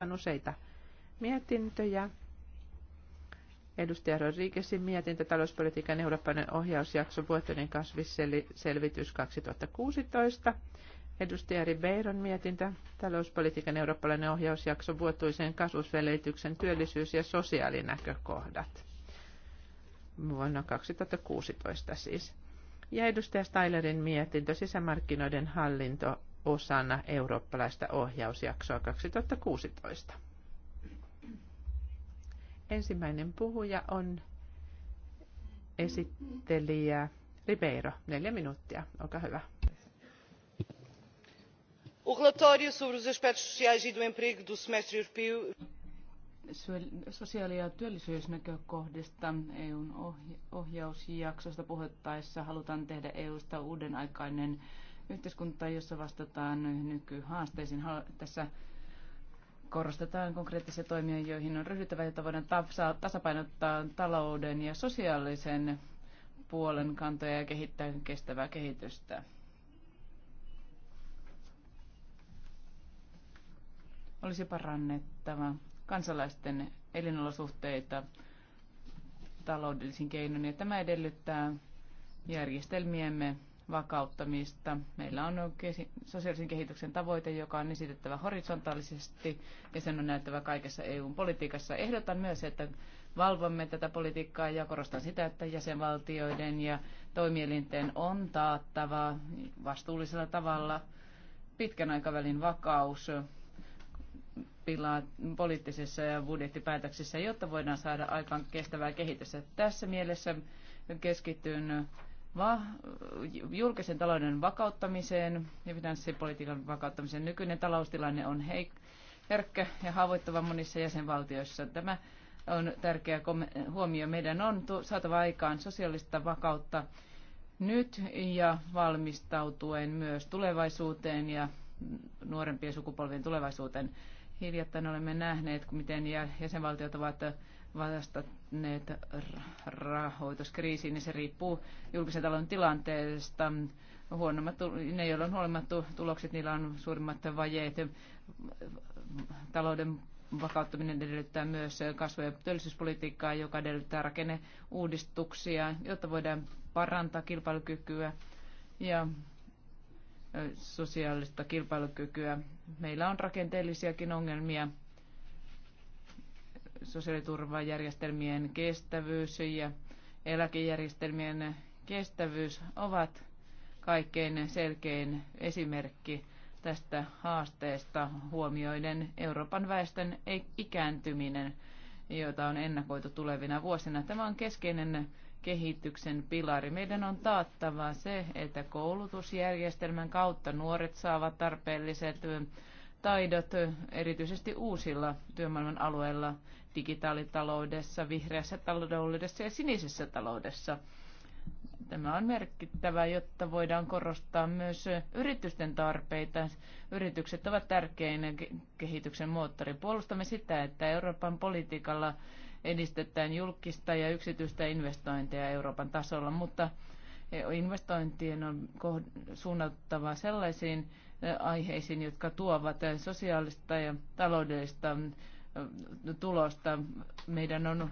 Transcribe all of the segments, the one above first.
on useita mietintöjä. Edustaja Rodriguezin mietintö talouspolitiikan eurooppalainen ohjausjakso vuotuinen kasvisselvitys 2016. Edustaja Ribeiron mietintö talouspolitiikan eurooppalainen ohjausjakso vuotuisen kasvusvelityksen työllisyys- ja sosiaalinäkökohdat vuonna 2016 siis. Ja edustaja Stylerin mietintö sisämarkkinoiden hallinto osana eurooppalaista ohjausjaksoa 2016. Ensimmäinen puhuja on esittelijä Ribeiro. Neljä minuuttia, olkaa hyvä. O relatório sobre os aspectos sociais e do emprego do semestre europeu sosiaali- ja työllisyysnäkökohdista EUn ohjausjaksosta puhuttaessa halutaan tehdä EUsta uuden aikainen yhteiskuntaa, jossa vastataan nykyhaasteisiin. Tässä korostetaan konkreettisia toimia, joihin on ryhdyttävä, jotta voidaan tasapainottaa talouden ja sosiaalisen puolen kantoja ja kehittää kestävää kehitystä. Olisi parannettava kansalaisten elinolosuhteita taloudellisin keinoin, ja tämä edellyttää järjestelmiemme vakauttamista. Meillä on sosiaalisen kehityksen tavoite, joka on esitettävä horisontaalisesti ja sen on näyttävä kaikessa EUn politiikassa. Ehdotan myös, että valvomme tätä politiikkaa ja korostan sitä, että jäsenvaltioiden ja toimielinten on taattava vastuullisella tavalla pitkän aikavälin vakaus poliittisessa ja budjettipäätöksissä, jotta voidaan saada aikaan kestävää kehitystä. Tässä mielessä keskityn va- julkisen talouden vakauttamiseen ja finanssipolitiikan vakauttamiseen. Nykyinen taloustilanne on heik- herkkä ja haavoittava monissa jäsenvaltioissa. Tämä on tärkeä huomio. Meidän on saatava aikaan sosiaalista vakautta nyt ja valmistautuen myös tulevaisuuteen ja nuorempien sukupolvien tulevaisuuteen. Hiljattain olemme nähneet, miten jäsenvaltiot ovat vastanneet rahoituskriisiin, niin se riippuu julkisen talouden tilanteesta. Huonommat, ne, joilla on huolimmat tulokset, niillä on suurimmat vajeet. Talouden vakauttaminen edellyttää myös kasvu- ja työllisyyspolitiikkaa, joka edellyttää rakenneuudistuksia, jotta voidaan parantaa kilpailukykyä ja sosiaalista kilpailukykyä. Meillä on rakenteellisiakin ongelmia sosiaaliturvajärjestelmien kestävyys ja eläkejärjestelmien kestävyys ovat kaikkein selkein esimerkki tästä haasteesta huomioiden Euroopan väestön ikääntyminen, jota on ennakoitu tulevina vuosina. Tämä on keskeinen kehityksen pilari. Meidän on taattava se, että koulutusjärjestelmän kautta nuoret saavat tarpeelliset taidot erityisesti uusilla työmaailman alueilla digitaalitaloudessa, vihreässä taloudessa ja sinisessä taloudessa. Tämä on merkittävä, jotta voidaan korostaa myös yritysten tarpeita. Yritykset ovat tärkein kehityksen moottori. Puolustamme sitä, että Euroopan politiikalla edistetään julkista ja yksityistä investointeja Euroopan tasolla, mutta investointien on suunnattava sellaisiin aiheisiin, jotka tuovat sosiaalista ja taloudellista tulosta. Meidän on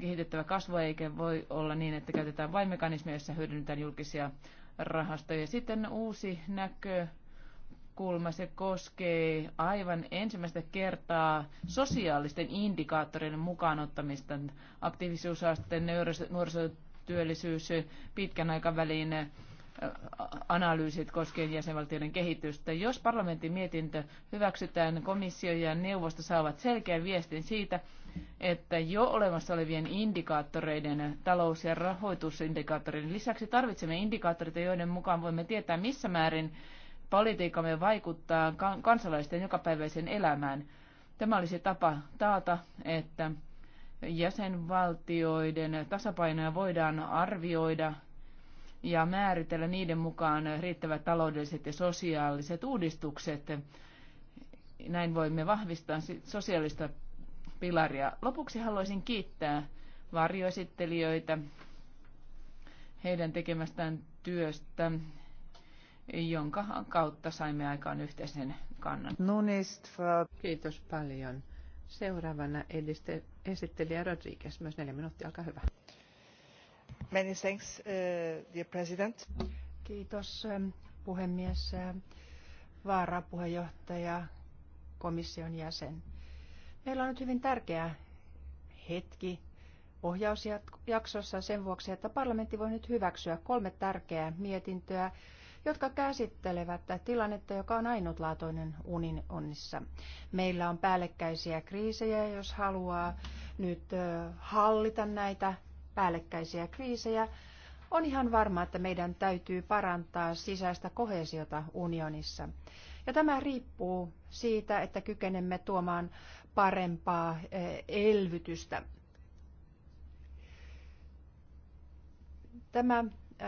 kehitettävä kasvu, eikä voi olla niin, että käytetään vain mekanismeja, joissa hyödynnetään julkisia rahastoja. Sitten uusi näkökulma, se koskee aivan ensimmäistä kertaa sosiaalisten indikaattoreiden mukaanottamista, aktiivisuusasteen, nuorisotyöllisyys, pitkän aikavälin analyysit koskien jäsenvaltioiden kehitystä. Jos parlamentin mietintö hyväksytään, komissio ja neuvosto saavat selkeän viestin siitä, että jo olemassa olevien indikaattoreiden, talous- ja rahoitusindikaattoreiden lisäksi tarvitsemme indikaattoreita, joiden mukaan voimme tietää, missä määrin politiikkamme vaikuttaa kansalaisten jokapäiväiseen elämään. Tämä olisi tapa taata, että jäsenvaltioiden tasapainoja voidaan arvioida ja määritellä niiden mukaan riittävät taloudelliset ja sosiaaliset uudistukset. Näin voimme vahvistaa sosiaalista pilaria. Lopuksi haluaisin kiittää varjoesittelijöitä heidän tekemästään työstä, jonka kautta saimme aikaan yhteisen kannan. No niin, Kiitos paljon. Seuraavana edisti, esittelijä Rodriguez, myös neljä minuuttia, olkaa hyvä. Many thanks, uh, president. Kiitos ähm, puhemies, äh, varapuheenjohtaja, komission jäsen. Meillä on nyt hyvin tärkeä hetki ohjausjaksossa sen vuoksi, että parlamentti voi nyt hyväksyä kolme tärkeää mietintöä, jotka käsittelevät tilannetta, joka on ainutlaatuinen unionissa. Meillä on päällekkäisiä kriisejä, jos haluaa nyt äh, hallita näitä päällekkäisiä kriisejä, on ihan varma, että meidän täytyy parantaa sisäistä kohesiota unionissa. Ja tämä riippuu siitä, että kykenemme tuomaan parempaa eh, elvytystä. Tämä eh,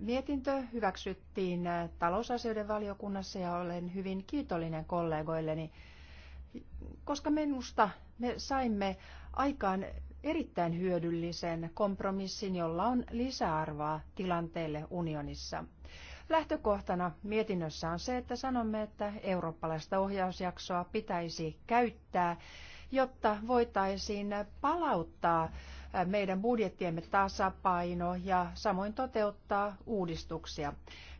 mietintö hyväksyttiin eh, talousasioiden valiokunnassa ja olen hyvin kiitollinen kollegoilleni, koska minusta me saimme aikaan erittäin hyödyllisen kompromissin, jolla on lisäarvoa tilanteelle unionissa. Lähtökohtana mietinnössä on se, että sanomme, että eurooppalaista ohjausjaksoa pitäisi käyttää, jotta voitaisiin palauttaa meidän budjettiemme tasapaino ja samoin toteuttaa uudistuksia.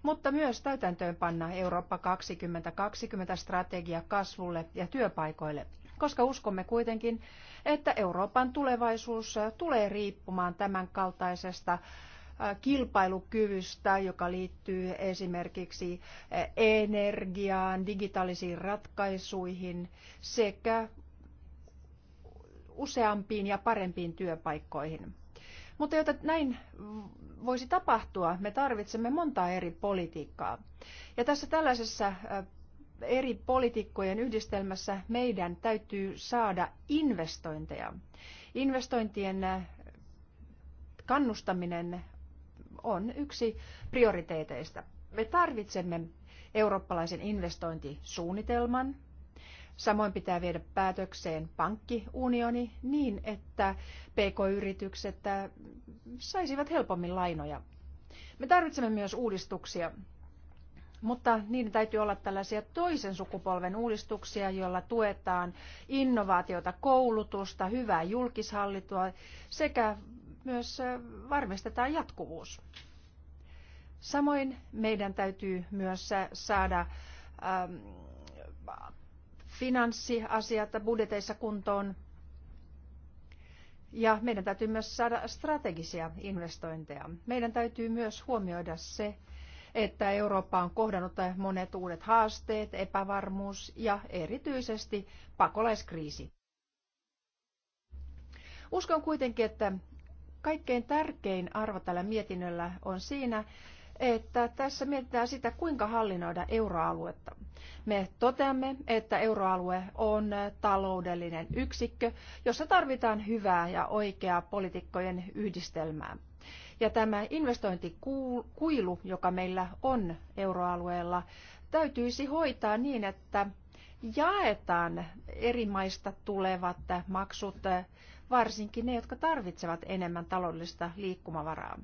Mutta myös täytäntöönpanna Eurooppa 2020 strategia kasvulle ja työpaikoille koska uskomme kuitenkin, että Euroopan tulevaisuus äh, tulee riippumaan tämän kaltaisesta äh, kilpailukyvystä, joka liittyy esimerkiksi äh, energiaan, digitaalisiin ratkaisuihin sekä useampiin ja parempiin työpaikkoihin. Mutta jotta näin voisi tapahtua, me tarvitsemme montaa eri politiikkaa. Ja tässä tällaisessa eri poliitikkojen yhdistelmässä meidän täytyy saada investointeja. Investointien eh, kannustaminen on yksi prioriteeteista. Me tarvitsemme eurooppalaisen investointisuunnitelman. Samoin pitää viedä päätökseen pankkiunioni niin, että pk-yritykset eh, saisivat helpommin lainoja. Me tarvitsemme myös uudistuksia mutta niiden täytyy olla tällaisia toisen sukupolven uudistuksia, joilla tuetaan innovaatiota, koulutusta, hyvää julkishallintoa sekä myös varmistetaan jatkuvuus. Samoin meidän täytyy myös saada ähm, finanssiasiat budjeteissa kuntoon ja meidän täytyy myös saada strategisia investointeja. Meidän täytyy myös huomioida se, että Eurooppa on kohdannut monet uudet haasteet, epävarmuus ja erityisesti pakolaiskriisi. Uskon kuitenkin, että kaikkein tärkein arvo tällä mietinnöllä on siinä, että tässä mietitään sitä, kuinka hallinnoida euroaluetta. Me toteamme, että euroalue on taloudellinen yksikkö, jossa tarvitaan hyvää ja oikeaa poliitikkojen yhdistelmää. Ja tämä investointikuilu, joka meillä on euroalueella, täytyisi hoitaa niin, että jaetaan eri maista tulevat maksut, varsinkin ne, jotka tarvitsevat enemmän taloudellista liikkumavaraa.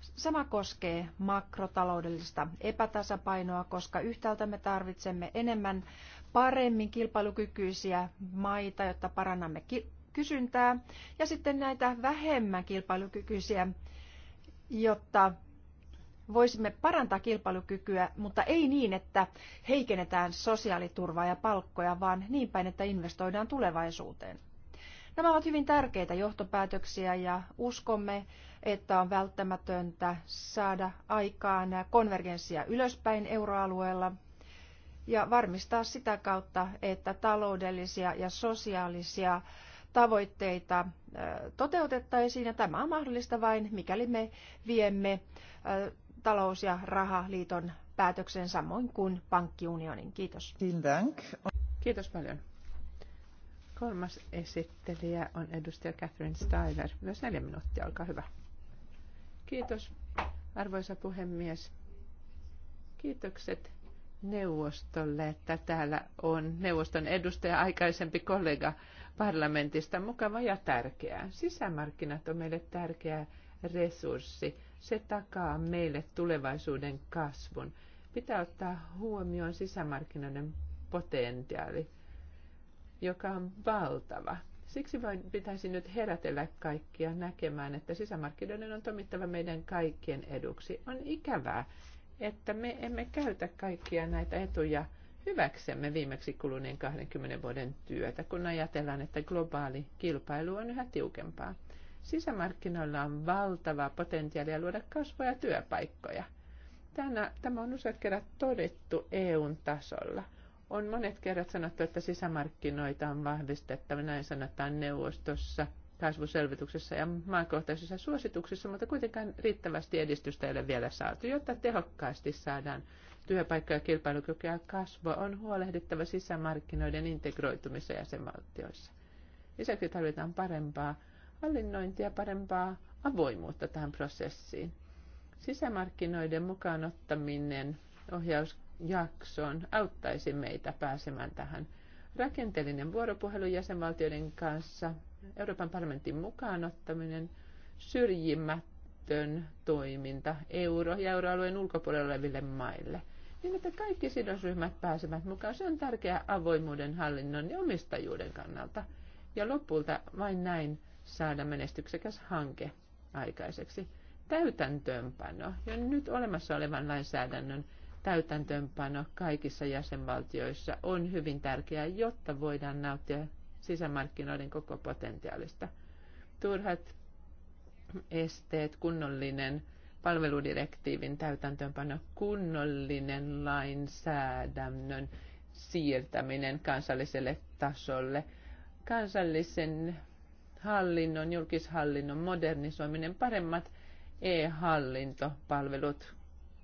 Sama koskee makrotaloudellista epätasapainoa, koska yhtäältä me tarvitsemme enemmän paremmin kilpailukykyisiä maita, jotta parannamme kysyntää, ja sitten näitä vähemmän kilpailukykyisiä jotta voisimme parantaa kilpailukykyä, mutta ei niin, että heikennetään sosiaaliturvaa ja palkkoja, vaan niin päin, että investoidaan tulevaisuuteen. Nämä ovat hyvin tärkeitä johtopäätöksiä ja uskomme, että on välttämätöntä saada aikaan konvergenssia ylöspäin euroalueella ja varmistaa sitä kautta, että taloudellisia ja sosiaalisia tavoitteita toteutettaisiin, ja tämä on mahdollista vain, mikäli me viemme talous- ja rahaliiton päätöksen samoin kuin pankkiunionin. Kiitos. Kiitos paljon. Kolmas esittelijä on edustaja Catherine Steiner. Myös neljä minuuttia, olkaa hyvä. Kiitos, arvoisa puhemies. Kiitokset neuvostolle, että täällä on neuvoston edustaja, aikaisempi kollega parlamentista. Mukava ja tärkeää. Sisämarkkinat on meille tärkeä resurssi. Se takaa meille tulevaisuuden kasvun. Pitää ottaa huomioon sisämarkkinoiden potentiaali, joka on valtava. Siksi vain pitäisi nyt herätellä kaikkia näkemään, että sisämarkkinoiden on toimittava meidän kaikkien eduksi. On ikävää, että me emme käytä kaikkia näitä etuja – hyväksemme viimeksi kuluneen 20 vuoden työtä, kun ajatellaan, että globaali kilpailu on yhä tiukempaa. Sisämarkkinoilla on valtavaa potentiaalia luoda kasvoja ja työpaikkoja. Tänä, tämä on useat kerrat todettu EUn tasolla. On monet kerrat sanottu, että sisämarkkinoita on vahvistettava, näin sanotaan neuvostossa, kasvuselvityksessä ja maakohtaisissa suosituksissa, mutta kuitenkaan riittävästi edistystä ei ole vielä saatu, jotta tehokkaasti saadaan ja kilpailukykyä kasvua, on huolehdittava sisämarkkinoiden integroitumissa jäsenvaltioissa. Lisäksi tarvitaan parempaa hallinnointia, parempaa avoimuutta tähän prosessiin. Sisämarkkinoiden mukaan ottaminen ohjausjaksoon auttaisi meitä pääsemään tähän. Rakenteellinen vuoropuhelu jäsenvaltioiden kanssa, Euroopan parlamentin mukaan ottaminen, syrjimättön toiminta euro- ja euroalueen ulkopuolella oleville maille – niin että kaikki sidosryhmät pääsevät mukaan. Se on tärkeää avoimuuden, hallinnon ja omistajuuden kannalta. Ja lopulta vain näin saada menestyksekäs hanke aikaiseksi. Täytäntöönpano ja nyt olemassa olevan lainsäädännön täytäntöönpano kaikissa jäsenvaltioissa on hyvin tärkeää, jotta voidaan nauttia sisämarkkinoiden koko potentiaalista. Turhat esteet, kunnollinen palveludirektiivin täytäntöönpano kunnollinen lainsäädännön siirtäminen kansalliselle tasolle, kansallisen hallinnon, julkishallinnon modernisoiminen, paremmat e-hallintopalvelut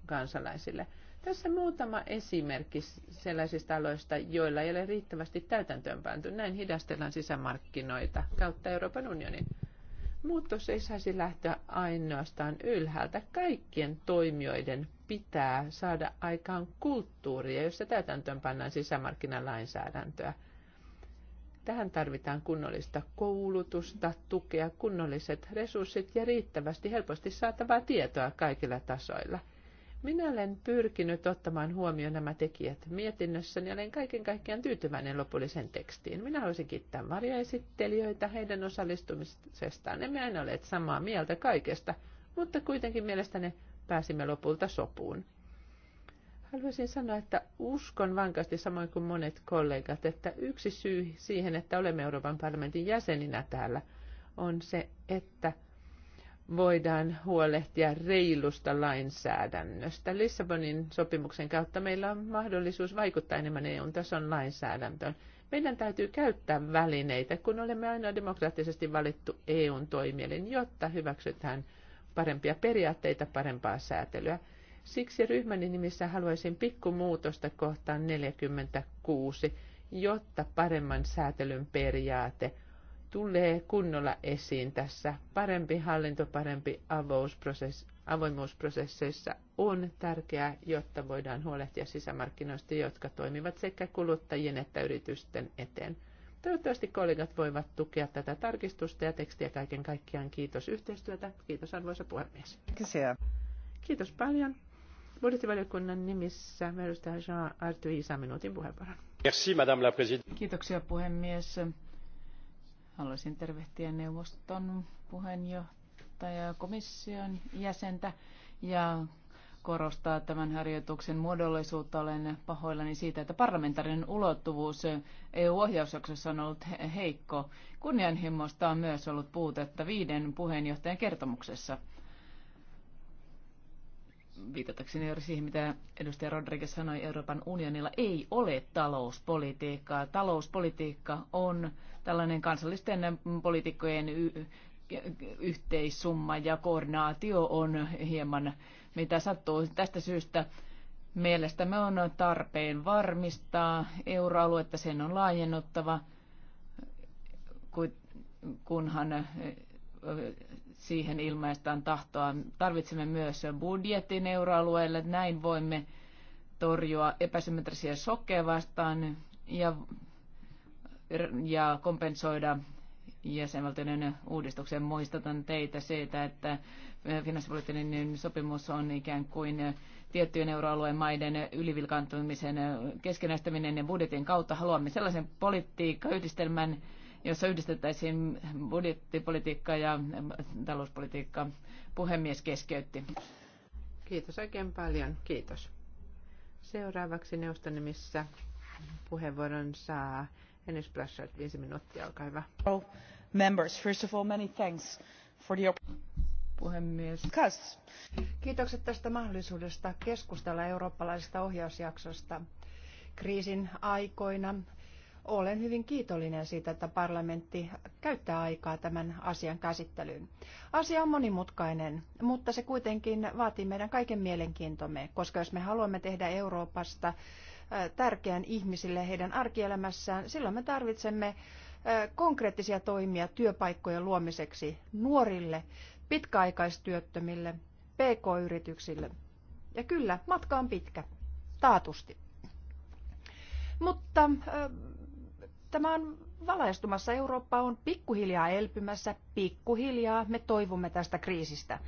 kansalaisille. Tässä muutama esimerkki sellaisista aloista, joilla ei ole riittävästi täytäntöönpantu. Näin hidastellaan sisämarkkinoita kautta Euroopan unionin. Muutos ei saisi lähteä ainoastaan ylhäältä. Kaikkien toimijoiden pitää saada aikaan kulttuuria, jossa täytäntöön pannaan sisämarkkinalainsäädäntöä. Tähän tarvitaan kunnollista koulutusta, tukea, kunnolliset resurssit ja riittävästi helposti saatavaa tietoa kaikilla tasoilla. Minä olen pyrkinyt ottamaan huomioon nämä tekijät mietinnössäni ja olen kaiken kaikkiaan tyytyväinen lopulliseen tekstiin. Minä haluaisin kiittää varjoesittelijöitä heidän osallistumisestaan. Emme aina ole samaa mieltä kaikesta, mutta kuitenkin mielestäni pääsimme lopulta sopuun. Haluaisin sanoa, että uskon vankasti samoin kuin monet kollegat, että yksi syy siihen, että olemme Euroopan parlamentin jäseninä täällä, on se, että – voidaan huolehtia reilusta lainsäädännöstä. Lissabonin sopimuksen kautta meillä on mahdollisuus vaikuttaa enemmän EU-tason lainsäädäntöön. Meidän täytyy käyttää välineitä, kun olemme aina demokraattisesti valittu EUn toimielin, jotta hyväksytään parempia periaatteita, parempaa säätelyä. Siksi ryhmäni nimissä haluaisin pikkumuutosta kohtaan 46, jotta paremman säätelyn periaate – tulee kunnolla esiin tässä. Parempi hallinto, parempi avoimuusprosesseissa on tärkeää, jotta voidaan huolehtia sisämarkkinoista, jotka toimivat sekä kuluttajien että yritysten eteen. Toivottavasti kollegat voivat tukea tätä tarkistusta ja tekstiä kaiken kaikkiaan. Kiitos yhteistyötä. Kiitos arvoisa puhemies. Kiitos. Kiitos paljon. Budjettivaliokunnan nimissä edustaja Jean Arthur Isa minuutin puheenvuoron. Merci, Madame la Kiitoksia puhemies. Haluaisin tervehtiä neuvoston puheenjohtajaa, komission jäsentä ja korostaa tämän harjoituksen muodollisuutta. Olen pahoillani siitä, että parlamentaarinen ulottuvuus EU-ohjausjaksossa on ollut heikko. Kunnianhimosta on myös ollut puutetta viiden puheenjohtajan kertomuksessa. Viitatakseni juuri siihen, mitä edustaja Rodriguez sanoi, Euroopan unionilla ei ole talouspolitiikkaa. Talouspolitiikka on tällainen kansallisten poliitikkojen y- yhteissumma ja koordinaatio on hieman mitä sattuu. Tästä syystä mielestämme on tarpeen varmistaa euroaluetta, sen on laajennuttava, kunhan siihen ilmaistaan tahtoa. Tarvitsemme myös budjetin euroalueelle, näin voimme torjua epäsymmetrisiä sokkeja vastaan ja ja kompensoida jäsenvaltioiden uudistuksen. Muistutan teitä siitä, että eh, finanssipoliittinen sopimus on ikään kuin eh, tiettyjen euroalueen maiden ylivilkaantumisen eh, keskenäistäminen ja budjetin kautta. Haluamme sellaisen politiikkayhdistelmän, jossa yhdistettäisiin budjettipolitiikka ja talouspolitiikka. Puhemies keskeytti. Kiitos oikein paljon. Kiitos. Seuraavaksi neuvoston puheenvuoron saa Enes Blashard, viisi minuuttia, olkaa hyvä. Members, first of all, many thanks for the puhemies. Kas. Kiitokset tästä mahdollisuudesta keskustella eurooppalaisesta ohjausjaksosta. Kriisin aikoina olen hyvin kiitollinen siitä, että parlamentti käyttää aikaa tämän asian käsittelyyn. Asia on monimutkainen, mutta se kuitenkin vaatii meidän kaiken mielenkiintomme, koska jos me haluamme tehdä Euroopasta tärkeän ihmisille heidän arkielämässään, silloin me tarvitsemme konkreettisia toimia työpaikkojen luomiseksi nuorille, pitkäaikaistyöttömille, pk-yrityksille. Ja kyllä, matka on pitkä, taatusti. Mutta tämä on valaistumassa. Eurooppa on pikkuhiljaa elpymässä, pikkuhiljaa me toivumme tästä kriisistä.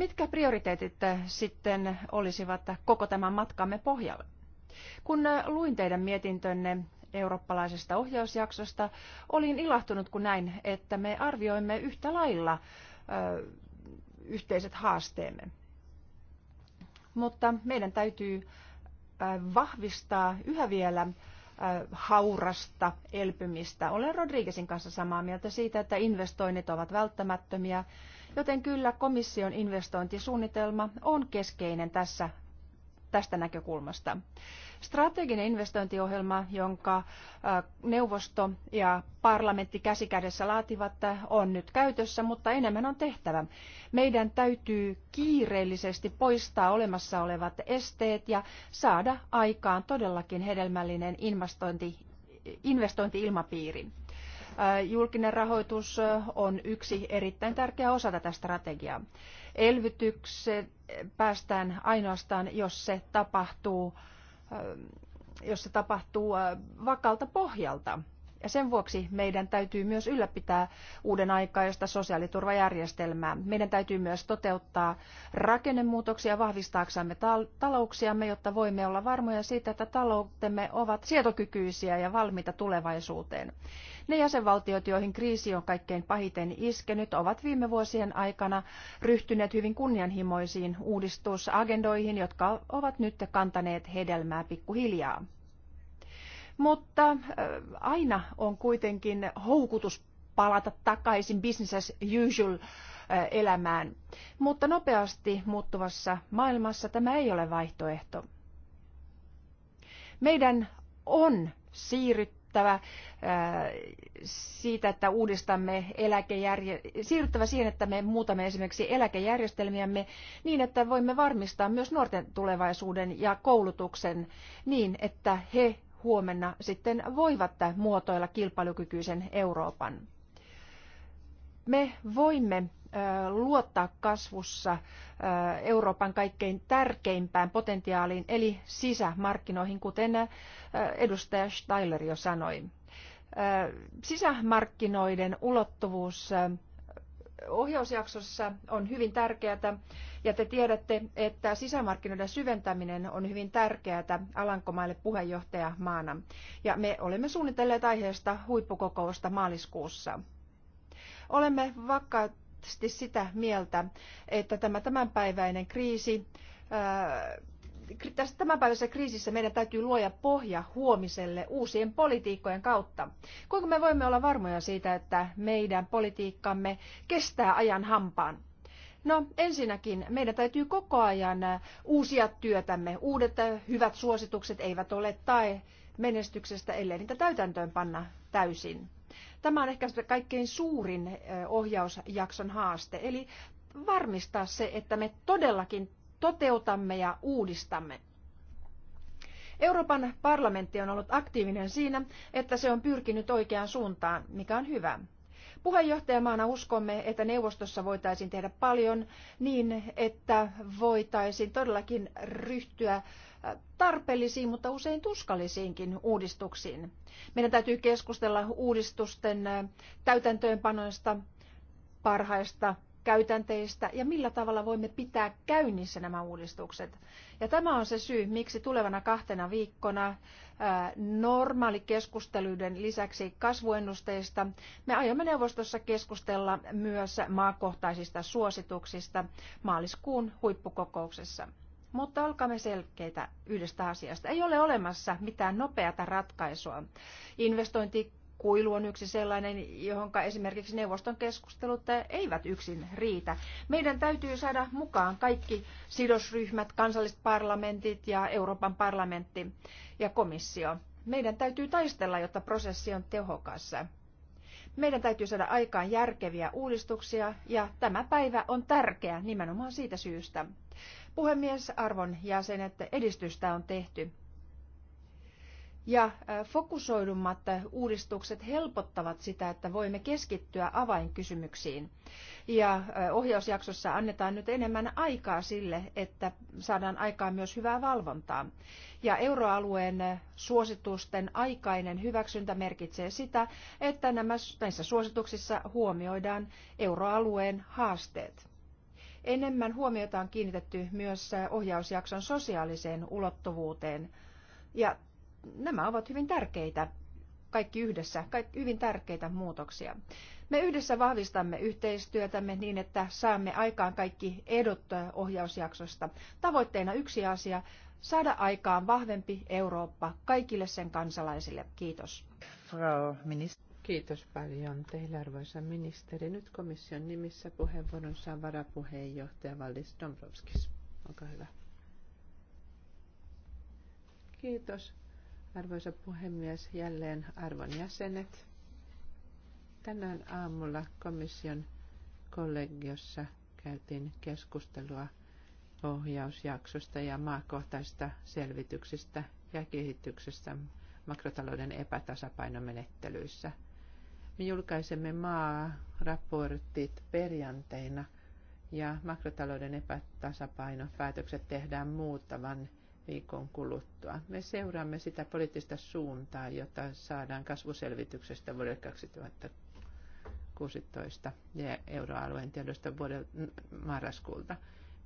Mitkä prioriteetit äh, sitten olisivat koko tämän matkamme pohjalla? Kun äh, luin teidän mietintönne eurooppalaisesta ohjausjaksosta, olin ilahtunut kun näin, että me arvioimme yhtä lailla ö, äh, yhteiset haasteemme. Mutta meidän täytyy vahvistaa yhä vielä haurasta elpymistä. Olen Rodriguezin kanssa samaa mieltä siitä, että investoinnit ovat välttämättömiä Joten kyllä komission investointisuunnitelma on keskeinen tässä tästä näkökulmasta. Strateginen investointiohjelma, jonka äh, neuvosto ja parlamentti käsikädessä laativat, äh, on nyt käytössä, mutta enemmän on tehtävä. Meidän täytyy kiireellisesti poistaa olemassa olevat esteet ja saada aikaan todellakin hedelmällinen investointi, investointi-ilmapiiri. Julkinen rahoitus on yksi erittäin tärkeä osa tätä strategiaa. Elvytykseen päästään ainoastaan, jos se tapahtuu, jos se tapahtuu vakalta pohjalta ja sen vuoksi meidän täytyy myös ylläpitää uuden aikaista sosiaaliturvajärjestelmää. Meidän täytyy myös toteuttaa rakennemuutoksia vahvistaaksemme tal- talouksiamme, jotta voimme olla varmoja siitä, että taloutemme ovat sietokykyisiä ja valmiita tulevaisuuteen. Ne jäsenvaltiot, joihin kriisi on kaikkein pahiten iskenyt, ovat viime vuosien aikana ryhtyneet hyvin kunnianhimoisiin uudistusagendoihin, jotka ovat nyt kantaneet hedelmää pikkuhiljaa. Mutta aina on kuitenkin houkutus palata takaisin business as usual elämään. Mutta nopeasti muuttuvassa maailmassa tämä ei ole vaihtoehto. Meidän on siirryttävä siitä, että uudistamme eläkejärje- siirryttävä siihen, että me muutamme esimerkiksi eläkejärjestelmiämme niin, että voimme varmistaa myös nuorten tulevaisuuden ja koulutuksen niin, että he huomenna sitten voivat muotoilla kilpailukykyisen Euroopan. Me voimme luottaa kasvussa Euroopan kaikkein tärkeimpään potentiaaliin eli sisämarkkinoihin, kuten edustaja Steiler jo sanoi. Sisämarkkinoiden ulottuvuus ohjausjaksossa on hyvin tärkeää ja te tiedätte, että sisämarkkinoiden syventäminen on hyvin tärkeää Alankomaille puheenjohtajamaana. Ja me olemme suunnitelleet aiheesta huippukokousta maaliskuussa. Olemme vakaasti sitä mieltä, että tämä tämänpäiväinen kriisi tässä tämänpäiväisessä kriisissä meidän täytyy luoda pohja huomiselle uusien politiikkojen kautta. Kuinka me voimme olla varmoja siitä, että meidän politiikkamme kestää ajan hampaan? No ensinnäkin meidän täytyy koko ajan uusia työtämme. Uudet hyvät suositukset eivät ole tai menestyksestä, ellei niitä täytäntöön panna täysin. Tämä on ehkä kaikkein suurin ohjausjakson haaste, eli varmistaa se, että me todellakin toteutamme ja uudistamme. Euroopan parlamentti on ollut aktiivinen siinä, että se on pyrkinyt oikeaan suuntaan, mikä on hyvä. Puheenjohtajamaana uskomme, että neuvostossa voitaisiin tehdä paljon niin, että voitaisiin todellakin ryhtyä äh, tarpeellisiin, mutta usein tuskallisiinkin uudistuksiin. Meidän täytyy keskustella uudistusten äh, täytäntöönpanoista, parhaista käytänteistä ja millä tavalla voimme pitää käynnissä nämä uudistukset. Ja tämä on se syy, miksi tulevana kahtena viikkona normaali keskusteluiden lisäksi kasvuennusteista me aiomme neuvostossa keskustella myös maakohtaisista suosituksista maaliskuun huippukokouksessa. Mutta olkaamme selkeitä yhdestä asiasta. Ei ole olemassa mitään nopeata ratkaisua. Investointi Kuilu on yksi sellainen, johon esimerkiksi neuvoston keskustelut eivät yksin riitä. Meidän täytyy saada mukaan kaikki sidosryhmät, kansalliset parlamentit ja Euroopan parlamentti ja komissio. Meidän täytyy taistella, jotta prosessi on tehokas. Meidän täytyy saada aikaan järkeviä uudistuksia ja tämä päivä on tärkeä nimenomaan siitä syystä. Puhemies, arvon jäsenet, edistystä on tehty ja äh, fokusoidummat äh, uudistukset helpottavat sitä, että voimme keskittyä avainkysymyksiin. Ja äh, ohjausjaksossa annetaan nyt enemmän aikaa sille, että saadaan aikaan myös hyvää valvontaa. Ja euroalueen suositusten aikainen hyväksyntä merkitsee sitä, että nämä, näissä suosituksissa huomioidaan euroalueen haasteet. Enemmän huomiota on kiinnitetty myös ohjausjakson sosiaaliseen ulottuvuuteen. Ja nämä ovat hyvin tärkeitä, kaikki yhdessä, kaikki hyvin tärkeitä muutoksia. Me yhdessä vahvistamme yhteistyötämme niin, että saamme aikaan kaikki edot ohjausjaksosta. Tavoitteena yksi asia, saada aikaan vahvempi Eurooppa kaikille sen kansalaisille. Kiitos. Frau Kiitos paljon teille, arvoisa ministeri. Nyt komission nimissä puheenvuoron saa varapuheenjohtaja Valdis Dombrovskis. Olkaa hyvä. Kiitos Arvoisa puhemies, jälleen arvon jäsenet. Tänään aamulla komission kollegiossa käytiin keskustelua ohjausjaksosta ja maakohtaisista selvityksistä ja kehityksestä makrotalouden epätasapainomenettelyissä. Me julkaisemme maaraportit perjanteina ja makrotalouden epätasapainopäätökset tehdään muutaman viikon kuluttua. Me seuraamme sitä poliittista suuntaa, jota saadaan kasvuselvityksestä vuodelle 2016 ja euroalueen tiedosta vuodelta marraskuulta.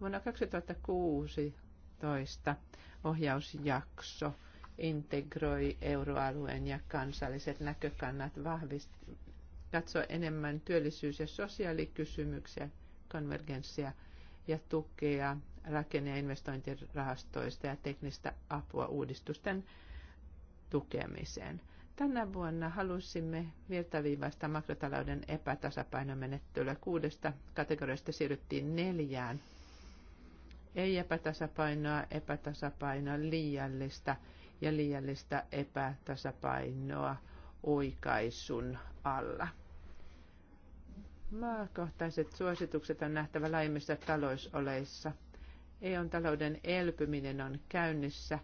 Vuonna 2016 ohjausjakso integroi euroalueen ja kansalliset näkökannat, vahvist, katsoo enemmän työllisyys- ja sosiaalikysymyksiä, konvergenssia ja tukea rakenne- ja investointirahastoista ja teknistä apua uudistusten tukemiseen. Tänä vuonna halusimme virtaviivaista makrotalouden epätasapainomenettelyä kuudesta kategoriasta siirryttiin neljään. Ei epätasapainoa, epätasapainoa, liiallista ja liiallista epätasapainoa oikaisun alla. Maakohtaiset suositukset on nähtävä laajemmissa talousoleissa – EUn talouden elpyminen on käynnissä,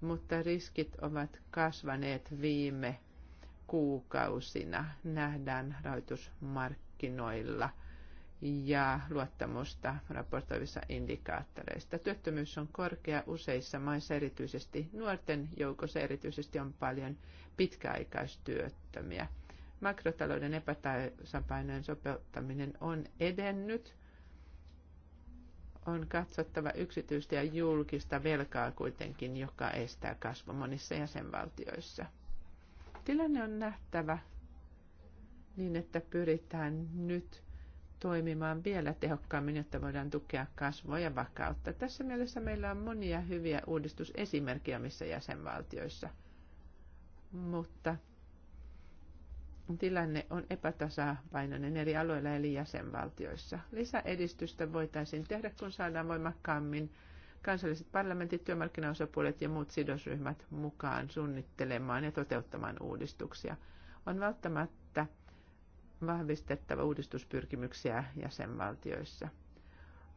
mutta riskit ovat kasvaneet viime kuukausina. Nähdään rahoitusmarkkinoilla ja luottamusta raportoivissa indikaattoreista. Työttömyys on korkea useissa maissa, erityisesti nuorten joukossa erityisesti on paljon pitkäaikaistyöttömiä. Makrotalouden epätasapainojen sopeuttaminen on edennyt, on katsottava yksityistä ja julkista velkaa kuitenkin, joka estää kasvua monissa jäsenvaltioissa. Tilanne on nähtävä niin, että pyritään nyt toimimaan vielä tehokkaammin, jotta voidaan tukea kasvua ja vakautta. Tässä mielessä meillä on monia hyviä uudistusesimerkkejä missä jäsenvaltioissa, mutta tilanne on epätasapainoinen eri alueilla eli jäsenvaltioissa. Lisäedistystä voitaisiin tehdä, kun saadaan voimakkaammin kansalliset parlamentit, työmarkkinaosapuolet ja muut sidosryhmät mukaan suunnittelemaan ja toteuttamaan uudistuksia. On välttämättä vahvistettava uudistuspyrkimyksiä jäsenvaltioissa.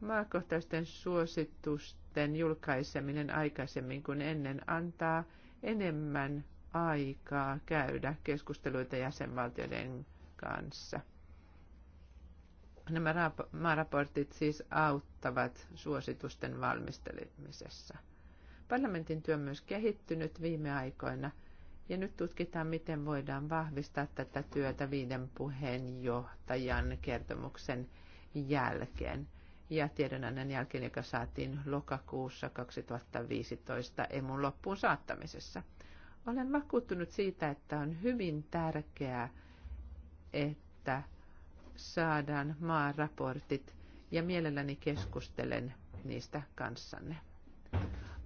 Maakohtaisten suositusten julkaiseminen aikaisemmin kuin ennen antaa enemmän aikaa käydä keskusteluita jäsenvaltioiden kanssa. Nämä maaraportit siis auttavat suositusten valmistelemisessa. Parlamentin työ on myös kehittynyt viime aikoina, ja nyt tutkitaan, miten voidaan vahvistaa tätä työtä viiden puheenjohtajan kertomuksen jälkeen ja tiedonannon jälkeen, joka saatiin lokakuussa 2015 emun loppuun saattamisessa. Olen vakuuttunut siitä, että on hyvin tärkeää, että saadaan maaraportit ja mielelläni keskustelen niistä kanssanne.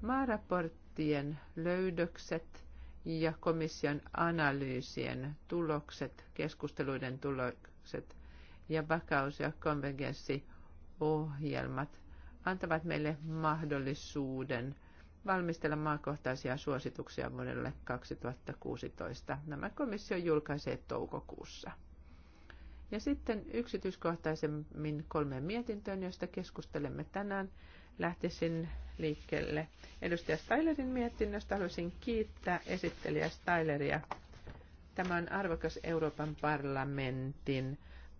Maaraporttien löydökset ja komission analyysien tulokset, keskusteluiden tulokset ja vakaus- ja konvergenssiohjelmat antavat meille mahdollisuuden – valmistella maakohtaisia suosituksia vuodelle 2016. Nämä komissio julkaisee toukokuussa. Ja sitten yksityiskohtaisemmin kolmeen mietintöön, josta keskustelemme tänään. Lähtisin liikkeelle edustaja Stylerin mietinnöstä. Haluaisin kiittää esittelijä Styleria. Tämä on arvokas Euroopan parlamentin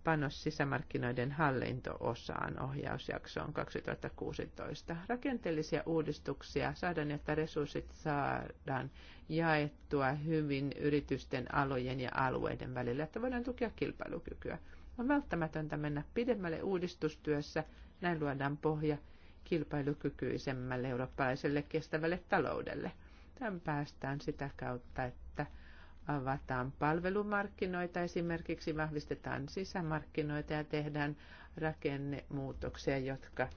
panos sisämarkkinoiden hallinto-osaan ohjausjaksoon 2016. Rakenteellisia uudistuksia saadaan, jotta resurssit saadaan jaettua hyvin yritysten alojen ja alueiden välillä, että voidaan tukea kilpailukykyä. On välttämätöntä mennä pidemmälle uudistustyössä, näin luodaan pohja kilpailukykyisemmälle eurooppalaiselle kestävälle taloudelle. Tämän päästään sitä kautta, että avataan palvelumarkkinoita, esimerkiksi vahvistetaan sisämarkkinoita ja tehdään rakennemuutoksia, jotka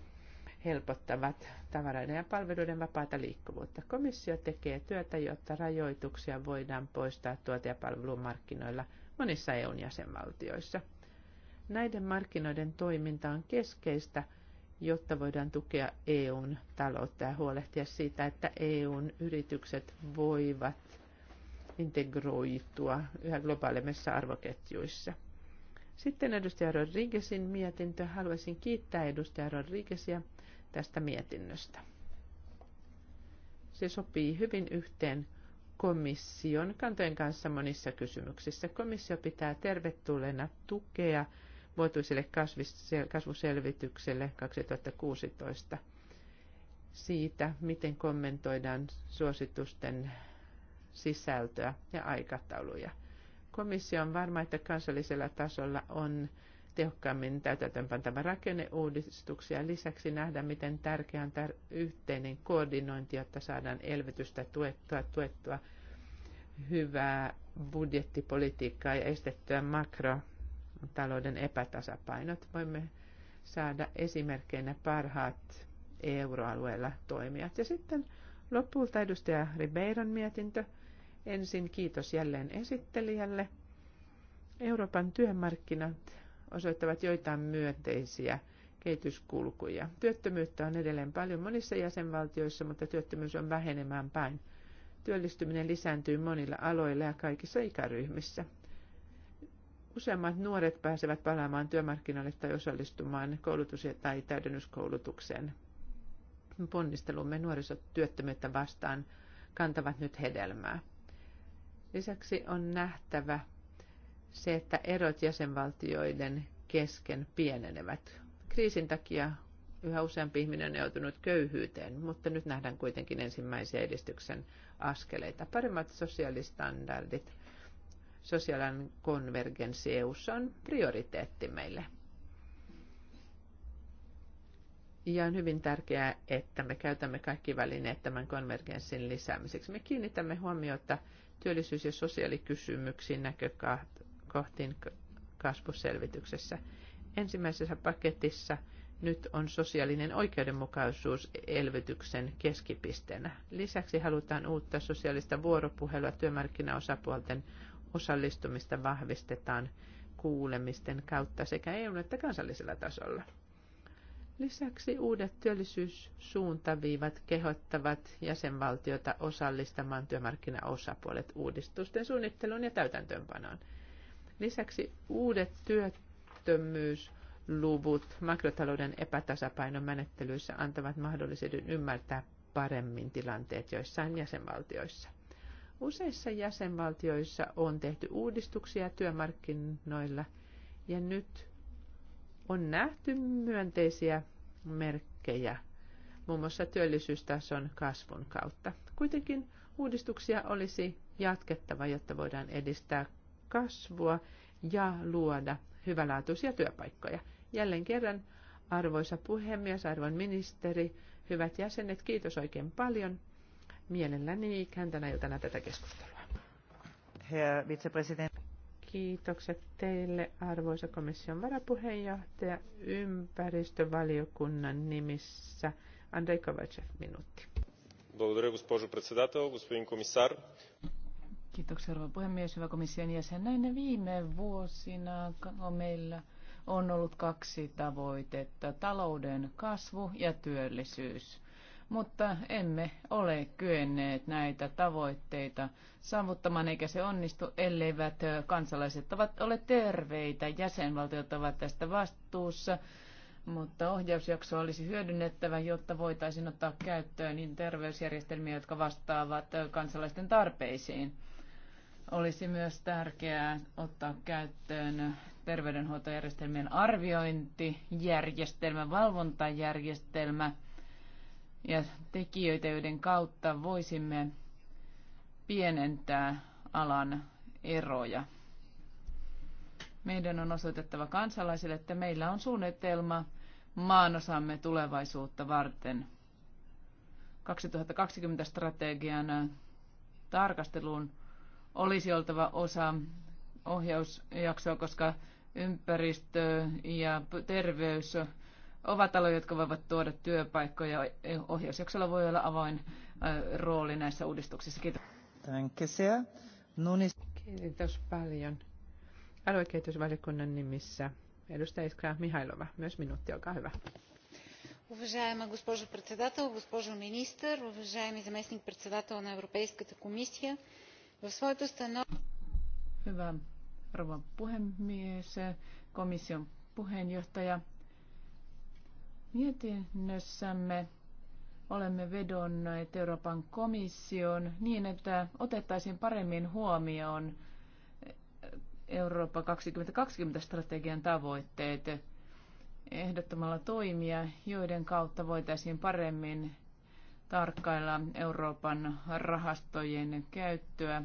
helpottavat tavaroiden ja palveluiden vapaata liikkuvuutta. Komissio tekee työtä, jotta rajoituksia voidaan poistaa tuote- ja palvelumarkkinoilla monissa EUn jäsenvaltioissa. Näiden markkinoiden toiminta on keskeistä, jotta voidaan tukea EUn taloutta ja huolehtia siitä, että EUn yritykset voivat integroitua yhä globaalimmissa arvoketjuissa. Sitten edustaja Rodriguezin mietintö. Haluaisin kiittää edustaja Rodriguezia tästä mietinnöstä. Se sopii hyvin yhteen komission kantojen kanssa monissa kysymyksissä. Komissio pitää tervetulleena tukea vuotuiselle kasvuselvitykselle 2016 siitä, miten kommentoidaan suositusten sisältöä ja aikatauluja. Komissio on varma, että kansallisella tasolla on tehokkaammin täytäntöönpantava rakenneuudistuksia. Lisäksi nähdään, miten tärkeä on tär- yhteinen koordinointi, jotta saadaan elvytystä tuettua, tuettua hyvää budjettipolitiikkaa ja estettyä makrotalouden epätasapainot. Voimme saada esimerkkeinä parhaat euroalueella toimijat. Ja sitten lopulta edustaja Ribeiron mietintö – Ensin kiitos jälleen esittelijälle. Euroopan työmarkkinat osoittavat joitain myönteisiä kehityskulkuja. Työttömyyttä on edelleen paljon monissa jäsenvaltioissa, mutta työttömyys on vähenemään päin. Työllistyminen lisääntyy monilla aloilla ja kaikissa ikäryhmissä. Useimmat nuoret pääsevät palaamaan työmarkkinoille tai osallistumaan koulutus- tai täydennyskoulutukseen. Ponnistelumme nuorisotyöttömyyttä vastaan kantavat nyt hedelmää. Lisäksi on nähtävä se, että erot jäsenvaltioiden kesken pienenevät. Kriisin takia yhä useampi ihminen on joutunut köyhyyteen, mutta nyt nähdään kuitenkin ensimmäisiä edistyksen askeleita. Paremmat sosiaalistandardit, sosiaalinen konvergenssi eu on prioriteetti meille. Ja on hyvin tärkeää, että me käytämme kaikki välineet tämän konvergenssin lisäämiseksi. Me kiinnitämme huomiota työllisyys- ja sosiaalikysymyksiin näkökohtiin kasvuselvityksessä. Ensimmäisessä paketissa nyt on sosiaalinen oikeudenmukaisuus elvytyksen keskipisteenä. Lisäksi halutaan uutta sosiaalista vuoropuhelua työmarkkinaosapuolten osallistumista vahvistetaan kuulemisten kautta sekä EU- että kansallisella tasolla. Lisäksi uudet työllisyyssuuntaviivat kehottavat jäsenvaltiota osallistamaan työmarkkinaosapuolet uudistusten suunnitteluun ja täytäntöönpanoon. Lisäksi uudet työttömyysluvut makrotalouden epätasapainon menettelyissä antavat mahdollisuuden ymmärtää paremmin tilanteet joissain jäsenvaltioissa. Useissa jäsenvaltioissa on tehty uudistuksia työmarkkinoilla ja nyt on nähty myönteisiä merkkejä muun muassa työllisyystason kasvun kautta. Kuitenkin uudistuksia olisi jatkettava, jotta voidaan edistää kasvua ja luoda hyvälaatuisia työpaikkoja. Jälleen kerran, arvoisa puhemies, arvon ministeri, hyvät jäsenet, kiitos oikein paljon. Mielelläni käyn tänä iltana tätä keskustelua. Herr Vicepresident. Kiitokset teille, arvoisa komission varapuheenjohtaja, ympäristövaliokunnan nimissä. Andrei Kovacev, minuutti. Kiitoksia, arvoisa puhemies, hyvä komission jäsen. Näin viime vuosina on meillä on ollut kaksi tavoitetta, talouden kasvu ja työllisyys mutta emme ole kyenneet näitä tavoitteita saavuttamaan, eikä se onnistu, elleivät kansalaiset ovat, ole terveitä. Jäsenvaltiot ovat tästä vastuussa, mutta ohjausjakso olisi hyödynnettävä, jotta voitaisiin ottaa käyttöön niin terveysjärjestelmiä, jotka vastaavat kansalaisten tarpeisiin. Olisi myös tärkeää ottaa käyttöön terveydenhuoltojärjestelmien arviointijärjestelmä, valvontajärjestelmä – ja tekijöitä, joiden kautta voisimme pienentää alan eroja. Meidän on osoitettava kansalaisille, että meillä on suunnitelma maanosamme tulevaisuutta varten. 2020 strategian tarkasteluun olisi oltava osa ohjausjaksoa, koska ympäristö ja terveys ovat aloja, jotka voivat tuoda työpaikkoja. Ohjausjaksolla voi olla avoin rooli näissä uudistuksissa. Kiitos. Nunis. Kiitos paljon. Aluekehitysvaliokunnan nimissä edustaja Iskra Mihailova, myös minuutti, olkaa hyvä. Уважаема госпожо председател, госпожо министър, уважаеми заместник председател на Европейската комисия, в своето становище... Hyvä rouva puhemies, komission puheenjohtaja. Mietinnössämme olemme vedonneet Euroopan komission niin, että otettaisiin paremmin huomioon Eurooppa 2020-strategian tavoitteet ehdottomalla toimia, joiden kautta voitaisiin paremmin tarkkailla Euroopan rahastojen käyttöä,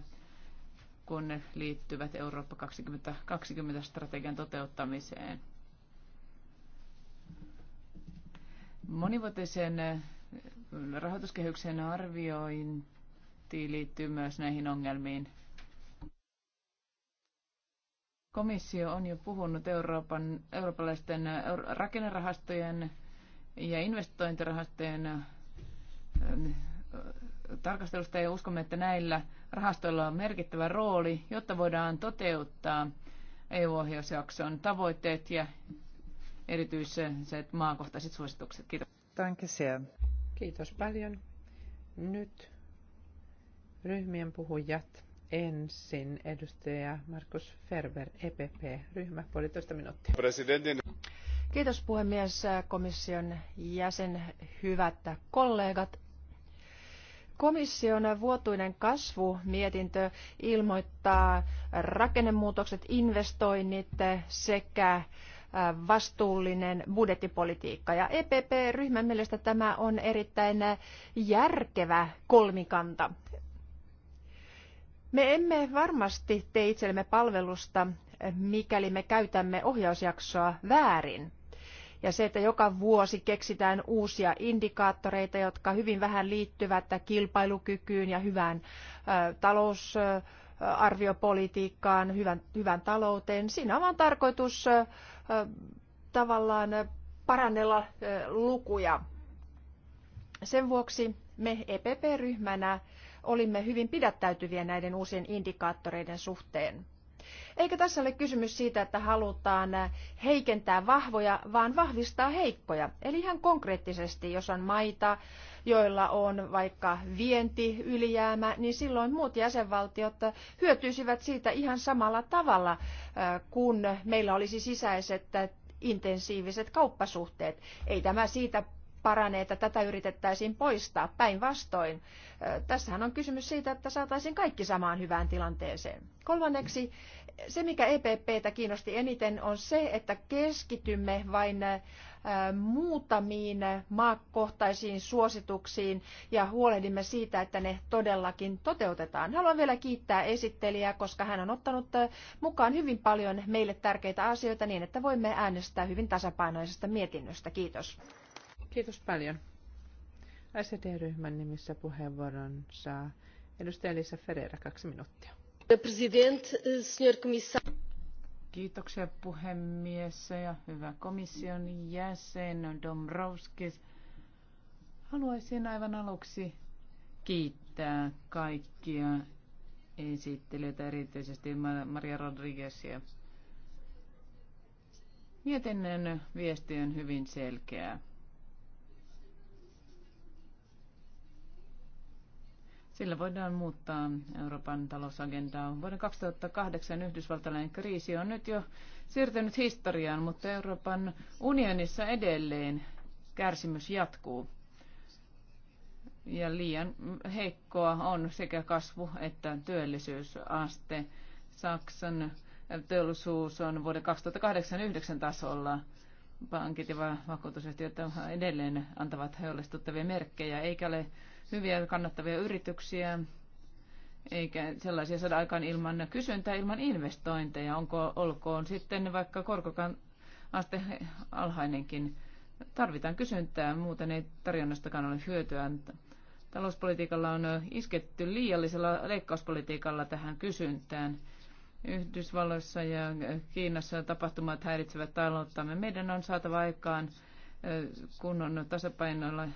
kun ne liittyvät Eurooppa 2020-strategian toteuttamiseen. Monivuotisen eh, rahoituskehyksen arviointi liittyy myös näihin ongelmiin. Komissio on jo puhunut Euroopan, eurooppalaisten eh, rakennerahastojen ja investointirahastojen eh, tarkastelusta ja uskomme, että näillä rahastoilla on merkittävä rooli, jotta voidaan toteuttaa EU-ohjausjakson tavoitteet ja erityiset maakohtaiset suositukset. Kiitos. Danke Kiitos paljon. Nyt ryhmien puhujat. Ensin edustaja Markus Ferber, EPP-ryhmä, puolitoista minuuttia. Presidentin. Kiitos puhemies, komission jäsen, hyvät kollegat. Komission vuotuinen kasvumietintö ilmoittaa rakennemuutokset, investoinnit sekä vastuullinen budjettipolitiikka. Ja EPP-ryhmän mielestä tämä on erittäin järkevä kolmikanta. Me emme varmasti tee itsellemme palvelusta, mikäli me käytämme ohjausjaksoa väärin. Ja se, että joka vuosi keksitään uusia indikaattoreita, jotka hyvin vähän liittyvät kilpailukykyyn ja hyvään talousarviopolitiikkaan, hyvän, hyvän talouteen. Siinä on vain tarkoitus tavallaan parannella lukuja. Sen vuoksi me EPP-ryhmänä olimme hyvin pidättäytyviä näiden uusien indikaattoreiden suhteen. Eikä tässä ole kysymys siitä, että halutaan äh, heikentää vahvoja, vaan vahvistaa heikkoja. Eli ihan konkreettisesti, jos on maita, joilla on vaikka vienti, ylijäämä, niin silloin muut jäsenvaltiot äh, hyötyisivät siitä ihan samalla tavalla, äh, kun meillä olisi sisäiset intensiiviset kauppasuhteet. Ei tämä siitä paranee, että tätä yritettäisiin poistaa. Päinvastoin, tässähän on kysymys siitä, että saataisiin kaikki samaan hyvään tilanteeseen. Kolmanneksi, se mikä EPPtä kiinnosti eniten on se, että keskitymme vain muutamiin maakohtaisiin suosituksiin ja huolehdimme siitä, että ne todellakin toteutetaan. Haluan vielä kiittää esittelijää, koska hän on ottanut mukaan hyvin paljon meille tärkeitä asioita niin, että voimme äänestää hyvin tasapainoisesta mietinnöstä. Kiitos. Kiitos paljon. ST-ryhmän nimissä puheenvuoron saa edustaja Elisa Ferreira, kaksi minuuttia. Kiitoksia puhemies ja hyvä komission jäsen Domrovskis. Haluaisin aivan aluksi kiittää kaikkia esittelijöitä, erityisesti Maria Rodriguezia. Mietinnön viesti on hyvin selkeä. Sillä voidaan muuttaa Euroopan talousagendaa. Vuoden 2008 yhdysvaltalainen kriisi on nyt jo siirtynyt historiaan, mutta Euroopan unionissa edelleen kärsimys jatkuu. Ja liian heikkoa on sekä kasvu- että työllisyysaste. Saksan teollisuus on vuoden 2008-2009 tasolla. Pankit ja vakuutusyhtiöt edelleen antavat huolestuttavia merkkejä, eikä ole hyviä kannattavia yrityksiä, eikä sellaisia saada aikaan ilman kysyntää, ilman investointeja. Onko, olkoon sitten vaikka korkokan aste alhainenkin. Tarvitaan kysyntää, muuten ei tarjonnastakaan ole hyötyä. Talouspolitiikalla on isketty liiallisella leikkauspolitiikalla tähän kysyntään. Yhdysvalloissa ja Kiinassa tapahtumat häiritsevät talouttamme. Meidän on saatava aikaan kunnon tasapainoilla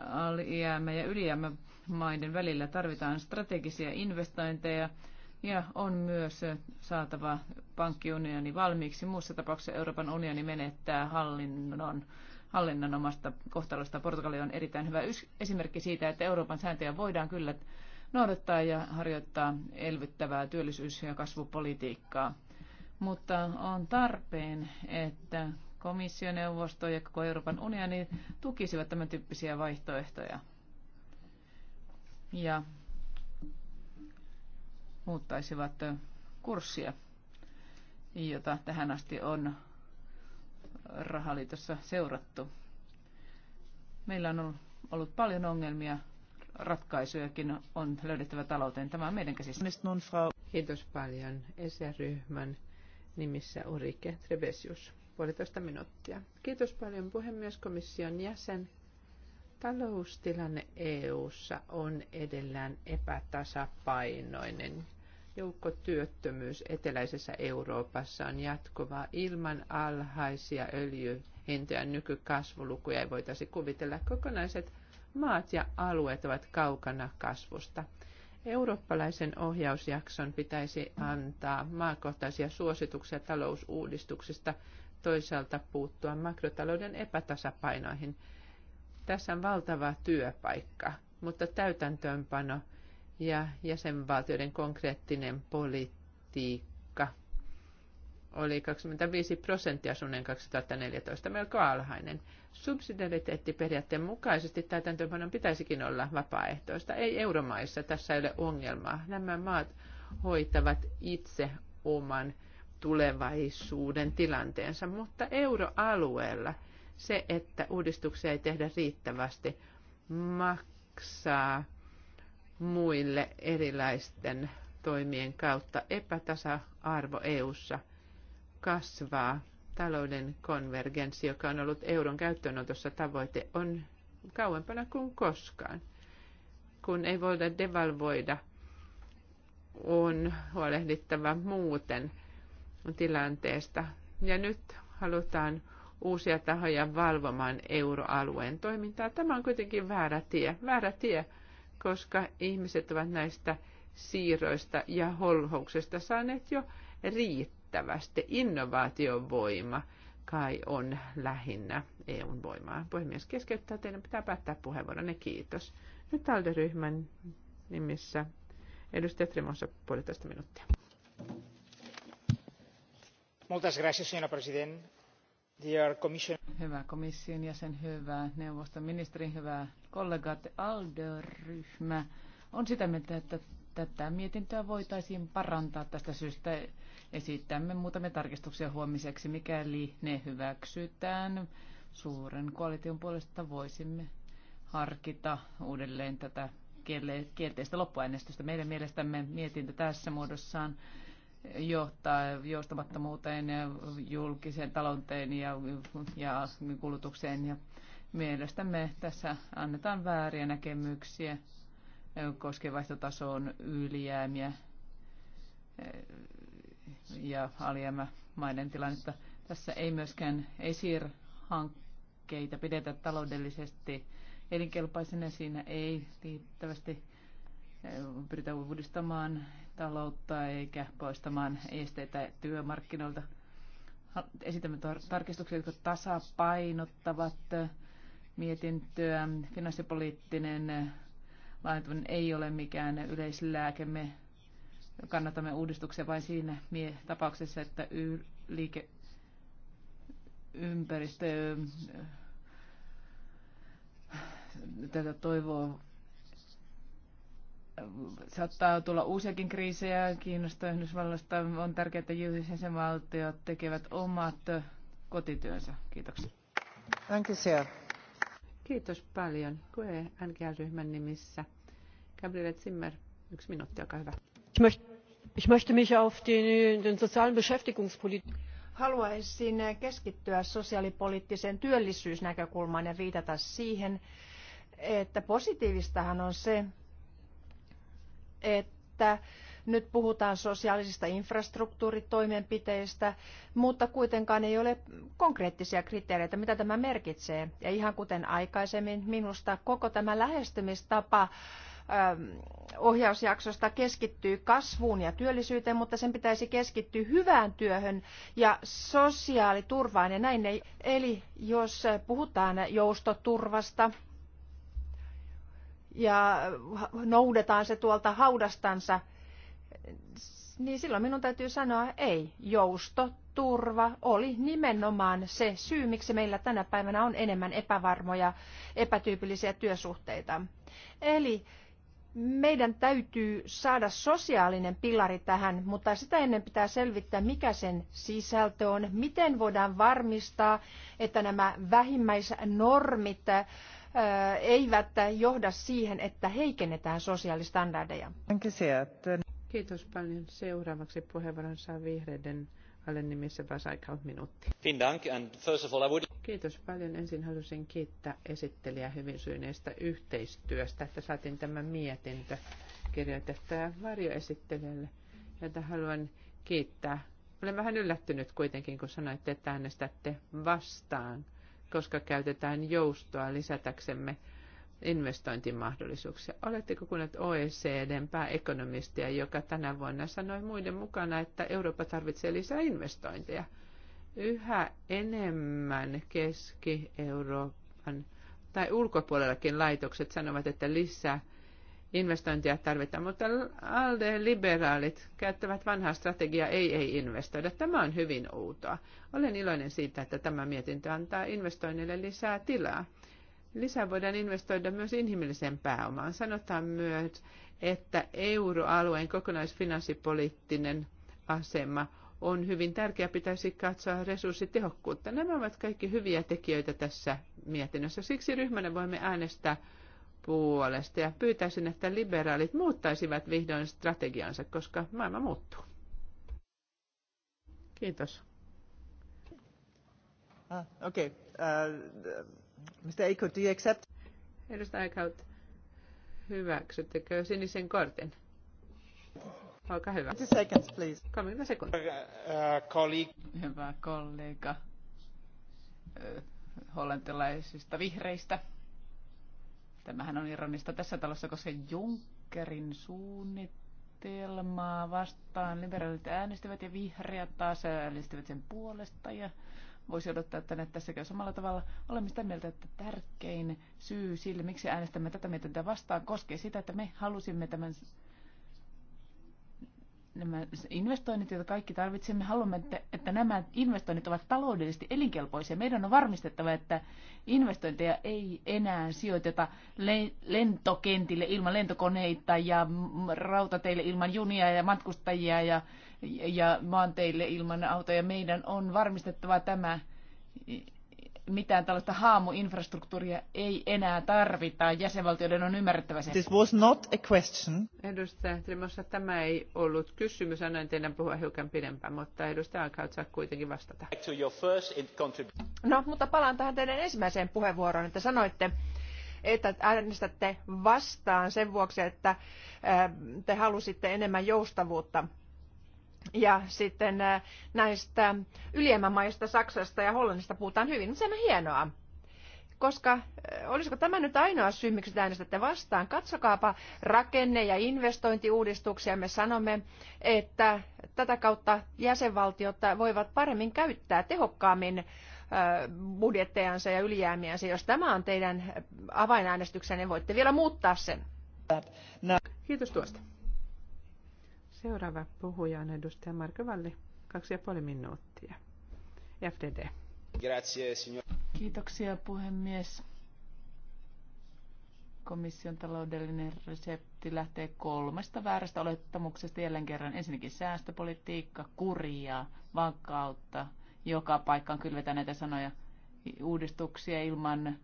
alijäämä- ja ylijäämämaiden välillä tarvitaan strategisia investointeja ja on myös saatava pankkiunioni valmiiksi. Muussa tapauksessa Euroopan unioni menettää hallinnon, hallinnon omasta kohtalosta. Portugali on erittäin hyvä esimerkki siitä, että Euroopan sääntöjä voidaan kyllä noudattaa ja harjoittaa elvyttävää työllisyys- ja kasvupolitiikkaa. Mutta on tarpeen, että komissioneuvosto ja koko Euroopan unioni tukisivat tämän tyyppisiä vaihtoehtoja ja muuttaisivat kurssia, jota tähän asti on rahaliitossa seurattu. Meillä on ollut paljon ongelmia, ratkaisujakin on löydettävä talouteen. Tämä on meidän käsissä. Kiitos paljon ESE-ryhmän nimissä Ulrike Trebesius puolitoista minuuttia. Kiitos paljon puhemieskomission jäsen. Taloustilanne EU:ssa on edellään epätasapainoinen. työttömyys eteläisessä Euroopassa on jatkuvaa ilman alhaisia öljyhintoja nykykasvulukuja ei voitaisi kuvitella. Kokonaiset maat ja alueet ovat kaukana kasvusta. Eurooppalaisen ohjausjakson pitäisi antaa maakohtaisia suosituksia talousuudistuksista – toisaalta puuttua makrotalouden epätasapainoihin. Tässä on valtava työpaikka, mutta täytäntöönpano ja jäsenvaltioiden konkreettinen politiikka oli 25 prosenttia suunnilleen 2014, melko alhainen. Subsidiariteettiperiaatteen mukaisesti täytäntöönpanon pitäisikin olla vapaaehtoista. Ei euromaissa, tässä ei ole ongelmaa. Nämä maat hoitavat itse oman tulevaisuuden tilanteensa, mutta euroalueella se, että uudistuksia ei tehdä riittävästi, maksaa muille erilaisten toimien kautta epätasa-arvo EU:ssa kasvaa. Talouden konvergenssi, joka on ollut euron käyttöönotossa tavoite, on kauempana kuin koskaan. Kun ei voida devalvoida, on huolehdittava muuten – tilanteesta. Ja nyt halutaan uusia tahoja valvomaan euroalueen toimintaa. Tämä on kuitenkin väärä tie. Väärä tie, koska ihmiset ovat näistä siirroista ja holhouksesta saaneet jo riittävästi. Innovaatiovoima kai on lähinnä EUn voimaa. Puhemies keskeyttää, teidän pitää päättää ne Kiitos. Nyt alderyhmän nimissä edustaja Trimossa puolitoista minuuttia señora presidenta hyvä komission jäsen hyvä neuvoston ministeri hyvät kollegat alde ryhmä on sitä mieltä että tätä mietintöä voitaisiin parantaa tästä syystä. Esitämme muutamia tarkistuksia huomiseksi, mikäli ne hyväksytään. Suuren koalition puolesta voisimme harkita uudelleen tätä kielteistä loppuäänestystä. Meidän mielestämme mietintö tässä muodossaan johtaa joustamattomuuteen ja julkiseen talouteen ja, ja kulutukseen. Ja mielestämme tässä annetaan vääriä näkemyksiä koskien vaihtotason ylijäämiä eh, ja maiden tilannetta. Tässä ei myöskään ESIR-hankkeita pidetä taloudellisesti elinkelpoisena. Siinä ei riittävästi pyritä uudistamaan taloutta eikä poistamaan esteitä työmarkkinoilta. Esitämme tarkistuksia, jotka tasapainottavat mietintöä. Finanssipoliittinen laajentuminen ei ole mikään yleislääkemme. Kannatamme uudistuksia vain siinä tapauksessa, että y- liike ympäristö tätä toivoo saattaa tulla uusiakin kriisejä Kiinasta Yhdysvalloista. On tärkeää, että jäsenvaltiot tekevät omat kotityönsä. Kiitoksia. Kiitos. Kiitos paljon. Kue NGL-ryhmän nimissä. Gabriele Zimmer, yksi minuutti, olkaa hyvä. Ich möchte mich auf den, den sozialen Beschäftigungspolitik haluaisin keskittyä sosiaalipoliittiseen työllisyysnäkökulmaan ja viitata siihen, että positiivistahan on se, että nyt puhutaan sosiaalisista infrastruktuuritoimenpiteistä, mutta kuitenkaan ei ole konkreettisia kriteereitä, mitä tämä merkitsee. Ja ihan kuten aikaisemmin, minusta koko tämä lähestymistapa ähm, ohjausjaksosta keskittyy kasvuun ja työllisyyteen, mutta sen pitäisi keskittyä hyvään työhön ja sosiaaliturvaan ja näin. Eli jos puhutaan joustoturvasta, ja noudetaan se tuolta haudastansa, niin silloin minun täytyy sanoa ei. Jousto, turva oli nimenomaan se syy, miksi meillä tänä päivänä on enemmän epävarmoja, epätyypillisiä työsuhteita. Eli meidän täytyy saada sosiaalinen pilari tähän, mutta sitä ennen pitää selvittää, mikä sen sisältö on, miten voidaan varmistaa, että nämä vähimmäisnormit eivät johda siihen, että heikennetään sosiaalistandardeja. Kiitos paljon. Seuraavaksi puheenvuoron saa vihreiden alle nimissä minuutti. Kiitos paljon. Ensin halusin kiittää esittelijä hyvin syyneestä yhteistyöstä, että saatiin tämä mietintö kirjoitettua varjoesittelijälle, jota haluan kiittää. Olen vähän yllättynyt kuitenkin, kun sanoitte, että äänestätte vastaan koska käytetään joustoa lisätäksemme investointimahdollisuuksia. Oletteko kuunnelleet OECDn pääekonomistia, joka tänä vuonna sanoi muiden mukana, että Eurooppa tarvitsee lisää investointeja? Yhä enemmän Keski-Euroopan tai ulkopuolellakin laitokset sanovat, että lisää investointia tarvitaan, mutta ALDE-liberaalit käyttävät vanhaa strategiaa ei, ei investoida. Tämä on hyvin outoa. Olen iloinen siitä, että tämä mietintö antaa investoinnille lisää tilaa. Lisää voidaan investoida myös inhimilliseen pääomaan. Sanotaan myös, että euroalueen kokonaisfinanssipoliittinen asema on hyvin tärkeä, pitäisi katsoa resurssitehokkuutta. Nämä ovat kaikki hyviä tekijöitä tässä mietinnössä. Siksi ryhmänä voimme äänestää puolesta ja pyytäisin, että liberaalit muuttaisivat vihdoin strategiansa, koska maailma muuttuu. Kiitos. Ah, okay. Uh, Mr. Eichhout, do you accept? Edustaja Eichhout, hyväksyttekö sinisen kortin? Olkaa hyvä. 30 seconds, please. 30 sekuntia. Uh, uh Hyvä kollega hollantilaisista vihreistä. Tämähän on ironista tässä talossa, koska Junckerin suunnitelmaa vastaan liberaalit äänestivät ja vihreät taas äänestivät sen puolesta ja voisi odottaa, että näitä tässä käy samalla tavalla. Olemme sitä mieltä, että tärkein syy sille, miksi äänestämme tätä mietintöä vastaan, koskee sitä, että me halusimme tämän nämä investoinnit, joita kaikki tarvitsemme, haluamme, että, että nämä investoinnit ovat taloudellisesti elinkelpoisia. Meidän on varmistettava, että investointeja ei enää sijoiteta lentokentille ilman lentokoneita ja rautateille ilman junia ja matkustajia ja, ja maanteille ilman autoja. Meidän on varmistettava tämä mitään tällaista haamuinfrastruktuuria ei enää tarvita. Jäsenvaltioiden on ymmärrettävä se. This was not a question. Edustaja Trimossa, tämä ei ollut kysymys. Annoin teidän puhua hiukan pidempään, mutta edustaja Alkaut saa kuitenkin vastata. No, mutta palaan tähän teidän ensimmäiseen puheenvuoroon, että sanoitte, että äänestätte vastaan sen vuoksi, että te halusitte enemmän joustavuutta ja sitten äh, näistä ylijäämämaista Saksasta ja Hollannista puhutaan hyvin. mutta Se on hienoa. Koska äh, olisiko tämä nyt ainoa syy, miksi äänestätte vastaan? Katsokaapa rakenne- ja investointiuudistuksia. Me sanomme, että tätä kautta jäsenvaltiot voivat paremmin käyttää tehokkaammin äh, budjettejansa ja ylijäämiänsä. Jos tämä on teidän avainäänestyksenne, voitte vielä muuttaa sen. Kiitos tuosta. Seuraava puhuja on edustaja Marko Valli, kaksi ja puoli minuuttia. FDD. Grazie, signor. Kiitoksia puhemies. Komission taloudellinen resepti lähtee kolmesta väärästä olettamuksesta jälleen kerran. Ensinnäkin säästöpolitiikka, kuria, vakautta. Joka paikkaan kylvetään näitä sanoja uudistuksia ilman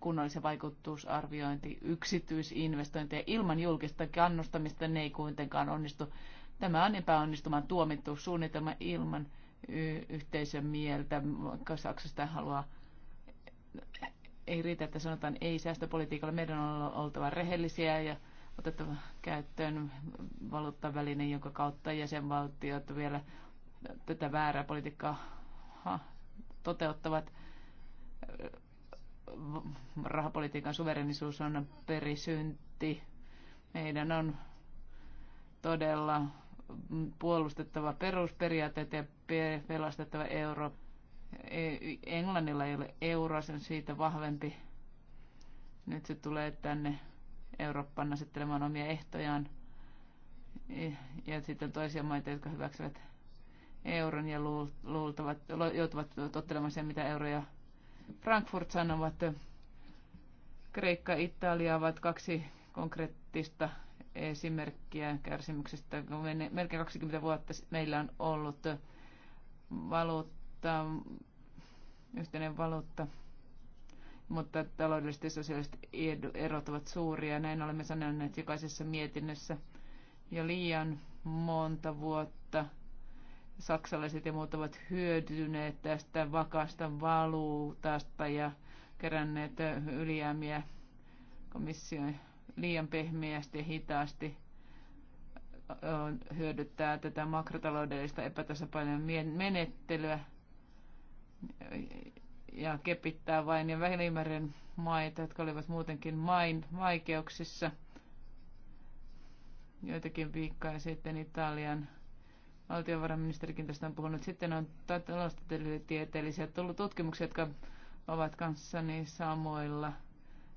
kunnollisen vaikutusarviointi, yksityisinvestointeja ilman julkista kannustamista, ne ei kuitenkaan onnistu. Tämä on epäonnistumaan tuomittu suunnitelma ilman yhteisön mieltä, vaikka Saksasta haluaa ei riitä, että sanotaan ei säästöpolitiikalla. Meidän on oltava rehellisiä ja otettava käyttöön valuuttaväline, jonka kautta jäsenvaltiot vielä tätä väärää politiikkaa toteuttavat. Rahapolitiikan suverenisuus on perisynti. Meidän on todella puolustettava perusperiaatteet ja pelastettava euro. E- Englannilla ei ole euroa, sen siitä vahvempi. Nyt se tulee tänne Eurooppaan asettelemaan omia ehtojaan. E- ja sitten toisia maita, jotka hyväksyvät euron ja luultavat, joutuvat tottelemaan sen, mitä euroja Frankfurt sanovat. Kreikka ja Italia ovat kaksi konkreettista esimerkkiä kärsimyksestä. Melkein 20 vuotta meillä on ollut valuutta, yhteinen valuutta, mutta taloudelliset ja sosiaaliset erot ovat suuria. Näin olemme sanoneet jokaisessa mietinnössä jo liian monta vuotta. Saksalaiset ja muut ovat hyödyneet tästä vakaasta valuutasta ja keränneet ylijäämiä komissioihin liian pehmeästi ja hitaasti hyödyttää tätä makrotaloudellista epätasapainon menettelyä ja kepittää vain ja Välimeren maita, jotka olivat muutenkin main vaikeuksissa. Joitakin viikkoja sitten Italian valtiovarainministerikin tästä on puhunut. Sitten on taloustieteellisiä tullut tutkimuksia, jotka ovat kanssani samoilla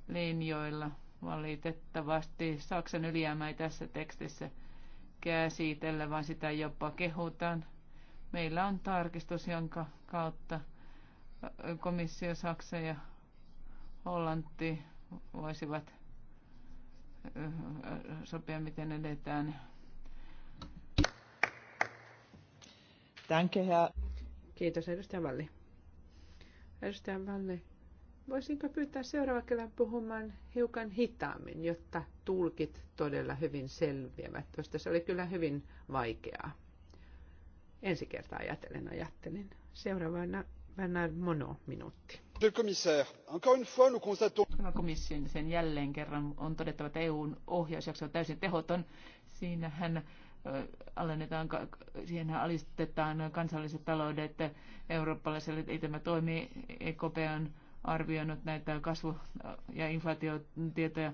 linjoilla valitettavasti Saksan ylijäämä ei tässä tekstissä käsitellä, vaan sitä jopa kehutaan. Meillä on tarkistus, jonka kautta komissio Saksa ja Hollanti voisivat sopia, miten edetään. Danke, Kiitos, edustaja Valli. Edustaja Valli Voisinko pyytää seuraava kerran puhumaan hiukan hitaammin, jotta tulkit todella hyvin selviävät tuosta. Se oli kyllä hyvin vaikeaa. Ensi kertaa ajatellen ajattelin. Seuraavana Bernard Mono minuutti. Hyvä komission sen jälleen kerran on todettava, että EUn ohjausjakso on täysin tehoton. Siinähän alennetaan, siihen alistetaan kansalliset taloudet eurooppalaiselle, ei tämä toimi, EKP on arvioinut näitä kasvu- ja inflaatiotietoja.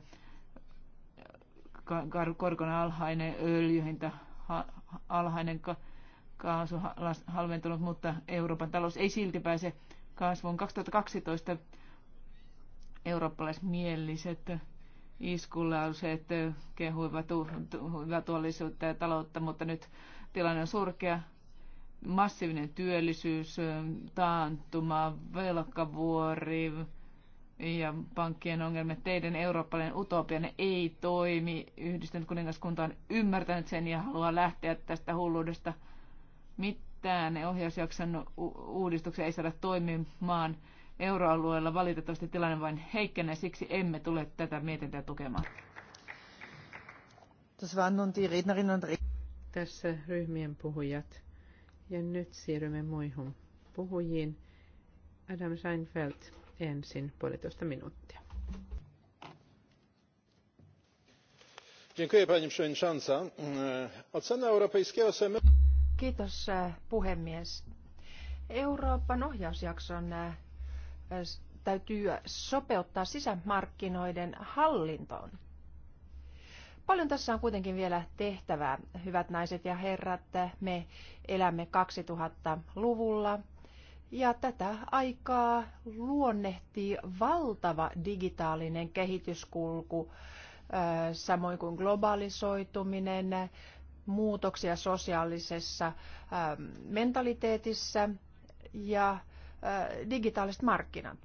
Korkona alhainen öljyhinta, alhainen kaasu halventunut, mutta Euroopan talous ei silti pääse kasvuun. 2012 eurooppalaismieliset iskulauseet kehuivat tuollisuutta ja taloutta, mutta nyt tilanne on surkea massiivinen työllisyys, taantuma, velkavuori ja pankkien ongelmat, teidän eurooppalainen ne ei toimi. Yhdistynyt kuningaskunta on ymmärtänyt sen ja haluaa lähteä tästä hulluudesta. Mitään ne ohjausjakson uudistuksia ei saada toimimaan. Euroalueella valitettavasti tilanne vain heikkenee, siksi emme tule tätä mietintöä tukemaan. Tässä ryhmien puhujat. Ja nyt siirrymme muihin puhujiin. Adam Seinfeld ensin puolitoista minuuttia. kiitos e, puhemies euroopan ohjausjakson e, täytyy sopeuttaa sisämarkkinoiden hallintoon. Paljon tässä on kuitenkin vielä tehtävää, hyvät naiset ja herrat. Me elämme 2000-luvulla ja tätä aikaa luonnehtii valtava digitaalinen kehityskulku, samoin kuin globalisoituminen, muutoksia sosiaalisessa mentaliteetissä ja digitaaliset markkinat.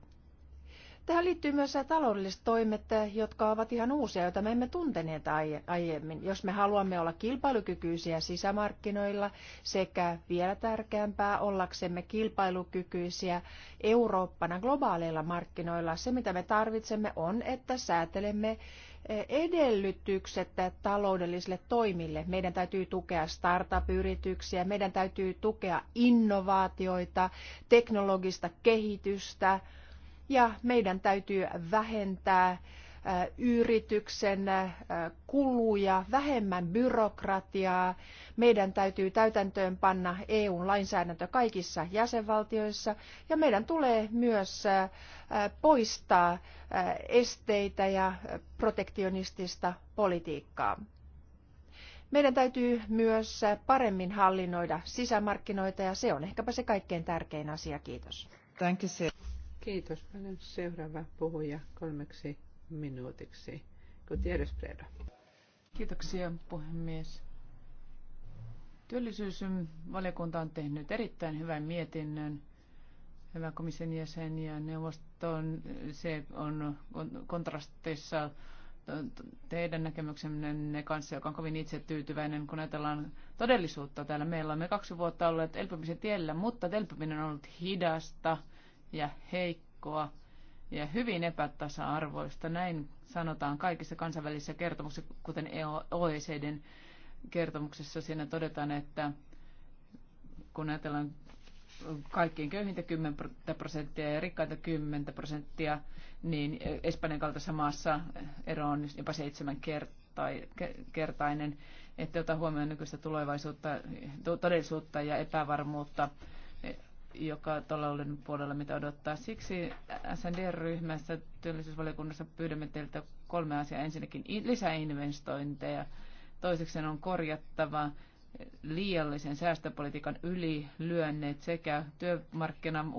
Tähän liittyy myös taloudelliset toimet, jotka ovat ihan uusia, joita me emme tunteneet aiemmin. Jos me haluamme olla kilpailukykyisiä sisämarkkinoilla sekä vielä tärkeämpää ollaksemme kilpailukykyisiä Eurooppana globaaleilla markkinoilla, se mitä me tarvitsemme on, että säätelemme e, edellytykset taloudellisille toimille. Meidän täytyy tukea startup-yrityksiä, meidän täytyy tukea innovaatioita, teknologista kehitystä, ja meidän täytyy vähentää äh, yrityksen äh, kuluja, vähemmän byrokratiaa. Meidän täytyy täytäntöön panna EUn lainsäädäntö kaikissa jäsenvaltioissa ja meidän tulee myös äh, poistaa esteitä ja protektionistista politiikkaa. Meidän täytyy myös paremmin hallinnoida sisämarkkinoita ja se on ehkäpä se kaikkein tärkein asia. Kiitos. Kiitos paljon. Seuraava puhuja kolmeksi minuutiksi. Gutierrez Preda. Kiitoksia puhemies. Työllisyysvaliokunta on tehnyt erittäin hyvän mietinnön. Hyvä komission jäsen ja neuvoston, se on kontrastissa teidän näkemyksenne kanssa, joka on kovin itse tyytyväinen, kun ajatellaan todellisuutta täällä. Meillä on me kaksi vuotta olleet elpymisen tiellä, mutta elpyminen on ollut hidasta – ja heikkoa ja hyvin epätasa-arvoista. Näin sanotaan kaikissa kansainvälisissä kertomuksissa, kuten e OECDn kertomuksessa. Siinä todetaan, että kun ajatellaan kaikkien köyhintä 10 prosenttia ja rikkaita 10 prosenttia, niin Espanjan kaltaisessa maassa ero on jopa seitsemän kertainen, että ota huomioon nykyistä tulevaisuutta, todellisuutta ja epävarmuutta joka talouden puolella mitä odottaa. Siksi SND-ryhmässä työllisyysvaliokunnassa pyydämme teiltä kolme asiaa. Ensinnäkin lisäinvestointeja, toiseksi on korjattava liiallisen säästöpolitiikan ylilyönneet sekä työmarkkinan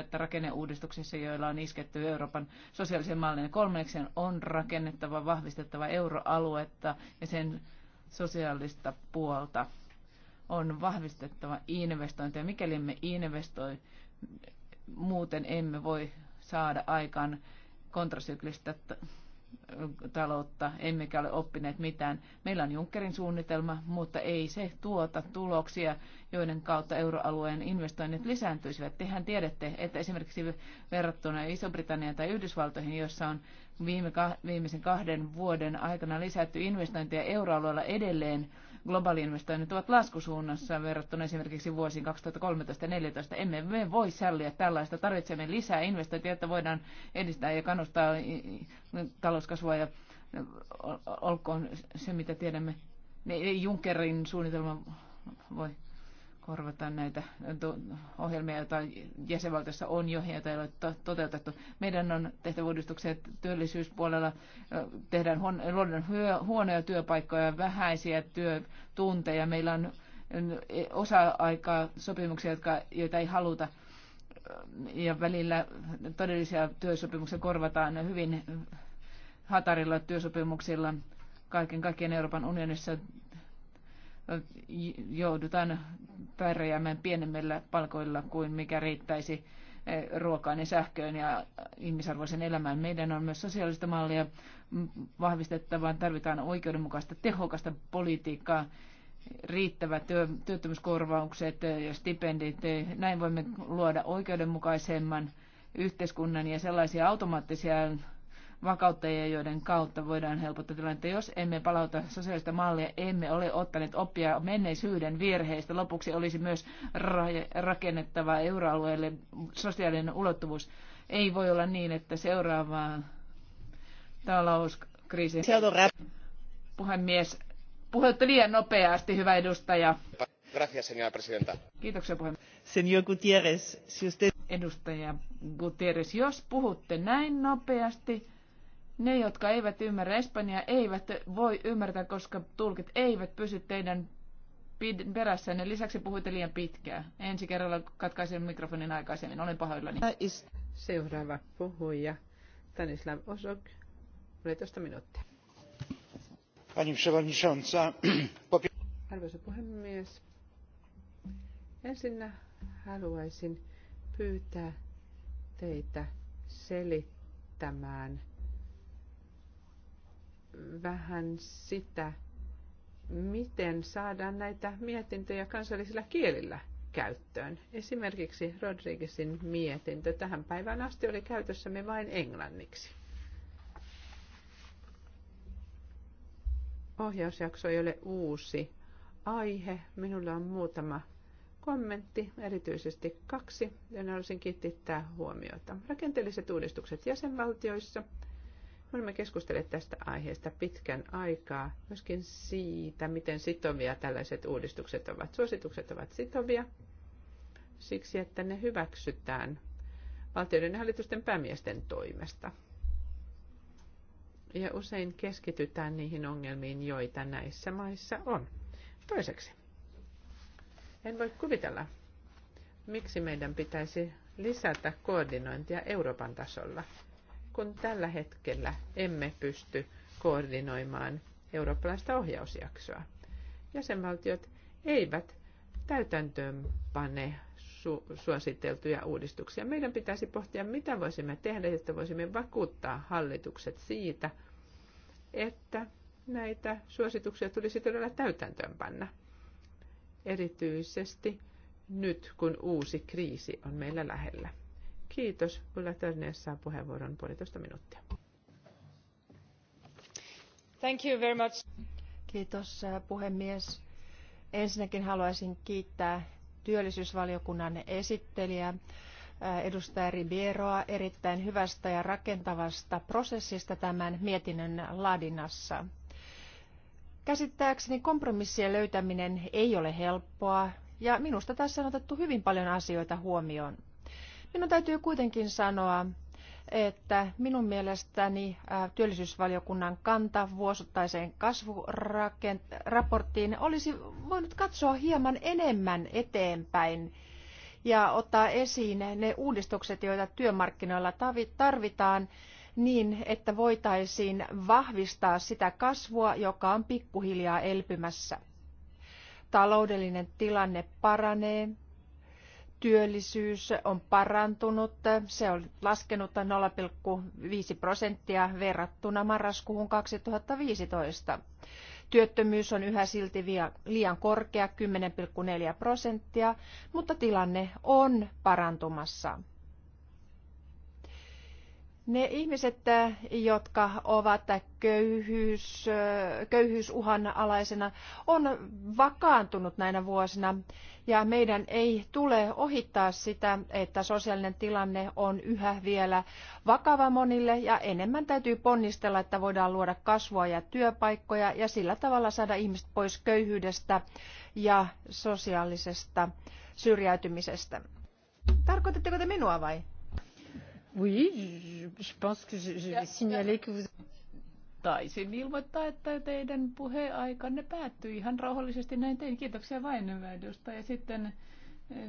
että rakenneuudistuksissa, joilla on isketty Euroopan sosiaalisen mallin. Kolmanneksi on rakennettava, vahvistettava euroaluetta ja sen sosiaalista puolta on vahvistettava investointeja. Mikäli me investoi, muuten emme voi saada aikaan kontrasyklistä taloutta, emmekä ole oppineet mitään. Meillä on Junckerin suunnitelma, mutta ei se tuota tuloksia, joiden kautta euroalueen investoinnit lisääntyisivät. Tehän tiedätte, että esimerkiksi verrattuna Iso-Britanniaan tai Yhdysvaltoihin, jossa on viime, viimeisen kahden vuoden aikana lisätty investointeja euroalueella edelleen globaaliinvestoinnit ovat laskusuunnassa verrattuna esimerkiksi vuosiin 2013-2014. Emme me voi sallia tällaista. Tarvitsemme lisää investointia, jotta voidaan edistää ja kannustaa talouskasvua ja olkoon se, mitä tiedämme. Junckerin suunnitelma voi korvata näitä ohjelmia, joita jäsenvaltiossa on jo ja ei ole toteutettu. Meidän on tehtävä uudistuksia työllisyyspuolella. Tehdään luodaan huonoja työpaikkoja, vähäisiä työtunteja. Meillä on e, osa-aikaa sopimuksia, jotka, joita ei haluta ja välillä todellisia työsopimuksia korvataan hyvin hatarilla työsopimuksilla. Kaiken kaikkien Euroopan unionissa joudutaan pärjäämään pienemmillä palkoilla kuin mikä riittäisi eh, ruokaan ja sähköön ja ihmisarvoisen elämään. Meidän on myös sosiaalista mallia vahvistettava. Tarvitaan oikeudenmukaista, tehokasta politiikkaa, riittävät työ, työttömyyskorvaukset eh, ja stipendit. Eh, näin voimme luoda oikeudenmukaisemman yhteiskunnan ja sellaisia automaattisia vakauttajia, joiden kautta voidaan helpottaa tilannetta. Jos emme palauta sosiaalista mallia, emme ole ottaneet oppia menneisyyden virheistä. Lopuksi olisi myös rakennettava euroalueelle sosiaalinen ulottuvuus. Ei voi olla niin, että seuraavaa talouskriisi. Puhemies, puhutte liian nopeasti, hyvä edustaja. Gracias, señora presidenta. Kiitoksia, puhemies. Señor Gutiérrez, si usted... Edustaja Gutierrez, jos puhutte näin nopeasti, ne, jotka eivät ymmärrä Espanjaa, eivät voi ymmärtää, koska tulkit eivät pysy teidän perässänne. Lisäksi puhuitte liian pitkään. Ensi kerralla katkaisin mikrofonin aikaisemmin. Olen pahoillani. Äh, Seuraava puhuja. Tanislav Osok, puolitoista minuuttia. Pani przewodnicząca. Arvoisa puhemies. Ensinnä haluaisin pyytää teitä selittämään – vähän sitä, miten saadaan näitä mietintöjä kansallisilla kielillä käyttöön. Esimerkiksi Rodriguezin mietintö tähän päivään asti oli käytössämme vain englanniksi. Ohjausjakso ei ole uusi aihe. Minulla on muutama kommentti, erityisesti kaksi, joiden haluaisin kiittää huomiota. Rakenteelliset uudistukset jäsenvaltioissa – Olemme keskustelleet tästä aiheesta pitkän aikaa, myöskin siitä, miten sitovia tällaiset uudistukset ovat. Suositukset ovat sitovia siksi, että ne hyväksytään valtioiden ja hallitusten päämiesten toimesta. Ja usein keskitytään niihin ongelmiin, joita näissä maissa on. Toiseksi, en voi kuvitella, miksi meidän pitäisi lisätä koordinointia Euroopan tasolla – kun tällä hetkellä emme pysty koordinoimaan eurooppalaista ohjausjaksoa. Jäsenvaltiot eivät pane su- suositeltuja uudistuksia. Meidän pitäisi pohtia, mitä voisimme tehdä, jotta voisimme vakuuttaa hallitukset siitä, että näitä suosituksia tulisi todella täytäntöönpanna. Erityisesti nyt, kun uusi kriisi on meillä lähellä. Kiitos. Ulla Törnees saa puheenvuoron puolitoista minuuttia. Thank you very much. Kiitos äh, puhemies. Ensinnäkin haluaisin kiittää työllisyysvaliokunnan esittelijä äh, edustaja Ribieroa erittäin hyvästä ja rakentavasta prosessista tämän mietinnön laadinnassa. Käsittääkseni kompromissien löytäminen ei ole helppoa ja minusta tässä on otettu hyvin paljon asioita huomioon. Minun täytyy kuitenkin sanoa, että minun mielestäni työllisyysvaliokunnan kanta vuosittaiseen kasvuraporttiin olisi voinut katsoa hieman enemmän eteenpäin ja ottaa esiin ne uudistukset, joita työmarkkinoilla tarvitaan niin, että voitaisiin vahvistaa sitä kasvua, joka on pikkuhiljaa elpymässä. Taloudellinen tilanne paranee, työllisyys on parantunut. Se on laskenut 0,5 prosenttia verrattuna marraskuuhun 2015. Työttömyys on yhä silti liian korkea 10,4 prosenttia, mutta tilanne on parantumassa. Ne ihmiset, jotka ovat köyhyys, köyhyysuhan alaisena, on vakaantunut näinä vuosina ja meidän ei tule ohittaa sitä, että sosiaalinen tilanne on yhä vielä vakava monille ja enemmän täytyy ponnistella, että voidaan luoda kasvua ja työpaikkoja ja sillä tavalla saada ihmiset pois köyhyydestä ja sosiaalisesta syrjäytymisestä. Tarkoitatteko te minua vai? Oui, je, je pense que je, je vais signaler que vous... Taisin ilmoittaa, että teidän puheaikanne päättyi ihan rauhallisesti näin tein. Kiitoksia vain, edustaja. Sitten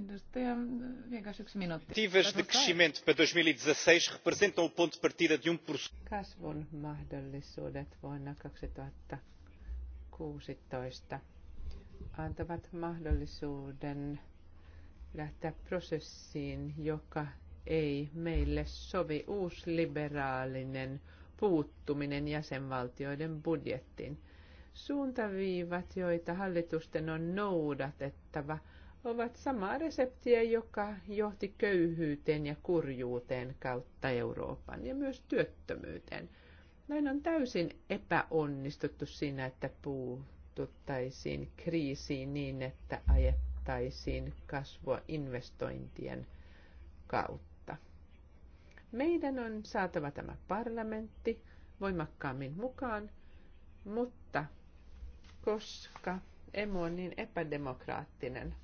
edustaja Viekas yksi minuutti. Tivas de crescimento para 2016 e representam o ponto de partida de 1%. Um Kasvun mahdollisuudet vuonna 2016 antavat mahdollisuuden lähteä prosessiin, joka ei meille sovi uusliberaalinen puuttuminen jäsenvaltioiden budjettiin. Suuntaviivat, joita hallitusten on noudatettava, ovat samaa reseptiä, joka johti köyhyyteen ja kurjuuteen kautta Euroopan ja myös työttömyyteen. Näin on täysin epäonnistuttu siinä, että puututtaisiin kriisiin niin, että ajettaisiin kasvua investointien kautta. Meidän on saatava tämä parlamentti voimakkaammin mukaan, mutta koska emo on niin epädemokraattinen,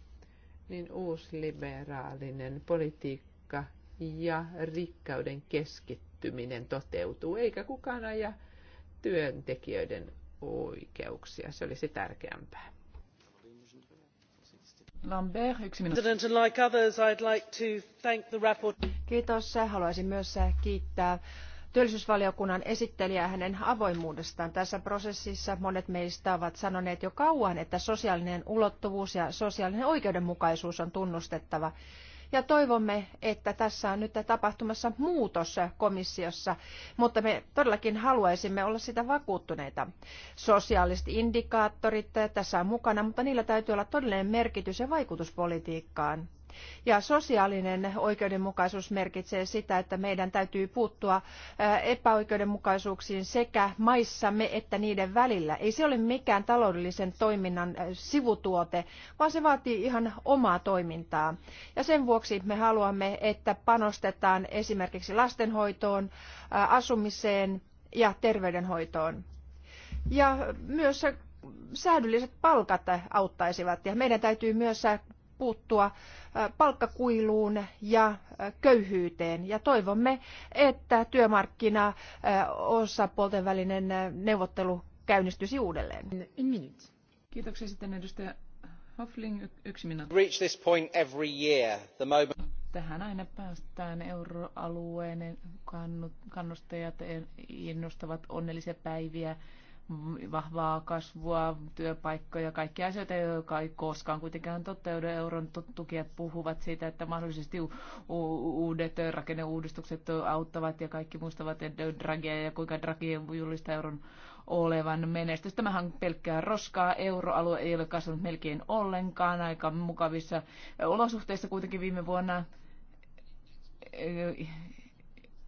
niin uusliberaalinen politiikka ja rikkauden keskittyminen toteutuu, eikä kukaan aja työntekijöiden oikeuksia. Se olisi tärkeämpää. Lambert, yksi Haluaisin myös kiittää työllisyysvaliokunnan esittelijää hänen avoimuudestaan tässä prosessissa. Monet meistä ovat sanoneet jo kauan, että sosiaalinen ulottuvuus ja sosiaalinen oikeudenmukaisuus on tunnustettava ja toivomme, että tässä on nyt tapahtumassa muutos komissiossa, mutta me todellakin haluaisimme olla sitä vakuuttuneita. Sosiaaliset indikaattorit tässä on mukana, mutta niillä täytyy olla todellinen merkitys ja vaikutuspolitiikkaan ja sosiaalinen oikeudenmukaisuus merkitsee sitä, että meidän täytyy puuttua epäoikeudenmukaisuuksiin sekä maissamme että niiden välillä. Ei se ole mikään taloudellisen toiminnan sivutuote, vaan se vaatii ihan omaa toimintaa. Ja sen vuoksi me haluamme, että panostetaan esimerkiksi lastenhoitoon, asumiseen ja terveydenhoitoon. Ja myös säädylliset palkat auttaisivat ja meidän täytyy myös puuttua äh, palkkakuiluun ja äh, köyhyyteen. Ja toivomme, että työmarkkinaosapuolten äh, välinen neuvottelu käynnistyisi uudelleen. Kiitoksia sitten edustaja Hoffling, yksi minuutti. Reach this point every year, the moment... Tähän aina päästään euroalueen kannustajat innostavat onnellisia päiviä vahvaa kasvua, työpaikkoja, kaikkia asioita, jotka ei koskaan kuitenkaan toteudu. Euron tukijat puhuvat siitä, että mahdollisesti uudet rakenneuudistukset auttavat ja kaikki muistavat Dragia ja kuinka Draghi julistaa euron olevan menestys. Tämähän on pelkkää roskaa. Euroalue ei ole kasvanut melkein ollenkaan. Aika mukavissa olosuhteissa kuitenkin viime vuonna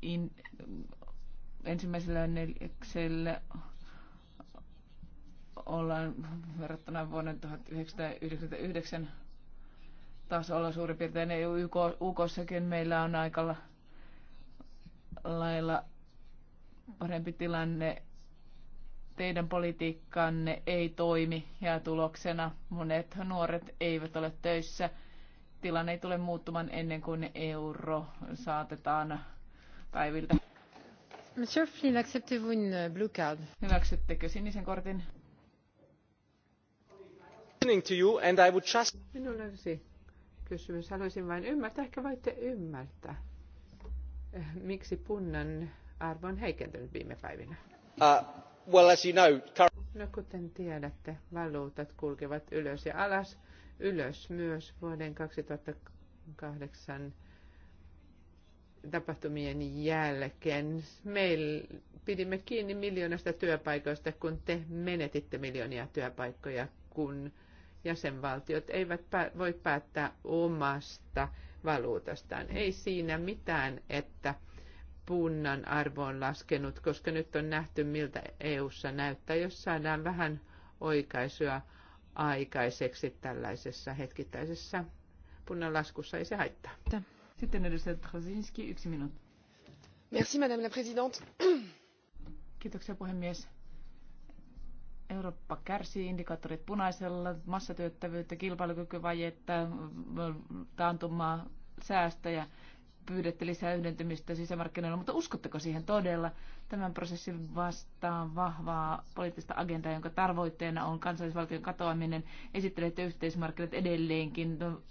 in, ensimmäisellä neljäksellä ollaan verrattuna vuonna 1999 tasolla suurin piirtein UK, UKssakin meillä on aika lailla parempi tilanne. Teidän politiikkanne ei toimi ja tuloksena monet nuoret eivät ole töissä. Tilanne ei tule muuttumaan ennen kuin euro saatetaan päiviltä. Monsieur Flynn, acceptez-vous une blue card? Hyväksyttekö sinisen kortin? Minulla olisi kysymys. Haluaisin vain ymmärtää, ehkä voitte ymmärtää, eh, miksi punnan arvo on heikentynyt viime päivinä. Uh, well, as you know, current... No kuten tiedätte, valuutat kulkevat ylös ja alas. Ylös myös vuoden 2008 tapahtumien jälkeen. Me pidimme kiinni miljoonasta työpaikoista, kun te menetitte miljoonia työpaikkoja, kun jäsenvaltiot eivät voi päättää omasta valuutastaan. Ei siinä mitään, että punnan arvo on laskenut, koska nyt on nähty, miltä EU:ssa näyttää, jos saadaan vähän oikaisua aikaiseksi tällaisessa hetkittäisessä punnan laskussa. Ei se haittaa. Sitten edustaja Trosinski, yksi minuutti. Merci, madame la présidente. Kiitoksia puhemies. Eurooppa kärsii indikaattorit punaisella, massatyöttävyyttä, kilpailukykyvajetta, taantumaa, säästöjä, pyydätte lisää yhdentymistä sisämarkkinoilla, mutta uskotteko siihen todella? Tämän prosessin vastaan vahvaa poliittista agendaa, jonka tavoitteena on kansallisvaltion katoaminen. Esittelette yhteismarkkinat edelleenkin no,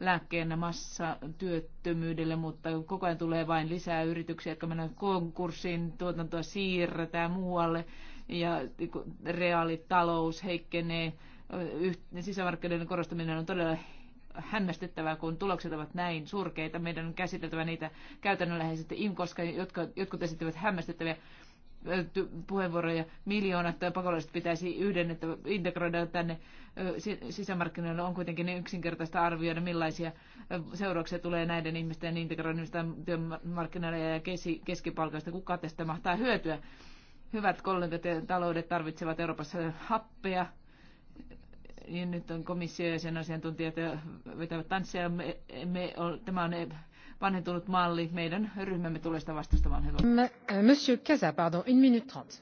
lääkkeenä massatyöttömyydelle, mutta koko ajan tulee vain lisää yrityksiä, jotka menevät konkurssiin, tuotantoa siirretään muualle ja niin reaalitalous heikkenee. Niin sisämarkkinoiden korostaminen on todella hämmästyttävää, kun tulokset ovat näin surkeita. Meidän on käsiteltävä niitä käytännönläheisesti koska jotka, jotkut esittävät hämmästyttäviä puheenvuoroja. Miljoonat pakolaiset pitäisi yhden että integroida tänne sisämarkkinoille. On kuitenkin yksinkertaista arvioida, millaisia seurauksia tulee näiden ihmisten integroinnista työmarkkinoille ja keskipalkoista. Kuka tästä mahtaa hyötyä? Hyvät kollegat ja taloudet tarvitsevat Euroopassa happea. Ja nyt on komissio ja sen asiantuntijat vetävät tanssia. Me, me, tämä on vanhentunut malli. Meidän ryhmämme tulee sitä vastustamaan. Hyvä. Äh, monsieur Casa, pardon, une minute trente.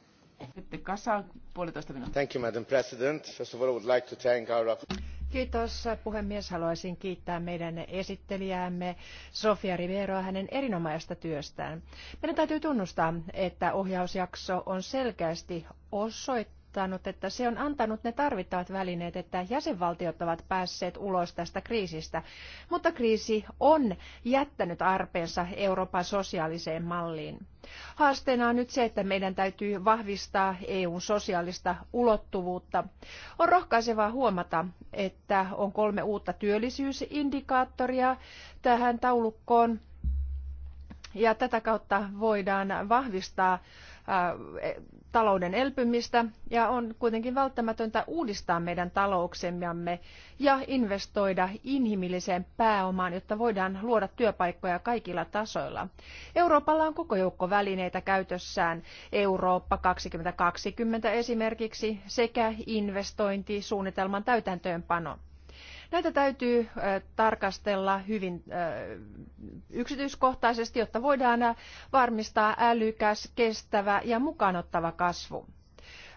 Sitten kasa, puolitoista minuuttia. Thank you, Madam President. First of all, I would like to thank our... Kiitos puhemies. Haluaisin kiittää meidän esittelijäämme Sofia Riveroa hänen erinomaisesta työstään. Meidän täytyy tunnustaa, että ohjausjakso on selkeästi osoittanut, osoittanut, että se on antanut ne tarvittavat välineet, että jäsenvaltiot ovat päässeet ulos tästä kriisistä. Mutta kriisi on jättänyt arpeensa Euroopan sosiaaliseen malliin. Haasteena on nyt se, että meidän täytyy vahvistaa EUn sosiaalista ulottuvuutta. On rohkaisevaa huomata, että on kolme uutta työllisyysindikaattoria tähän taulukkoon. Ja tätä kautta voidaan vahvistaa äh, talouden elpymistä ja on kuitenkin välttämätöntä uudistaa meidän talouksemme ja investoida inhimilliseen pääomaan, jotta voidaan luoda työpaikkoja kaikilla tasoilla. Euroopalla on koko joukko välineitä käytössään, Eurooppa 2020 esimerkiksi, sekä investointisuunnitelman täytäntöönpano. Näitä täytyy tarkastella hyvin yksityiskohtaisesti, jotta voidaan varmistaa älykäs, kestävä ja mukaanottava kasvu.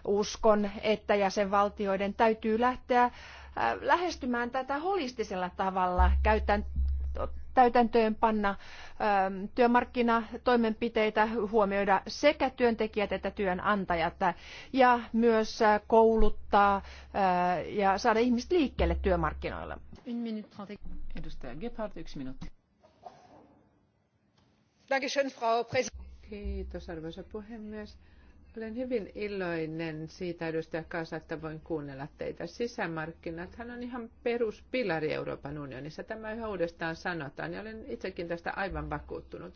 Uskon, että jäsenvaltioiden täytyy lähteä lähestymään tätä holistisella tavalla, käyttäen täytäntöön panna ähm, työmarkkinatoimenpiteitä, huomioida sekä työntekijät että työnantajat ja myös äh, kouluttaa äh, ja saada ihmiset liikkeelle työmarkkinoilla. Edustaja Gebhardt, yksi minuutti. Kiitos arvoisa puhemies. Olen hyvin iloinen siitä, edustaja Kaasa, että voin kuunnella teitä. Sisämarkkinathan on ihan peruspilari Euroopan unionissa. Tämä yhä uudestaan sanotaan ja olen itsekin tästä aivan vakuuttunut.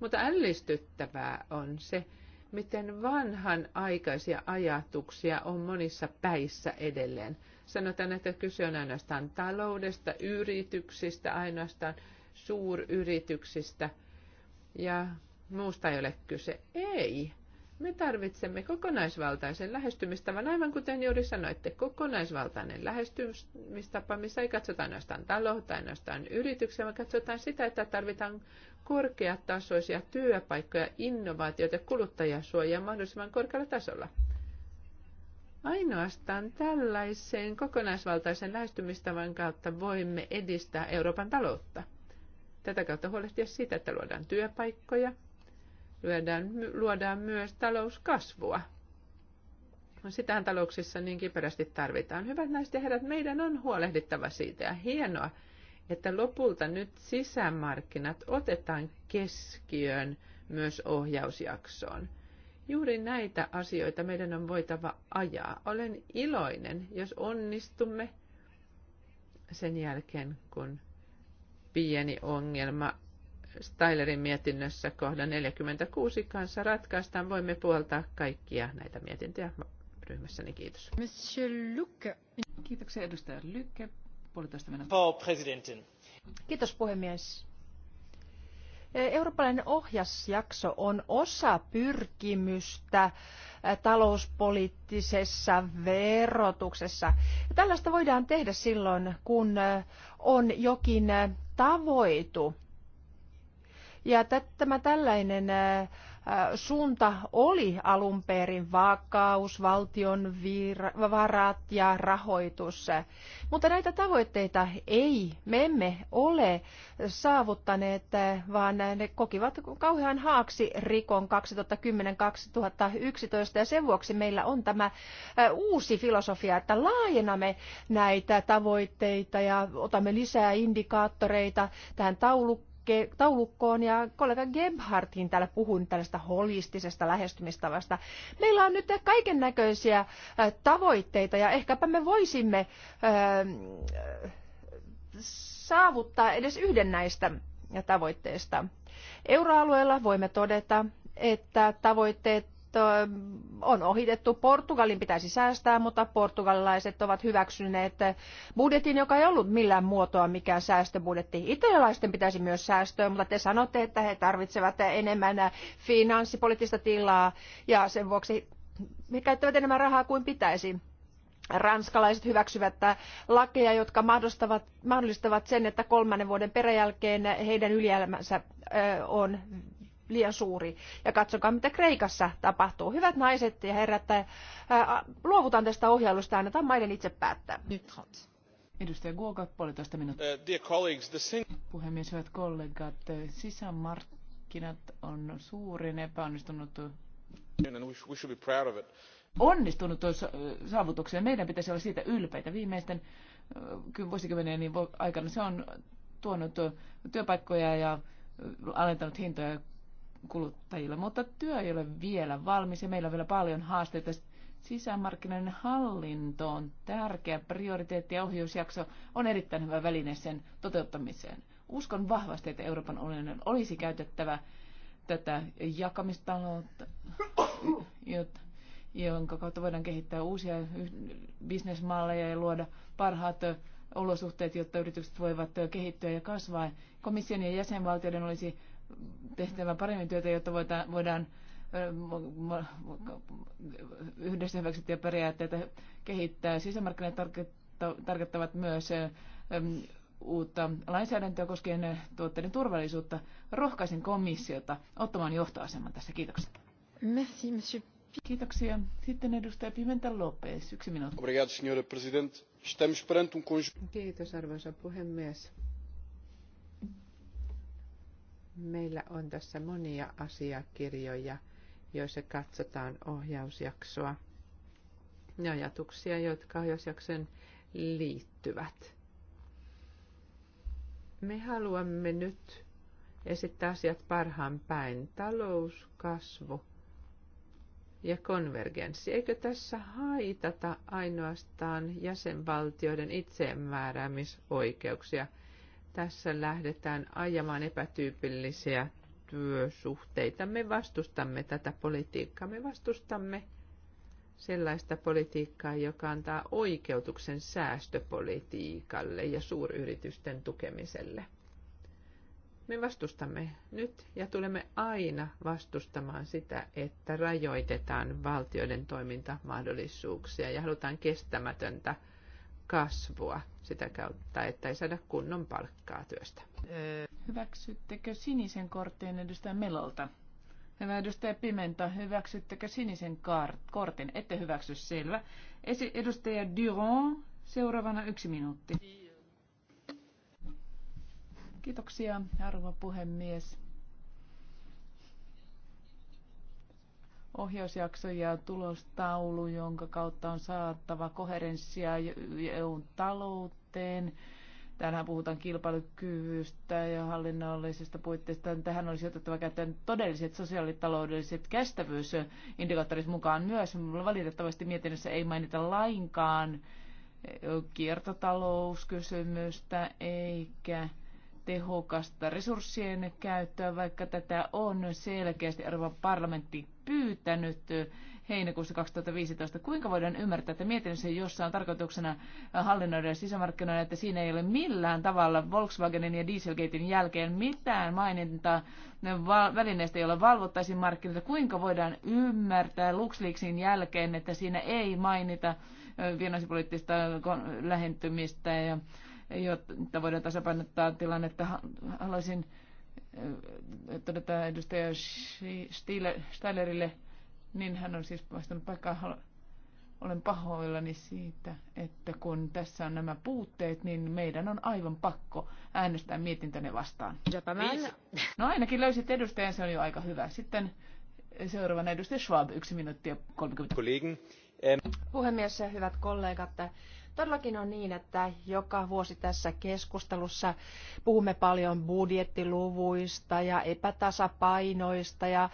Mutta ällistyttävää on se, miten vanhan aikaisia ajatuksia on monissa päissä edelleen. Sanotaan, että kyse on ainoastaan taloudesta, yrityksistä, ainoastaan suuryrityksistä ja muusta ei ole kyse. Ei me tarvitsemme kokonaisvaltaisen lähestymistavan, aivan kuten juuri sanoitte, kokonaisvaltainen lähestymistapa, missä ei katsota ainoastaan tai ainoastaan yrityksiä, vaan katsotaan sitä, että tarvitaan korkeatasoisia työpaikkoja, innovaatioita, kuluttajasuojaa mahdollisimman korkealla tasolla. Ainoastaan tällaisen kokonaisvaltaisen lähestymistavan kautta voimme edistää Euroopan taloutta. Tätä kautta huolehtia siitä, että luodaan työpaikkoja – lyödään, luodaan myös talouskasvua. No, sitähän talouksissa niin kiperästi tarvitaan. Hyvät naiset ja herrat, meidän on huolehdittava siitä ja hienoa, että lopulta nyt sisämarkkinat otetaan keskiöön myös ohjausjaksoon. Juuri näitä asioita meidän on voitava ajaa. Olen iloinen, jos onnistumme sen jälkeen, kun pieni ongelma Stylerin mietinnössä kohdan 46 kanssa ratkaistaan. Voimme puoltaa kaikkia näitä mietintöjä ryhmässäni. Kiitos. Monsieur Luke. Kiitoksia edustaja Lykke. Puolitoista minuuttia. Kiitos puhemies. Eurooppalainen ohjasjakso on osa pyrkimystä talouspoliittisessa verotuksessa. Tällaista voidaan tehdä silloin, kun on jokin tavoitu ja tämä tällainen suunta oli alun perin vakaus, valtion varat ja rahoitus. Mutta näitä tavoitteita ei, me emme ole saavuttaneet, vaan ne kokivat kauhean haaksi rikon 2010-2011 ja sen vuoksi meillä on tämä uusi filosofia, että laajenamme näitä tavoitteita ja otamme lisää indikaattoreita tähän taulukkoon taulukkoon ja kollega Gebhardtin täällä puhun tällaista holistisesta lähestymistavasta. Meillä on nyt kaiken näköisiä tavoitteita ja ehkäpä me voisimme saavuttaa edes yhden näistä tavoitteista. Euroalueella voimme todeta, että tavoitteet on ohitettu. Portugalin pitäisi säästää, mutta portugalilaiset ovat hyväksyneet budjetin, joka ei ollut millään muotoa mikään säästöbudjetti. Italialaisten pitäisi myös säästöä, mutta te sanotte, että he tarvitsevat enemmän finanssipoliittista tilaa ja sen vuoksi he käyttävät enemmän rahaa kuin pitäisi ranskalaiset hyväksyvät lakeja jotka mahdollistavat sen että kolmannen vuoden peräjälkeen heidän ylijäämänsä on liian suuri. Ja katsokaa, mitä Kreikassa tapahtuu. Hyvät naiset ja herrat, ää, äh, luovutaan tästä ohjailusta, annetaan maiden itse päättää. Edustaja Guoga, puolitoista minuuttia. Uh, Puhemies, hyvät kollegat, sisämarkkinat on suurin epäonnistunut onnistunut saavutukseen. Meidän pitäisi olla siitä ylpeitä. Viimeisten vuosikymmenen niin aikana se on tuonut työpaikkoja ja alentanut hintoja kuluttajille, mutta työ ei ole vielä valmis ja meillä on vielä paljon haasteita. Sisämarkkinoiden hallinto on tärkeä prioriteetti ja ohjausjakso on erittäin hyvä väline sen toteuttamiseen. Uskon vahvasti, että Euroopan unionin olisi käytettävä tätä jakamistaloutta, jonka kautta voidaan kehittää uusia bisnesmalleja ja luoda parhaat olosuhteet, jotta yritykset voivat kehittyä ja kasvaa. Komission ja jäsenvaltioiden olisi tehtävä paremmin työtä, jotta voidaan yhdessä hyväksyttyjä periaatteita kehittää. Sisämarkkinat tarkoittavat myös uutta lainsäädäntöä koskien tuotteiden turvallisuutta. rohkaisin komissiota ottamaan johtoaseman tässä. Kiitoksia. Merci, monsieur. Kiitoksia. Sitten edustaja Pimenta Lopez. Yksi minuutti. Obrigado, senhora Estamos perante um Kiitos, arvoisa puhemies. Meillä on tässä monia asiakirjoja, joissa katsotaan ohjausjaksoa ja ajatuksia, jotka ohjausjakson liittyvät. Me haluamme nyt esittää asiat parhaan päin. Talous, kasvu ja konvergenssi. Eikö tässä haitata ainoastaan jäsenvaltioiden itsemääräämisoikeuksia – tässä lähdetään ajamaan epätyypillisiä työsuhteita. Me vastustamme tätä politiikkaa. Me vastustamme sellaista politiikkaa, joka antaa oikeutuksen säästöpolitiikalle ja suuryritysten tukemiselle. Me vastustamme nyt ja tulemme aina vastustamaan sitä, että rajoitetaan valtioiden toimintamahdollisuuksia ja halutaan kestämätöntä kasvua sitä kautta, että ei saada kunnon palkkaa työstä. Hyväksyttekö sinisen kortin edustaja Melolta? Hyvä edustaja Pimenta, hyväksyttekö sinisen kortin? Ette hyväksy selvä. Esi- edustaja Durand, seuraavana yksi minuutti. Kiitoksia, arvo puhemies. ohjausjaksoja ja tulostaulu, jonka kautta on saattava koherenssia EUn talouteen. Tänään puhutaan kilpailukyvystä ja hallinnollisesta puitteista. Tähän olisi otettava käyttöön todelliset sosiaalitaloudelliset kestävyysindikaattorit mukaan myös. Valitettavasti mietinnössä ei mainita lainkaan kiertotalouskysymystä eikä tehokasta resurssien käyttöä, vaikka tätä on selkeästi Euroopan parlamentti pyytänyt heinäkuussa 2015. Kuinka voidaan ymmärtää, että mietinnössä, jossa on tarkoituksena hallinnoida sisämarkkinoida, että siinä ei ole millään tavalla Volkswagenin ja Dieselgatein jälkeen mitään mainintaa välineistä, jolla valvottaisiin markkinoita. Kuinka voidaan ymmärtää LuxLeaksin jälkeen, että siinä ei mainita finanssipoliittista lähentymistä ja jotta voidaan tasapainottaa tilannetta. Haluaisin äh, todeta edustaja Steilerille, niin hän on siis vastannut paikkaa. Olen pahoillani siitä, että kun tässä on nämä puutteet, niin meidän on aivan pakko äänestää mietintöne vastaan. No ainakin löysit edustajan, se on jo aika hyvä. Sitten seuraavana edustaja Schwab, yksi minuuttia 30. Puhemies ja hyvät kollegat, Todellakin on niin, että joka vuosi tässä keskustelussa puhumme paljon budjettiluvuista ja epätasapainoista ja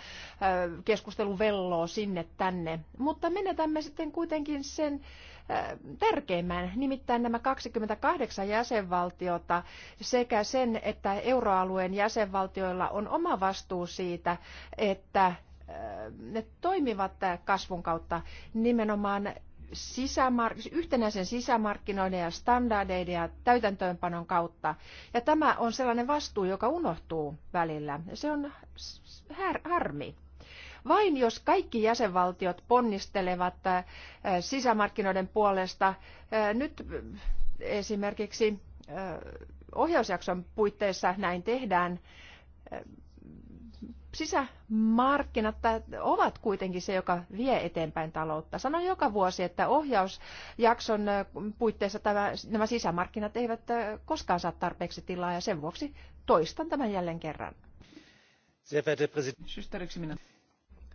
keskustelu velloo sinne tänne. Mutta menetämme sitten kuitenkin sen tärkeimmän, nimittäin nämä 28 jäsenvaltiota sekä sen, että euroalueen jäsenvaltioilla on oma vastuu siitä, että ne toimivat kasvun kautta nimenomaan sisämark- yhtenäisen sisämarkkinoiden ja standardeiden ja täytäntöönpanon kautta. Ja tämä on sellainen vastuu, joka unohtuu välillä. Se on harmi. Vain jos kaikki jäsenvaltiot ponnistelevat äh, sisämarkkinoiden puolesta, äh, nyt äh, esimerkiksi ohjausjakson puitteissa näin tehdään, sisämarkkinat ovat kuitenkin se, joka vie eteenpäin taloutta. Sanon joka vuosi, että ohjausjakson puitteissa tämä, nämä sisämarkkinat eivät koskaan saa tarpeeksi tilaa ja sen vuoksi toistan tämän jälleen kerran.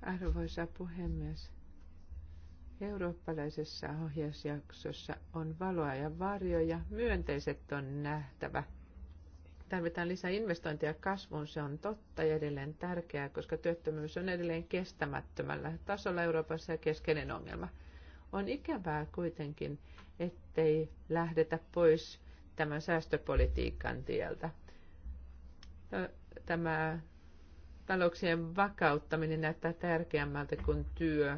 Arvoisa puhemies. Eurooppalaisessa ohjausjaksossa on valoa ja varjoja. Myönteiset on nähtävä – tarvitaan lisää investointia kasvuun, se on totta ja edelleen tärkeää, koska työttömyys on edelleen kestämättömällä tasolla Euroopassa ja keskeinen ongelma. On ikävää kuitenkin, ettei lähdetä pois tämän säästöpolitiikan tieltä. Tämä talouksien vakauttaminen näyttää tärkeämmältä kuin työ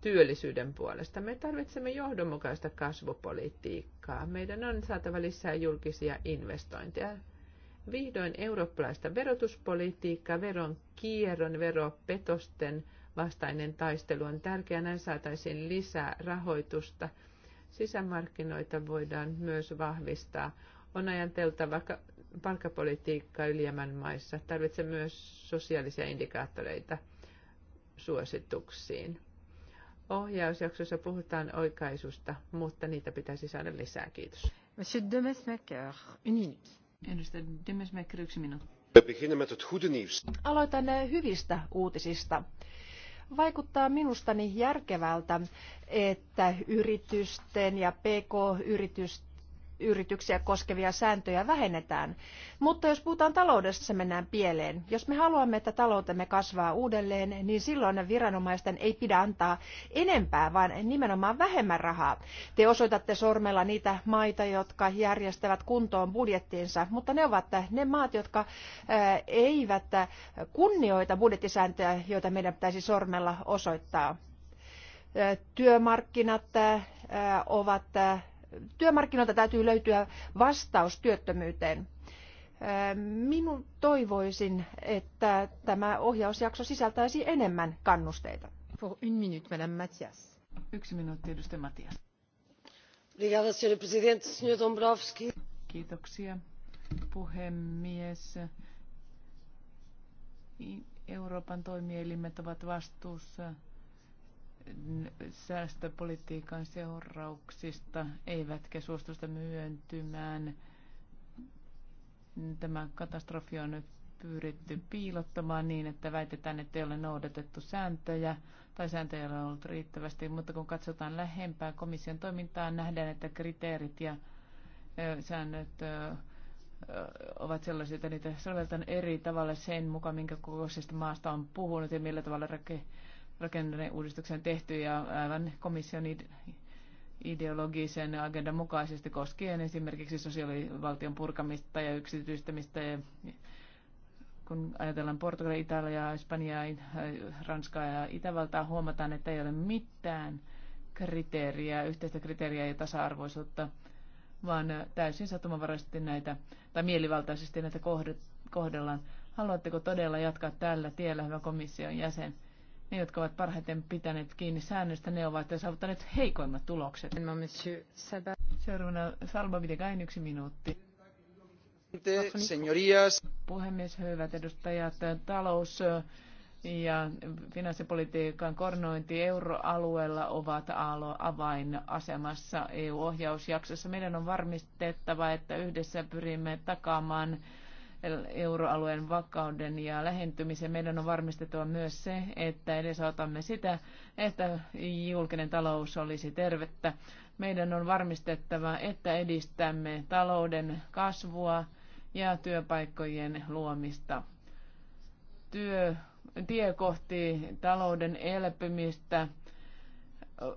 työllisyyden puolesta. Me tarvitsemme johdonmukaista kasvupolitiikkaa. Meidän on saatava lisää julkisia investointeja vihdoin eurooppalaista verotuspolitiikkaa, veron kierron, veropetosten vastainen taistelu on tärkeää. Näin saataisiin lisää rahoitusta. Sisämarkkinoita voidaan myös vahvistaa. On ajanteltava palkkapolitiikka ylijämän maissa. Tarvitsee myös sosiaalisia indikaattoreita suosituksiin. Ohjausjaksossa puhutaan oikaisusta, mutta niitä pitäisi saada lisää. Kiitos. Monsieur Demesmaeker, une minute. Edustaja Demesmaker, Aloitan eh, hyvistä uutisista. Vaikuttaa minustani niin järkevältä, että yritysten ja pk-yritysten yrityksiä koskevia sääntöjä vähennetään. Mutta jos puhutaan taloudessa, mennään pieleen. Jos me haluamme, että taloutemme kasvaa uudelleen, niin silloin viranomaisten ei pidä antaa enempää, vaan nimenomaan vähemmän rahaa. Te osoitatte sormella niitä maita, jotka järjestävät kuntoon budjettinsa, mutta ne ovat ne maat, jotka eivät kunnioita budjettisääntöjä, joita meidän pitäisi sormella osoittaa. Työmarkkinat ovat työmarkkinoilta täytyy löytyä vastaus työttömyyteen. Äh, minun toivoisin, että tämä ohjausjakso sisältäisi enemmän kannusteita. Pour une minute, Madame Mathias. Yksi minuutti, edustaja Matias. Obrigada, senhor presidente, senhor Dombrovski. Kiitoksia, puhemies. Euroopan toimielimet ovat vastuussa säästöpolitiikan seurauksista, eivätkä suostusta myöntymään. Tämä katastrofi on nyt pyritty piilottamaan niin, että väitetään, että ei ole noudatettu sääntöjä tai sääntöjä ei ole ollut riittävästi, mutta kun katsotaan lähempää komission toimintaa, nähdään, että kriteerit ja säännöt ovat sellaisia, että niitä sovelletaan eri tavalla sen mukaan, minkä kokoisesta maasta on puhunut ja millä tavalla rakenneuudistuksen tehty ja aivan komission ideologisen agendan mukaisesti koskien esimerkiksi sosiaalivaltion purkamista ja yksityistämistä. Ja kun ajatellaan Portugalia, Italiaa, Espanjaa, Ranskaa ja Itävaltaa, huomataan, että ei ole mitään kriteeriä, yhteistä kriteeriä ja tasa-arvoisuutta, vaan täysin satumavaraisesti näitä, tai mielivaltaisesti näitä kohdellaan. Haluatteko todella jatkaa tällä tiellä, hyvä komission jäsen? Ne, jotka ovat parhaiten pitäneet kiinni säännöstä, ne ovat saavuttaneet heikoimmat tulokset. Seuraavana Salva Videgain yksi minuutti. Puhemies, hyvät edustajat, talous ja finanssipolitiikan koordinointi euroalueella ovat avainasemassa EU-ohjausjaksossa. Meidän on varmistettava, että yhdessä pyrimme takaamaan euroalueen vakauden ja lähentymisen. Meidän on varmistettava myös se, että edesautamme sitä, että julkinen talous olisi tervettä. Meidän on varmistettava, että edistämme talouden kasvua ja työpaikkojen luomista. Työ, tie kohti talouden elpymistä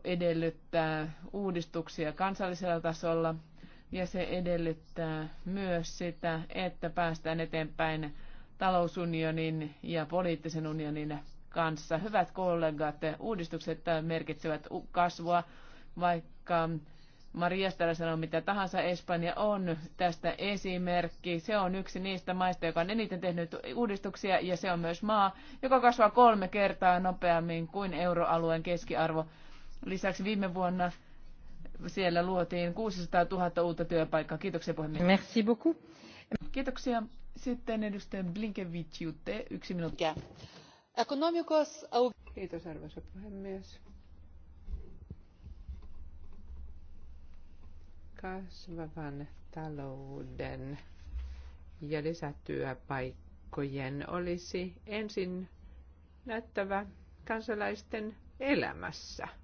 edellyttää uudistuksia kansallisella tasolla – ja se edellyttää myös sitä, että päästään eteenpäin talousunionin ja poliittisen unionin kanssa. Hyvät kollegat, uudistukset merkitsevät kasvua, vaikka Maria täällä sanoo mitä tahansa, Espanja on tästä esimerkki. Se on yksi niistä maista, joka on eniten tehnyt uudistuksia ja se on myös maa, joka kasvaa kolme kertaa nopeammin kuin euroalueen keskiarvo. Lisäksi viime vuonna siellä luotiin 600 000 uutta työpaikkaa. Kiitoksia puhemies. Merci beaucoup. Kiitoksia. Sitten edustaja jutte yksi minuutti. Ekonomikos... Kiitos arvoisa puhemies. Kasvavan talouden ja lisätyöpaikkojen olisi ensin näyttävä kansalaisten elämässä –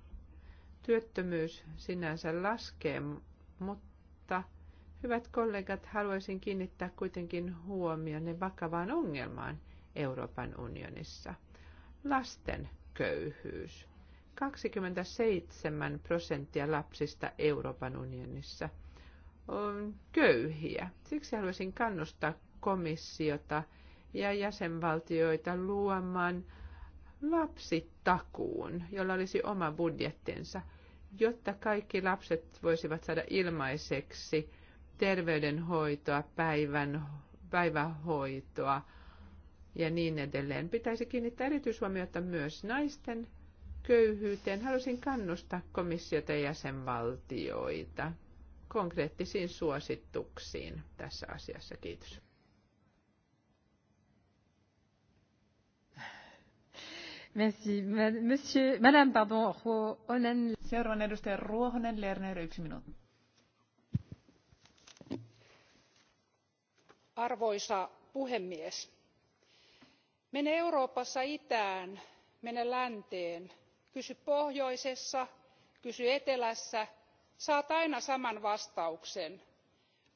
Työttömyys sinänsä laskee, mutta hyvät kollegat, haluaisin kiinnittää kuitenkin huomionne vakavaan ongelmaan Euroopan unionissa. Lasten köyhyys. 27 prosenttia lapsista Euroopan unionissa on köyhiä. Siksi haluaisin kannustaa komissiota ja jäsenvaltioita luomaan lapsitakuun, jolla olisi oma budjettinsa – jotta kaikki lapset voisivat saada ilmaiseksi terveydenhoitoa, päivän, päivähoitoa ja niin edelleen. Pitäisi kiinnittää erityishuomiota myös naisten köyhyyteen. Halusin kannustaa komissiota ja jäsenvaltioita konkreettisiin suosituksiin tässä asiassa. Kiitos. Merci. Monsieur, Madame, pardon, Ruohonen. Seuraavan edustaja Ruohonen Lerner, yksi minuutti. Arvoisa puhemies, mene Euroopassa itään, mene länteen, kysy pohjoisessa, kysy etelässä, saat aina saman vastauksen.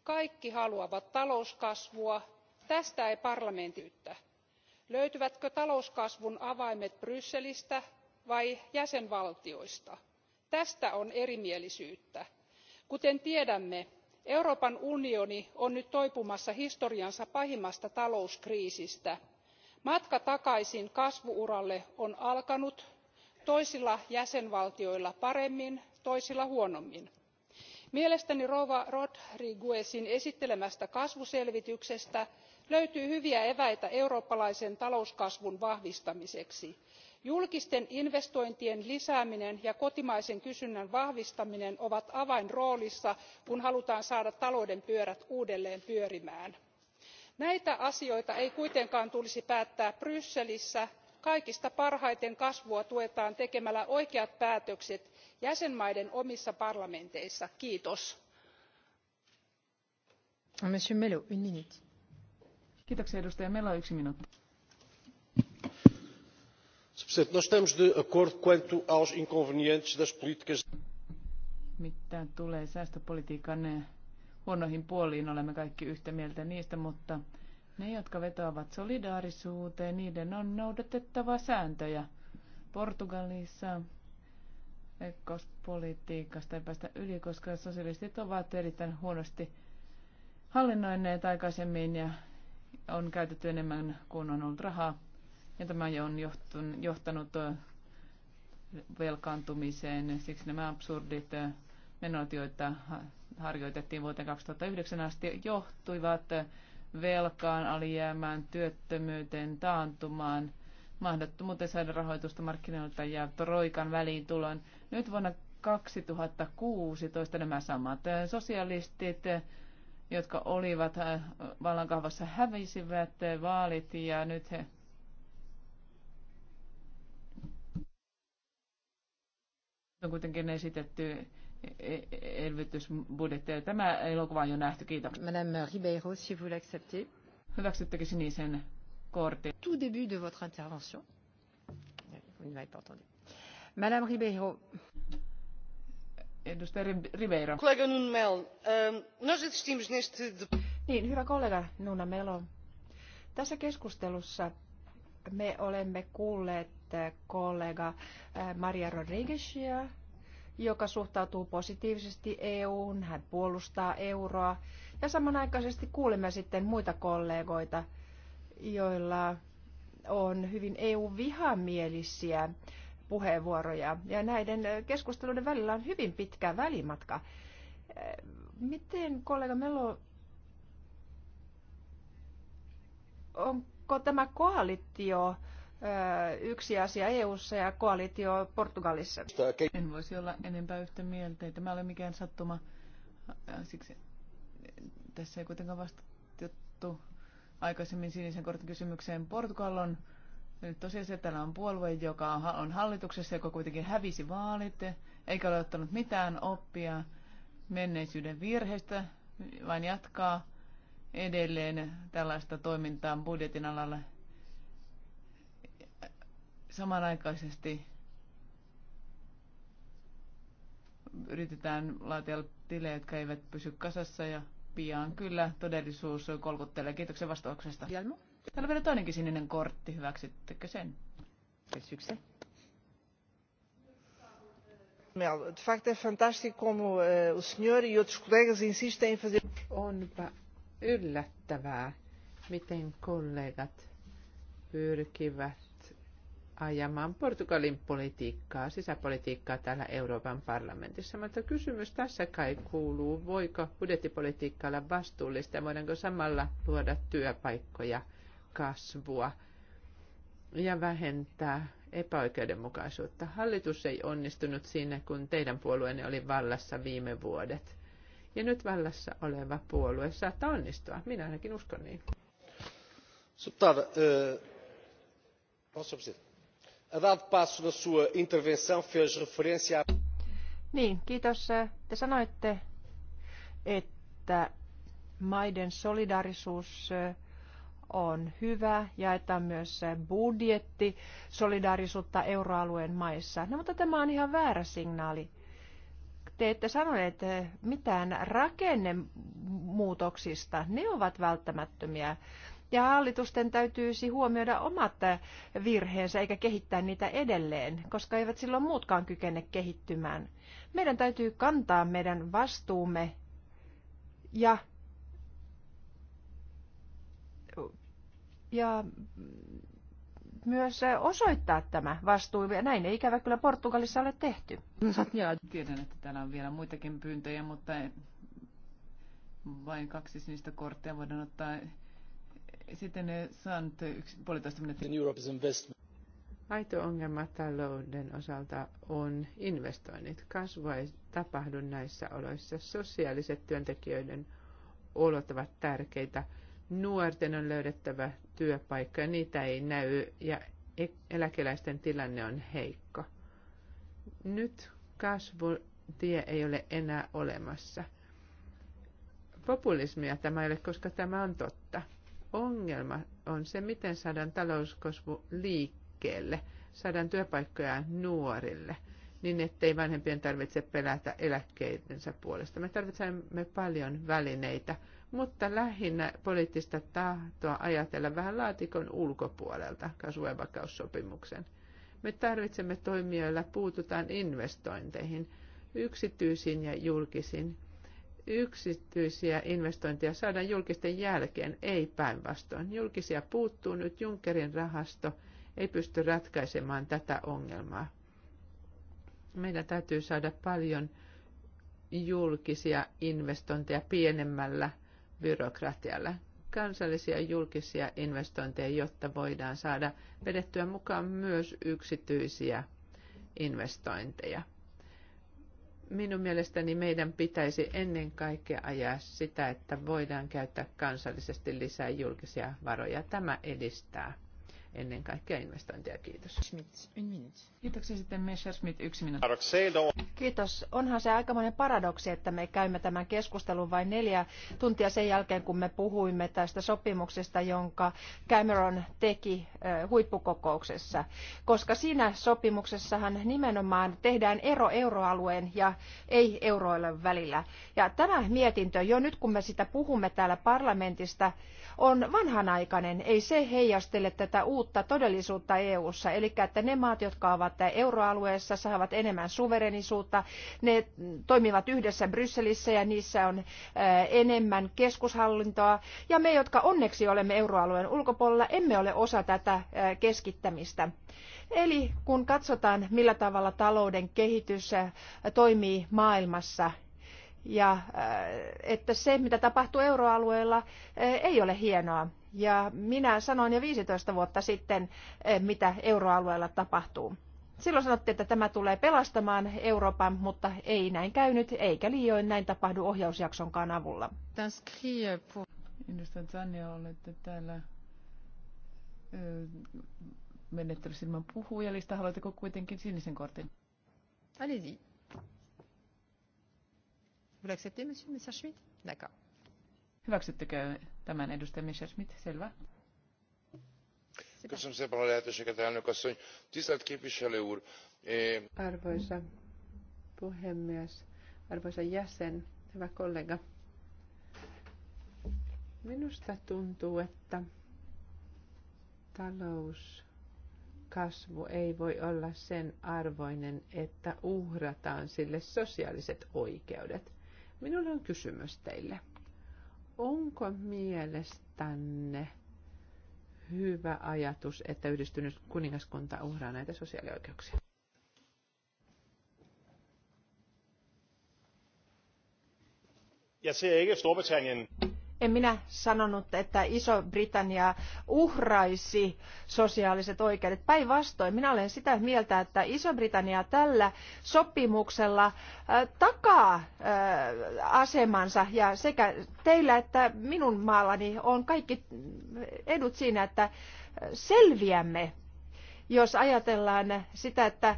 Kaikki haluavat talouskasvua, tästä ei parlamenttiyttä. Löytyvätkö talouskasvun avaimet Brysselistä vai jäsenvaltioista? tästä on erimielisyyttä. kuten tiedämme euroopan unioni on nyt toipumassa historiansa pahimmasta talouskriisistä. matka takaisin kasvu uralle on alkanut toisilla jäsenvaltioilla paremmin toisilla huonommin. mielestäni rodriguezin esittelemästä kasvuselvityksestä löytyy hyviä eväitä eurooppalaisen talouskasvun vahvistamiseksi julkisten investointien lisääminen ja kotimaisen kysynnän vahvistaminen ovat avainroolissa kun halutaan saada talouden pyörät uudelleen pyörimään. näitä asioita ei kuitenkaan tulisi päättää brysselissä kaikista parhaiten kasvua tuetaan tekemällä oikeat päätökset jäsenvaltioiden omissa parlamenteissa. arvoisa Portanto, nós estamos de acordo quanto aos inconvenientes das políticas. Mitä tulee säästöpolitiikan eh, huonoihin puoliin, olemme kaikki yhtä mieltä niistä, mutta ne, jotka vetoavat solidaarisuuteen, niiden on noudatettava sääntöjä. Portugalissa leikkauspolitiikasta ei päästä yli, koska sosialistit ovat erittäin huonosti hallinnoineet aikaisemmin ja on käytetty enemmän kuin on ollut rahaa ja tämä on johtanut velkaantumiseen. Siksi nämä absurdit menot, joita harjoitettiin vuoteen 2009 asti, johtuivat velkaan, alijäämään, työttömyyteen, taantumaan, mahdottomuuteen saada rahoitusta markkinoilta ja Troikan väliintulon. Nyt vuonna 2016 nämä samat sosialistit, jotka olivat vallankahvassa, hävisivät vaalit ja nyt he on kuitenkin esitetty elvytysbudjetteja. Tämä elokuva on jo nähty, Kiitos. Madame Ribeiro, si vous l'acceptez. Hyväksyttekö sinisen kortin? Tout début de votre intervention. Vous ne m'avez pas entendu. Madame Ribeiro. Edustaja Ribeiro. Kollega Nunmel, ehm, nós assistimos neste... Niin, hyvä kollega Nuna Melo. Tässä keskustelussa me olemme kuulleet äh, kollega äh, Maria Rodriguezia, joka suhtautuu positiivisesti EUun, hän puolustaa euroa. Ja samanaikaisesti kuulemme sitten muita kollegoita, joilla on hyvin EU-vihamielisiä puheenvuoroja. Ja näiden äh, keskusteluiden välillä on hyvin pitkä välimatka. Miten kollega Melo, on, tämä koalitio yksi asia EU-ssa ja koalitio Portugalissa? En voisi olla enempää yhtä mieltä. Ei tämä ole mikään sattuma. Siksi eh, tässä ei kuitenkaan vastattu aikaisemmin sinisen kortin kysymykseen. Portugalon on nyt tosiaan täällä on puolue, joka on hallituksessa, joka kuitenkin hävisi vaalit, eikä ole ottanut mitään oppia menneisyyden virheistä, vaan jatkaa edelleen tällaista toimintaa budjetin alalla. Samanaikaisesti yritetään laatia tilejä, jotka eivät pysy kasassa ja pian kyllä todellisuus kolkuttelee. Kiitoksia vastauksesta. Täällä on vielä toinenkin sininen kortti. Hyväksyttekö sen? Sykse. Mel, de facto é fantástico como uh, o senhor e outros colegas insistem em fazer... Onpa yllättävää, miten kollegat pyrkivät ajamaan Portugalin politiikkaa, sisäpolitiikkaa täällä Euroopan parlamentissa. Mutta kysymys tässä kai kuuluu, voiko budjettipolitiikka olla vastuullista ja voidaanko samalla luoda työpaikkoja, kasvua ja vähentää epäoikeudenmukaisuutta. Hallitus ei onnistunut siinä, kun teidän puolueenne oli vallassa viime vuodet. Ja nyt vallassa oleva puolue saattaa onnistua. Minä ainakin uskon niin. Deputada, uh, a dado passo na sua intervenção fez referência a... Niin, kiitos. Te sanoitte, että maiden solidaarisuus eh, on hyvä, on myös eh, budjetti solidaarisuutta euroalueen maissa. No, mutta tämä on ihan väärä signaali te ette sanoneet eh, mitään rakennemuutoksista. Ne ovat välttämättömiä. Ja hallitusten täytyisi huomioida omat eh, virheensä eikä kehittää niitä edelleen, koska eivät silloin muutkaan kykene kehittymään. Meidän täytyy kantaa meidän vastuumme ja, ja myös eh, osoittaa tämä vastuu. Näin ei ikävä kyllä Portugalissa ole tehty. Tiedän, että täällä on vielä muitakin pyyntöjä, mutta vain kaksi sinistä korttia voidaan ottaa. Sitten ne eh, saanut yksi, puolitoista minuuttia. Aito ongelma talouden osalta on investoinnit. Kasvu ei tapahdu näissä oloissa. Sosiaaliset työntekijöiden olot ovat tärkeitä. Nuorten on löydettävä työpaikkoja, niitä ei näy ja e- eläkeläisten tilanne on heikko. Nyt kasvutie ei ole enää olemassa. Populismia tämä ei ole, koska tämä on totta. Ongelma on se, miten saadaan talouskasvu liikkeelle, saadaan työpaikkoja nuorille, niin ettei vanhempien tarvitse pelätä eläkkeidensä puolesta. Me tarvitsemme paljon välineitä – mutta lähinnä poliittista tahtoa ajatella vähän laatikon ulkopuolelta kasvuevakaussopimuksen. Me tarvitsemme toimia, joilla puututaan investointeihin, yksityisiin ja julkisiin. Yksityisiä investointeja saadaan julkisten jälkeen, ei päinvastoin. Julkisia puuttuu nyt, Junckerin rahasto ei pysty ratkaisemaan tätä ongelmaa. Meidän täytyy saada paljon julkisia investointeja pienemmällä byrokratialle kansallisia julkisia investointeja, jotta voidaan saada vedettyä mukaan myös yksityisiä investointeja. Minun mielestäni meidän pitäisi ennen kaikkea ajaa sitä, että voidaan käyttää kansallisesti lisää julkisia varoja. Tämä edistää ennen kaikkea investointeja. Kiitos. Schmidt, Kiitoksia sitten Messer yksi minuutti. Kiitos. Onhan se aikamoinen paradoksi, että me käymme tämän keskustelun vain neljä tuntia sen jälkeen, kun me puhuimme tästä sopimuksesta, jonka Cameron teki huippukokouksessa. Koska siinä sopimuksessahan nimenomaan tehdään ero euroalueen ja ei-euroalueen välillä. Ja tämä mietintö, jo nyt kun me sitä puhumme täällä parlamentista, on vanhanaikainen. Ei se heijastele tätä uutta uutta todellisuutta EU:ssa, eli että ne maat, jotka ovat euroalueessa, saavat enemmän suverenisuutta, ne toimivat yhdessä Brysselissä ja niissä on eh, enemmän keskushallintoa, ja me, jotka onneksi olemme euroalueen ulkopuolella, emme ole osa tätä eh, keskittämistä. Eli kun katsotaan, millä tavalla talouden kehitys eh, toimii maailmassa, ja että se, mitä tapahtuu euroalueella, ei ole hienoa. Ja minä sanoin jo 15 vuotta sitten, eh, mitä euroalueella tapahtuu. Silloin sanottiin, että tämä tulee pelastamaan Euroopan, mutta ei näin käynyt, eikä liioin näin tapahdu ohjausjaksonkaan avulla. Edustaja Tania, olette täällä eh, menettelyssä ilman puhujalista. Haluatteko kuitenkin sinisen kortin? Allez-y. Vous l'acceptez, monsieur Messerschmitt D'accord. Hyväksyttekö tämän edustaja Messerschmidt, selvä. Köszönöm szépen a lehetőséget, elnök asszony. Tisztelt képviselő úr! Arvoisa puhemies, arvoisa jäsen, hyvä kollega. Minusta tuntuu, että talouskasvu ei voi olla sen arvoinen, että uhrataan sille sosiaaliset oikeudet. Minulla on kysymys teille. Onko mielestänne hyvä ajatus, että yhdistynyt kuningaskunta uhraa näitä sosiaalioikeuksia? Jeg ser ikke Storbritannien en minä sanonut, että Iso-Britannia uhraisi sosiaaliset oikeudet. Päinvastoin, minä olen sitä mieltä, että Iso-Britannia tällä sopimuksella äh, takaa äh, asemansa ja sekä teillä että minun maallani on kaikki edut siinä, että äh, selviämme jos ajatellaan sitä, että äh,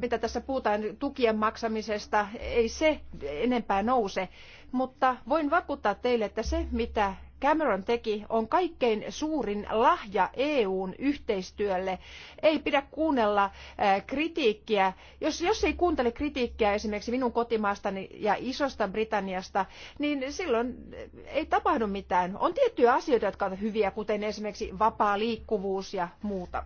mitä tässä puhutaan tukien maksamisesta, ei se enempää nouse. Mutta voin vakuuttaa teille, että se mitä Cameron teki on kaikkein suurin lahja EUn yhteistyölle. Ei pidä kuunnella äh, kritiikkiä. Jos, jos ei kuuntele kritiikkiä esimerkiksi minun kotimaastani ja isosta Britanniasta, niin silloin äh, ei tapahdu mitään. On tiettyjä asioita, jotka ovat hyviä, kuten esimerkiksi vapaa liikkuvuus ja muuta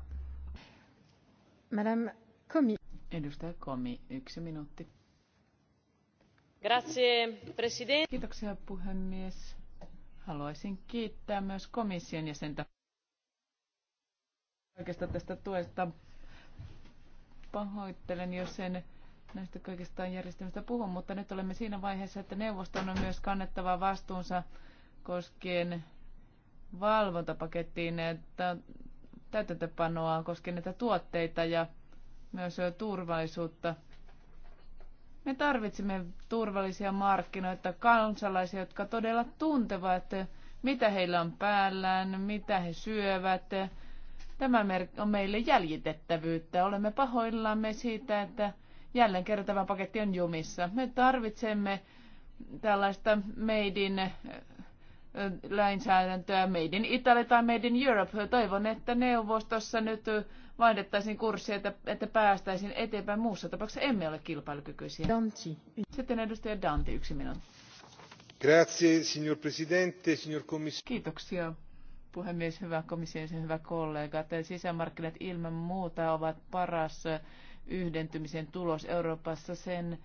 arvoisa Komi. yksi minuutti. Kiitoksia puhemies. Haluaisin kiittää myös komission jäsentä kaikesta tästä tuesta. Pahoittelen, jos en näistä kaikista järjestelmistä puhu, mutta nyt olemme siinä vaiheessa, että neuvoston on myös kannettava vastuunsa koskien valvontapakettiin, että täytäntöpanoa koskien näitä tuotteita ja myös turvallisuutta. Me tarvitsemme turvallisia markkinoita, kansalaisia, jotka todella tuntevat, mitä heillä on päällään, mitä he syövät. Tämä on meille jäljitettävyyttä. Olemme pahoillamme siitä, että jälleen kerran tämä paketti on jumissa. Me tarvitsemme tällaista meidin lainsäädäntöä Made in Italy tai Made in Europe. Toivon, että neuvostossa nyt vaihdettaisiin kurssia, että, että päästäisiin eteenpäin. Muussa tapauksessa emme ole kilpailukykyisiä. Danti. Sitten edustaja Danti, yksi minuutti. Grazie, signor Presidente, signor Commissio. Kiitoksia, puhemies, hyvä komissio ja hyvä kollega. Tämä sisämarkkinat ilman muuta ovat paras yhdentymisen tulos Euroopassa sen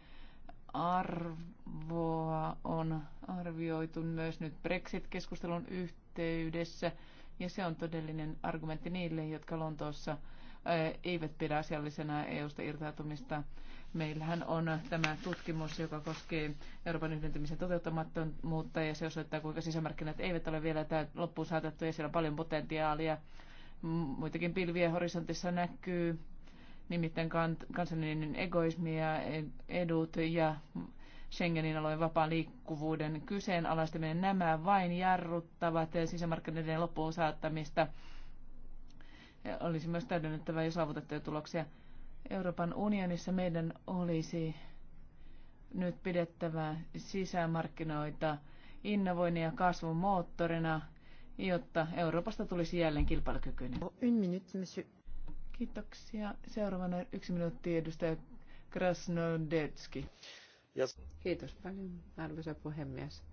arvoa on arvioitu myös nyt Brexit-keskustelun yhteydessä, ja se on todellinen argumentti niille, jotka Lontoossa eh, eivät pidä asiallisena EU-sta irtautumista. Meillähän on tämä tutkimus, joka koskee Euroopan yhdentymisen toteuttamattomuutta, ja se osoittaa, kuinka sisämarkkinat eivät ole vielä loppuun saatettu, ja siellä on paljon potentiaalia. Muitakin pilviä horisontissa näkyy nimittäin kansallinen egoismi ja edut ja Schengenin alueen vapaan liikkuvuuden kyseenalaistaminen, nämä vain jarruttavat sisämarkkinoiden loppuun saattamista. Olisi myös täydennettävä jo saavutettuja tuloksia. Euroopan unionissa meidän olisi nyt pidettävä sisämarkkinoita innovoinnin ja kasvun moottorina, jotta Euroopasta tulisi jälleen kilpailukykyinen. Une monsieur. Kiitoksia. Seuraavana yksi minuutti edustaja Krasnodetski. Yes. Kiitos paljon, arvoisa puhemies.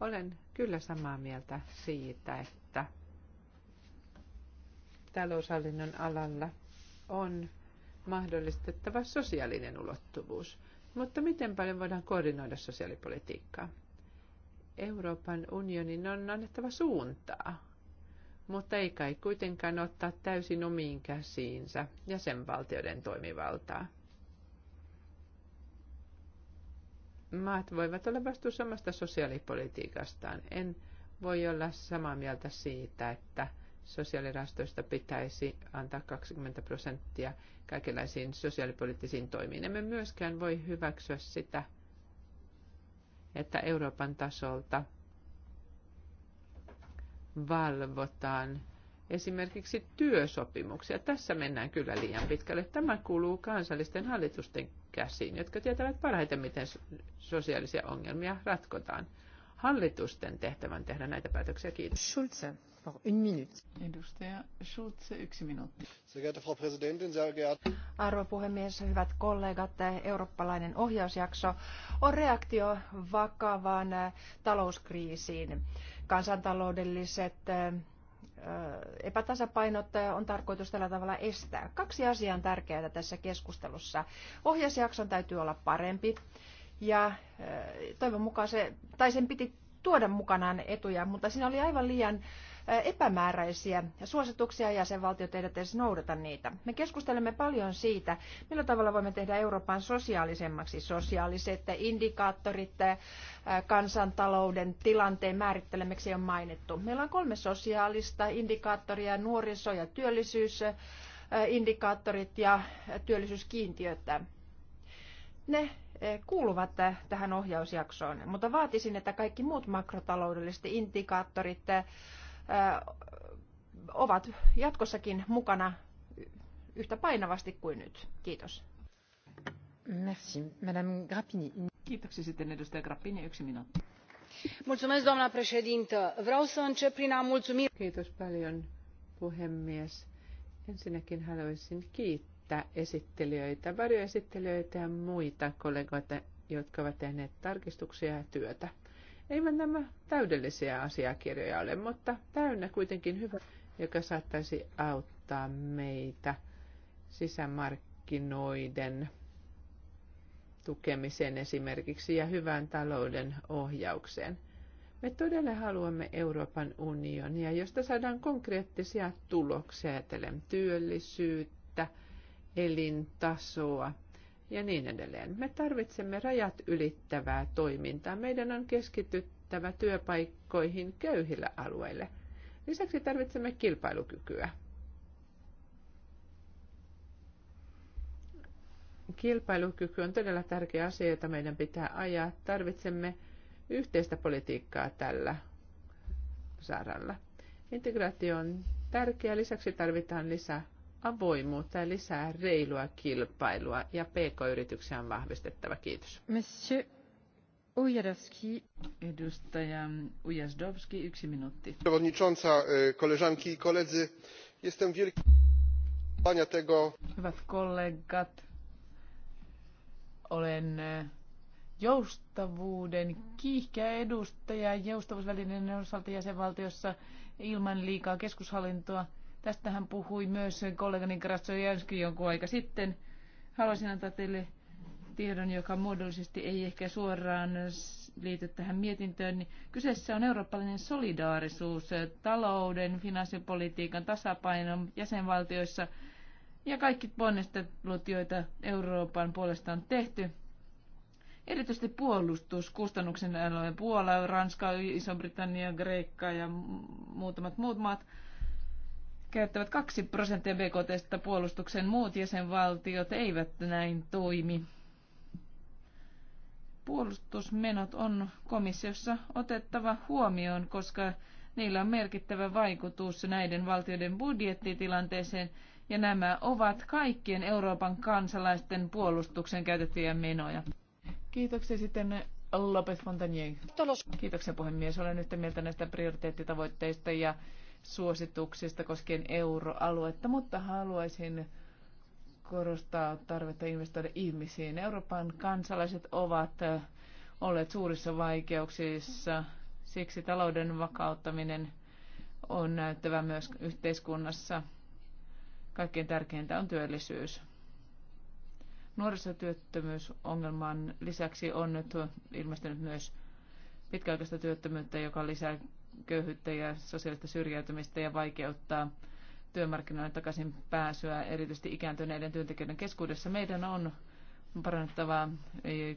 Olen kyllä samaa mieltä siitä, että taloushallinnon alalla on mahdollistettava sosiaalinen ulottuvuus. Mutta miten paljon voidaan koordinoida sosiaalipolitiikkaa? Euroopan unionin on annettava suuntaa mutta ei kai kuitenkaan ottaa täysin omiin käsiinsä jäsenvaltioiden toimivaltaa. Maat voivat olla vastuussa omasta sosiaalipolitiikastaan. En voi olla samaa mieltä siitä, että sosiaalirastoista pitäisi antaa 20 prosenttia kaikenlaisiin sosiaalipoliittisiin toimiin. Emme myöskään voi hyväksyä sitä, että Euroopan tasolta – valvotaan esimerkiksi työsopimuksia. Tässä mennään kyllä liian pitkälle. Tämä kuuluu kansallisten hallitusten käsiin, jotka tietävät parhaiten, miten sosiaalisia ongelmia ratkotaan. Hallitusten tehtävän tehdä näitä päätöksiä. Kiitos. Schulze. Edustaja Schulze, yksi minuutti. Arvo puhemies, hyvät kollegat, eurooppalainen ohjausjakso on reaktio vakavaan äh, talouskriisiin. Kansantaloudelliset äh, äh, epätasapainot on tarkoitus tällä tavalla estää. Kaksi asiaa on tärkeää tässä keskustelussa. Ohjausjakson täytyy olla parempi ja toivon mukaan se, tai sen piti tuoda mukanaan etuja, mutta siinä oli aivan liian äh, epämääräisiä suosituksia ja jäsenvaltiot eivät edes noudata niitä. Me keskustelemme paljon siitä, millä tavalla voimme tehdä Euroopan sosiaalisemmaksi sosiaaliset indikaattorit kansantalouden tilanteen määrittelemiksi on mainittu. Meillä on kolme sosiaalista indikaattoria, nuoriso- ja työllisyysindikaattorit ja työllisyyskiintiöt. Ne kuuluvat tähän ohjausjaksoon, mutta vaatisin, että kaikki muut makrotaloudelliset indikaattorit ovat jatkossakin mukana yhtä painavasti kuin nyt. Kiitos. Merci. Madame Grappini. Kiitoksia sitten edustaja Grappini. Yksi minuutti. Mulțumesc, doamna președintă. Vreau să încep prin a mulțumi... Kiitos paljon, puhemies. Ensinnäkin haluaisin kiittää esittelijöitä, varjoesittelijöitä ja muita kollegoita, jotka ovat tehneet tarkistuksia ja työtä. Eivät nämä täydellisiä asiakirjoja ole, mutta täynnä kuitenkin hyvä, joka saattaisi auttaa meitä sisämarkkinoiden tukemiseen esimerkiksi ja hyvään talouden ohjaukseen. Me todella haluamme Euroopan unionia, josta saadaan konkreettisia tuloksia ajatellen työllisyyttä, elintasoa, ja niin edelleen. Me tarvitsemme rajat ylittävää toimintaa. Meidän on keskityttävä työpaikkoihin köyhillä alueille. Lisäksi tarvitsemme kilpailukykyä. Kilpailukyky on todella tärkeä asia, jota meidän pitää ajaa. Tarvitsemme yhteistä politiikkaa tällä saralla. Integraatio on tärkeä, lisäksi tarvitaan lisää avoimuutta ja lisää reilua kilpailua ja pk-yrityksiä on vahvistettava. Kiitos. Monsieur Ujadowski. Edustaja Ujazdowski, yksi minuutti. Przewodnicząca, koleżanki i koledzy, jestem wielki tego... Hyvät kollegat, olen joustavuuden kiihkeä edustaja joustavuusvälineen osalta jäsenvaltiossa ilman liikaa keskushallintoa – Tästähän puhui myös kollegani Krasnojanski jonkun aika sitten. Haluaisin antaa teille tiedon, joka muodollisesti ei ehkä suoraan liity tähän mietintöön, niin kyseessä on eurooppalainen solidaarisuus talouden, finanssipolitiikan tasapainon jäsenvaltioissa ja kaikki ponnistelut, joita Euroopan puolesta on tehty. Erityisesti puolustuskustannuksen alojen Puola, Ranska, Iso-Britannia, Kreikka ja muutamat muut maat – käyttävät 2 prosenttia BKTstä puolustuksen, Muut jäsenvaltiot eivät näin toimi. Puolustusmenot on komissiossa otettava huomioon, koska niillä on merkittävä vaikutus näiden valtioiden budjettitilanteeseen, ja nämä ovat kaikkien Euroopan kansalaisten puolustuksen käytettyjä menoja. Kiitoksia sitten Lopez Fontanier. Kiitoksia puhemies. Olen yhtä mieltä näistä prioriteettitavoitteista ja suosituksista koskien euroaluetta, mutta haluaisin korostaa tarvetta investoida ihmisiin. Euroopan kansalaiset ovat eh, olleet suurissa vaikeuksissa, siksi talouden vakauttaminen on näyttävä myös yhteiskunnassa. Kaikkein tärkeintä on työllisyys. Nuorisotyöttömyysongelman lisäksi on nyt ilmestynyt myös pitkäaikaista työttömyyttä, joka lisää köyhyyttä ja sosiaalista syrjäytymistä ja vaikeuttaa työmarkkinoille takaisin pääsyä, erityisesti ikääntyneiden työntekijöiden keskuudessa. Meidän on parannettava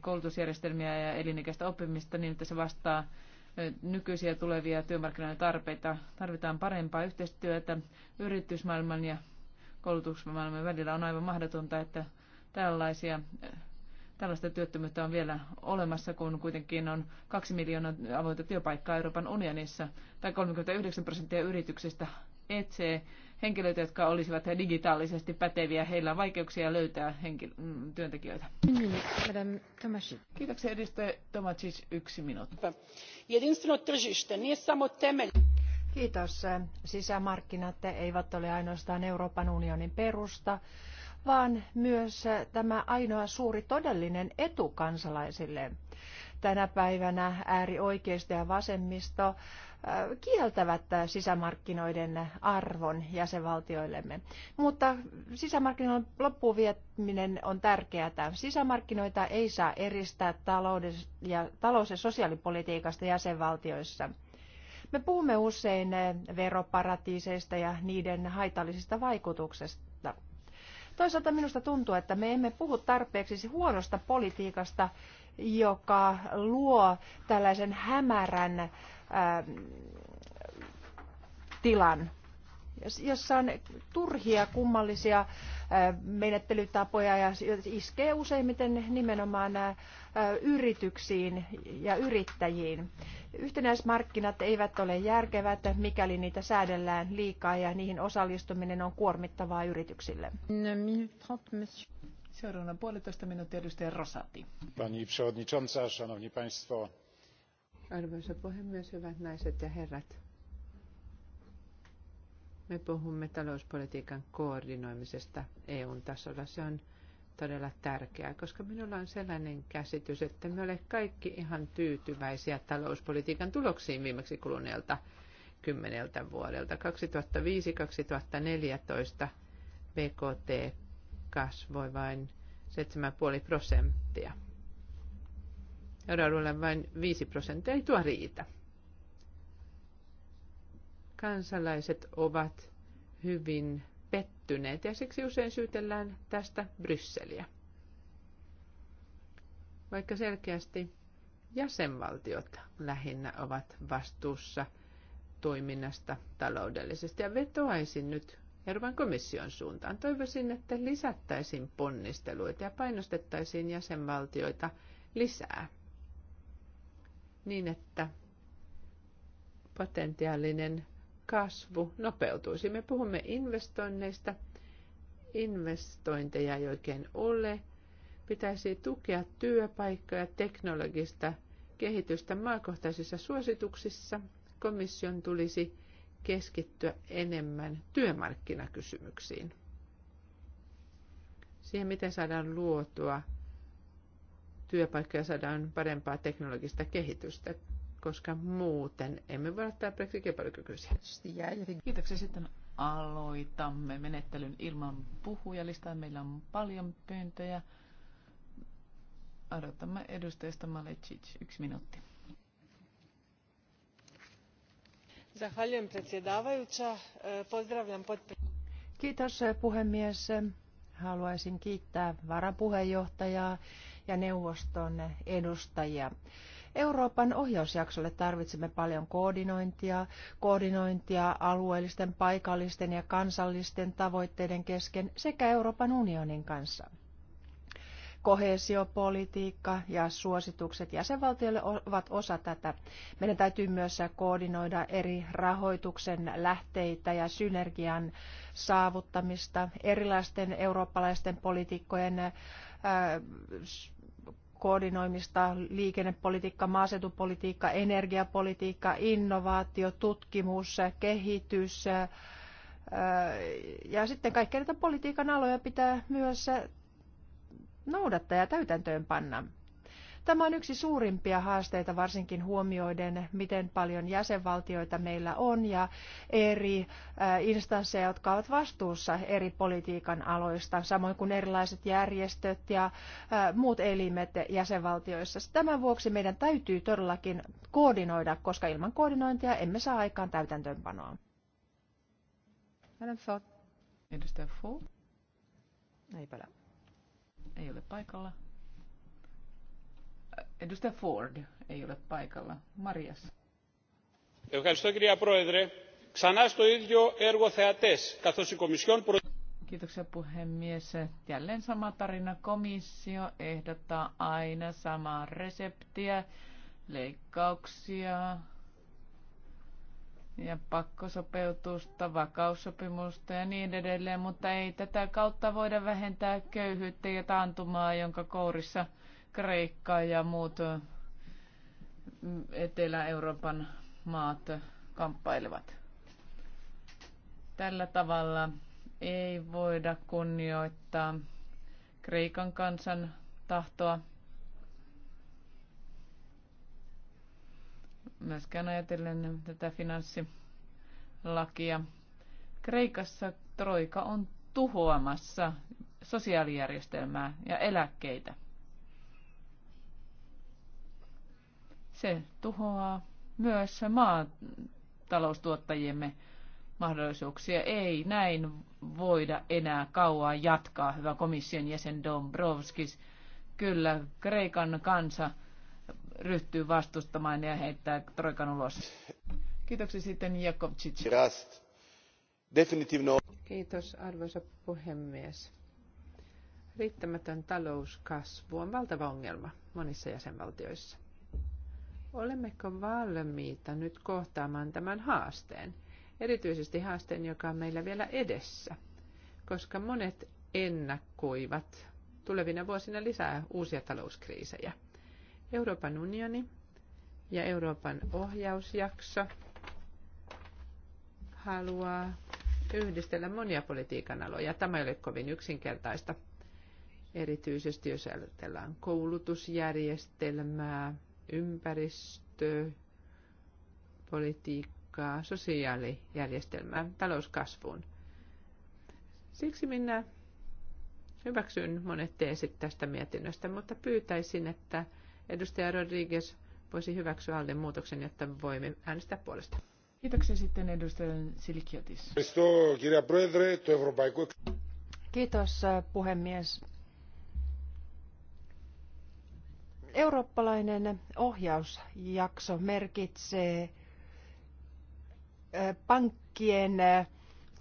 koulutusjärjestelmiä ja elinikäistä oppimista niin, että se vastaa nykyisiä tulevia työmarkkinoiden tarpeita. Tarvitaan parempaa yhteistyötä yritysmaailman ja koulutusmaailman välillä. On aivan mahdotonta, että tällaisia Tällaista työttömyyttä on vielä olemassa, kun kuitenkin on kaksi miljoonaa avointa työpaikkaa Euroopan unionissa, tai 39 prosenttia yrityksistä etsee henkilöitä, jotka olisivat digitaalisesti päteviä. Heillä on vaikeuksia löytää henkil- mm, työntekijöitä. Kiitoksia edustaja Tomacic. Yksi minuutti. Kiitos. Sisämarkkinat eivät ole ainoastaan Euroopan unionin perusta, vaan myös äh, tämä ainoa suuri todellinen etu kansalaisille. Tänä päivänä äärioikeisto ja vasemmisto äh, kieltävät äh, sisämarkkinoiden arvon jäsenvaltioillemme. Mutta sisämarkkinoiden loppuvietminen on tärkeää. Sisämarkkinoita ei saa eristää talouden ja, talous- ja sosiaalipolitiikasta jäsenvaltioissa. Me puhumme usein veroparatiiseista ja niiden haitallisista vaikutuksista Toisaalta minusta tuntuu, että me emme puhu tarpeeksi siis huonosta politiikasta, joka luo tällaisen hämärän ähm, tilan, jossa on turhia kummallisia äh, menettelytapoja ja iskee useimmiten nimenomaan äh, yrityksiin ja yrittäjiin. Yhtenäismarkkinat eivät ole järkevät, mikäli niitä säädellään liikaa ja niihin osallistuminen on kuormittavaa yrityksille. Seuraavana puolitoista minuuttia edustaja Rosati. Pani przewodnicząca, szanowni państwo. Arvoisa puhemies, hyvät naiset ja herrat. Me puhumme talouspolitiikan koordinoimisesta eu tasolla. Se on todella tärkeää, koska minulla on sellainen käsitys, että me olemme kaikki ihan tyytyväisiä talouspolitiikan tuloksiin viimeksi kuluneelta kymmeneltä vuodelta. 2005-2014 BKT kasvoi vain 7,5 prosenttia. Euroalueelle vain 5 prosenttia ei tuo riitä. Kansalaiset ovat hyvin pettyneet ja siksi usein syytellään tästä Brysseliä. Vaikka selkeästi jäsenvaltiot lähinnä ovat vastuussa toiminnasta taloudellisesti. Ja vetoaisin nyt Euroopan komission suuntaan. Toivoisin, että lisättäisiin ponnisteluita ja painostettaisiin jäsenvaltioita lisää niin, että potentiaalinen kasvu nopeutuisi. Me puhumme investoinneista. Investointeja ei oikein ole. Pitäisi tukea työpaikkoja, teknologista kehitystä maakohtaisissa suosituksissa. Komission tulisi keskittyä enemmän työmarkkinakysymyksiin. Siihen, miten saadaan luotua työpaikkoja, saadaan parempaa teknologista kehitystä koska muuten emme voi olla tarpeeksi kilpailukykyisiä. Kiitoksia. Sitten aloitamme menettelyn ilman puhujalistaa. Meillä on paljon pyyntöjä. Odotamme edustajasta Malecic. Yksi minuutti. Kiitos puhemies. Haluaisin kiittää varapuheenjohtajaa ja neuvoston edustajia. Euroopan ohjausjaksolle tarvitsemme paljon koordinointia, koordinointia alueellisten, paikallisten ja kansallisten tavoitteiden kesken sekä Euroopan unionin kanssa. Kohesiopolitiikka ja suositukset jäsenvaltioille ovat osa tätä. Meidän täytyy myös koordinoida eri rahoituksen lähteitä ja synergian saavuttamista, erilaisten eurooppalaisten politiikkojen. Äh, koordinoimista, liikennepolitiikka, maaseutupolitiikka, energiapolitiikka, innovaatio, tutkimus, kehitys. Ja sitten kaikkia näitä politiikan aloja pitää myös noudattaa ja täytäntöön panna. Tämä on yksi suurimpia haasteita, varsinkin huomioiden, miten paljon jäsenvaltioita meillä on ja eri äh, instansseja, jotka ovat vastuussa eri politiikan aloista, samoin kuin erilaiset järjestöt ja äh, muut elimet jäsenvaltioissa. Tämän vuoksi meidän täytyy todellakin koordinoida, koska ilman koordinointia emme saa aikaan täytäntöönpanoa. Edustaja Ford. Ei, Ei ole paikalla. Edustaja Ford ei ole paikalla. Marias. Ευχαριστώ κυρία Πρόεδρε. Ξανά στο ίδιο έργο θεατές, καθώς η Κομισιόν προ... Kiitoksia puhemies. Jälleen sama tarina. Komissio ehdottaa aina samaa reseptiä, leikkauksia ja pakkosopeutusta, vakaussopimusta ja niin edelleen, mutta ei tätä kautta voida vähentää köyhyyttä ja taantumaa, jonka kourissa – Kreikka ja muut Etelä-Euroopan maat kamppailevat. Tällä tavalla ei voida kunnioittaa Kreikan kansan tahtoa. Myöskään ajatellen tätä finanssilakia. Kreikassa troika on tuhoamassa sosiaalijärjestelmää ja eläkkeitä. Se tuhoaa myös maataloustuottajiemme mahdollisuuksia. Ei näin voida enää kauaa jatkaa, hyvä komission jäsen Dombrovskis. Kyllä, Kreikan kansa ryhtyy vastustamaan ja heittää Troikan ulos. Kiitoksia sitten Jakovčić. Kiitos arvoisa puhemies. Riittämätön talouskasvu on valtava ongelma monissa jäsenvaltioissa. Olemmeko valmiita nyt kohtaamaan tämän haasteen? Erityisesti haasteen, joka on meillä vielä edessä, koska monet ennakkoivat tulevina vuosina lisää uusia talouskriisejä. Euroopan unioni ja Euroopan ohjausjakso haluaa yhdistellä monia politiikan aloja. Tämä ei ole kovin yksinkertaista, erityisesti jos ajatellaan koulutusjärjestelmää, politiikkaa, sosiaalijärjestelmää, talouskasvuun. Siksi minä hyväksyn monet teesit tästä mietinnöstä, mutta pyytäisin, että edustaja Rodriguez voisi hyväksyä alle muutoksen, jotta voimme äänestää puolesta. Kiitoksia sitten edustaja Silikiotis. Kiitos puhemies. Eurooppalainen ohjausjakso merkitsee pankkien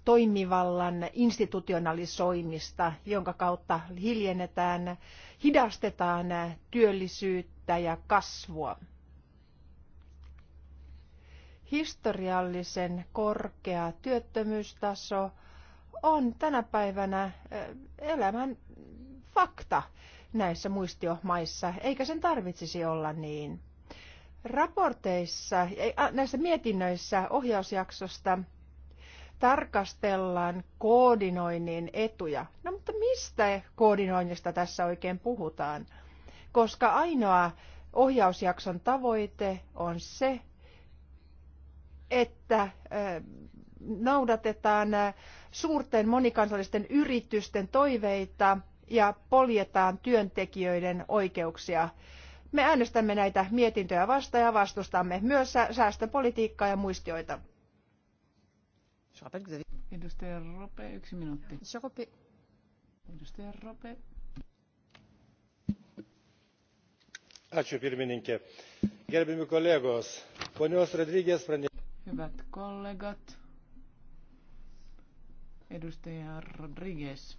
toimivallan institutionalisoimista, jonka kautta hiljennetään, hidastetaan työllisyyttä ja kasvua. Historiallisen korkea työttömyystaso on tänä päivänä elämän fakta näissä muistiomaissa, eikä sen tarvitsisi olla niin. Raporteissa, näissä mietinnöissä ohjausjaksosta tarkastellaan koordinoinnin etuja. No mutta mistä koordinoinnista tässä oikein puhutaan? Koska ainoa ohjausjakson tavoite on se, että noudatetaan suurten monikansallisten yritysten toiveita ja poljetaan työntekijöiden oikeuksia. Me äänestämme näitä mietintöjä vastaan ja vastustamme myös säästöpolitiikkaa ja muistioita. Edustaja Rope, yksi minuutti. Edustaja Rope. Ačiū pirmininkė. Gerbimi kolegos, ponios Rodrygės pranešė. Hyvät kollegat, edustaja Rodriguez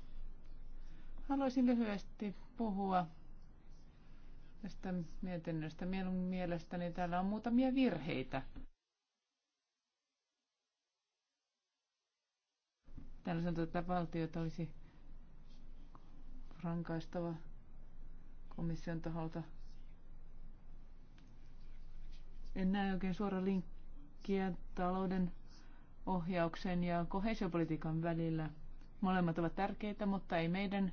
Haluaisin lyhyesti puhua tästä mietinnöstä. Minun mielestäni täällä on muutamia virheitä. Täällä sanotaan, että valtiota olisi rankaistava komission taholta. En näe oikein suora linkkiä talouden ohjauksen ja kohesiopolitiikan välillä. Molemmat ovat tärkeitä, mutta ei meidän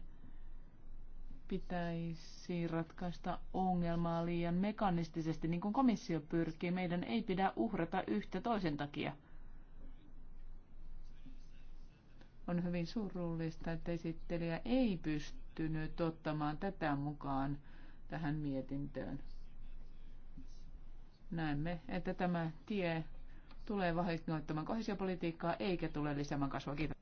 pitäisi ratkaista ongelmaa liian mekanistisesti, niin kuin komissio pyrkii. Meidän ei pidä uhrata yhtä toisen takia. On hyvin surullista, että esittelijä ei pystynyt ottamaan tätä mukaan tähän mietintöön. Näemme, että tämä tie tulee vahingoittamaan kohesiopolitiikkaa eikä tule lisäämään kasvua. Kiitos.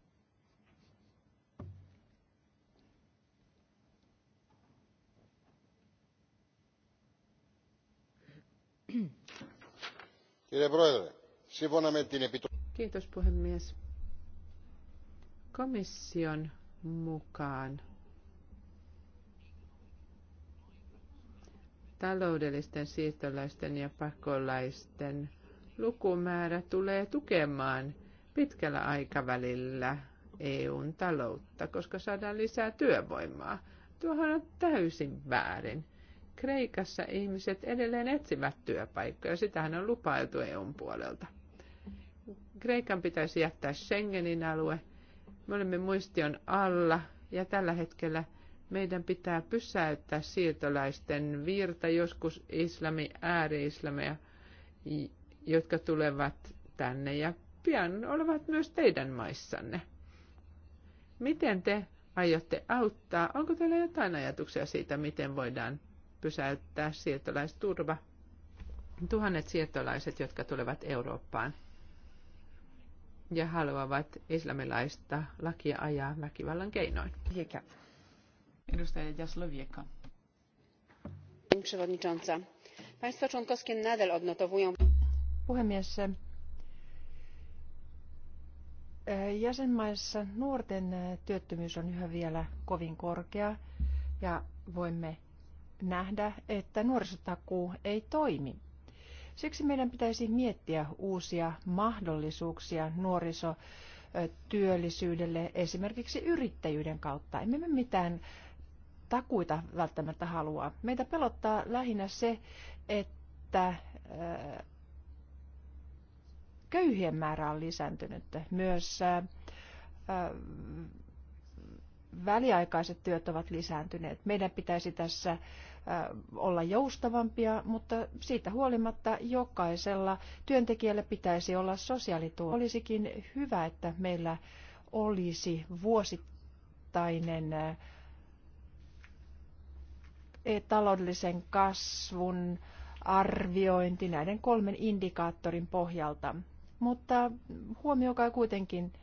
Kiitos puhemies. Komission mukaan taloudellisten siirtolaisten ja pakolaisten lukumäärä tulee tukemaan pitkällä aikavälillä EUn taloutta, koska saadaan lisää työvoimaa. Tuohan on täysin väärin. Kreikassa ihmiset edelleen etsivät työpaikkoja. Sitähän on lupailtu EUn puolelta. Kreikan pitäisi jättää Schengenin alue. Me olemme muistion alla ja tällä hetkellä meidän pitää pysäyttää siirtolaisten virta, joskus islami, ääri-islameja, jotka tulevat tänne ja pian olevat myös teidän maissanne. Miten te aiotte auttaa? Onko teillä jotain ajatuksia siitä, miten voidaan pysäyttää siirtolaisturva. Tuhannet siirtolaiset, jotka tulevat Eurooppaan ja haluavat islamilaista lakia ajaa väkivallan keinoin. Vieka. Edustaja Jaslowieka. Pani nadal odnotowują... Puhemies, jäsenmaissa nuorten työttömyys on yhä vielä kovin korkea ja voimme nähdä, että nuorisotakuu ei toimi. Siksi meidän pitäisi miettiä uusia mahdollisuuksia nuorisotyöllisyydelle esimerkiksi yrittäjyyden kautta. Emme me mitään takuita välttämättä halua. Meitä pelottaa lähinnä se, että äh, köyhien määrä on lisääntynyt. Myös äh, väliaikaiset työt ovat lisääntyneet. Meidän pitäisi tässä olla joustavampia, mutta siitä huolimatta jokaisella työntekijällä pitäisi olla sosiaaliturva. Olisikin hyvä, että meillä olisi vuosittainen e, taloudellisen kasvun arviointi näiden kolmen indikaattorin pohjalta. Mutta huomioikaa kuitenkin,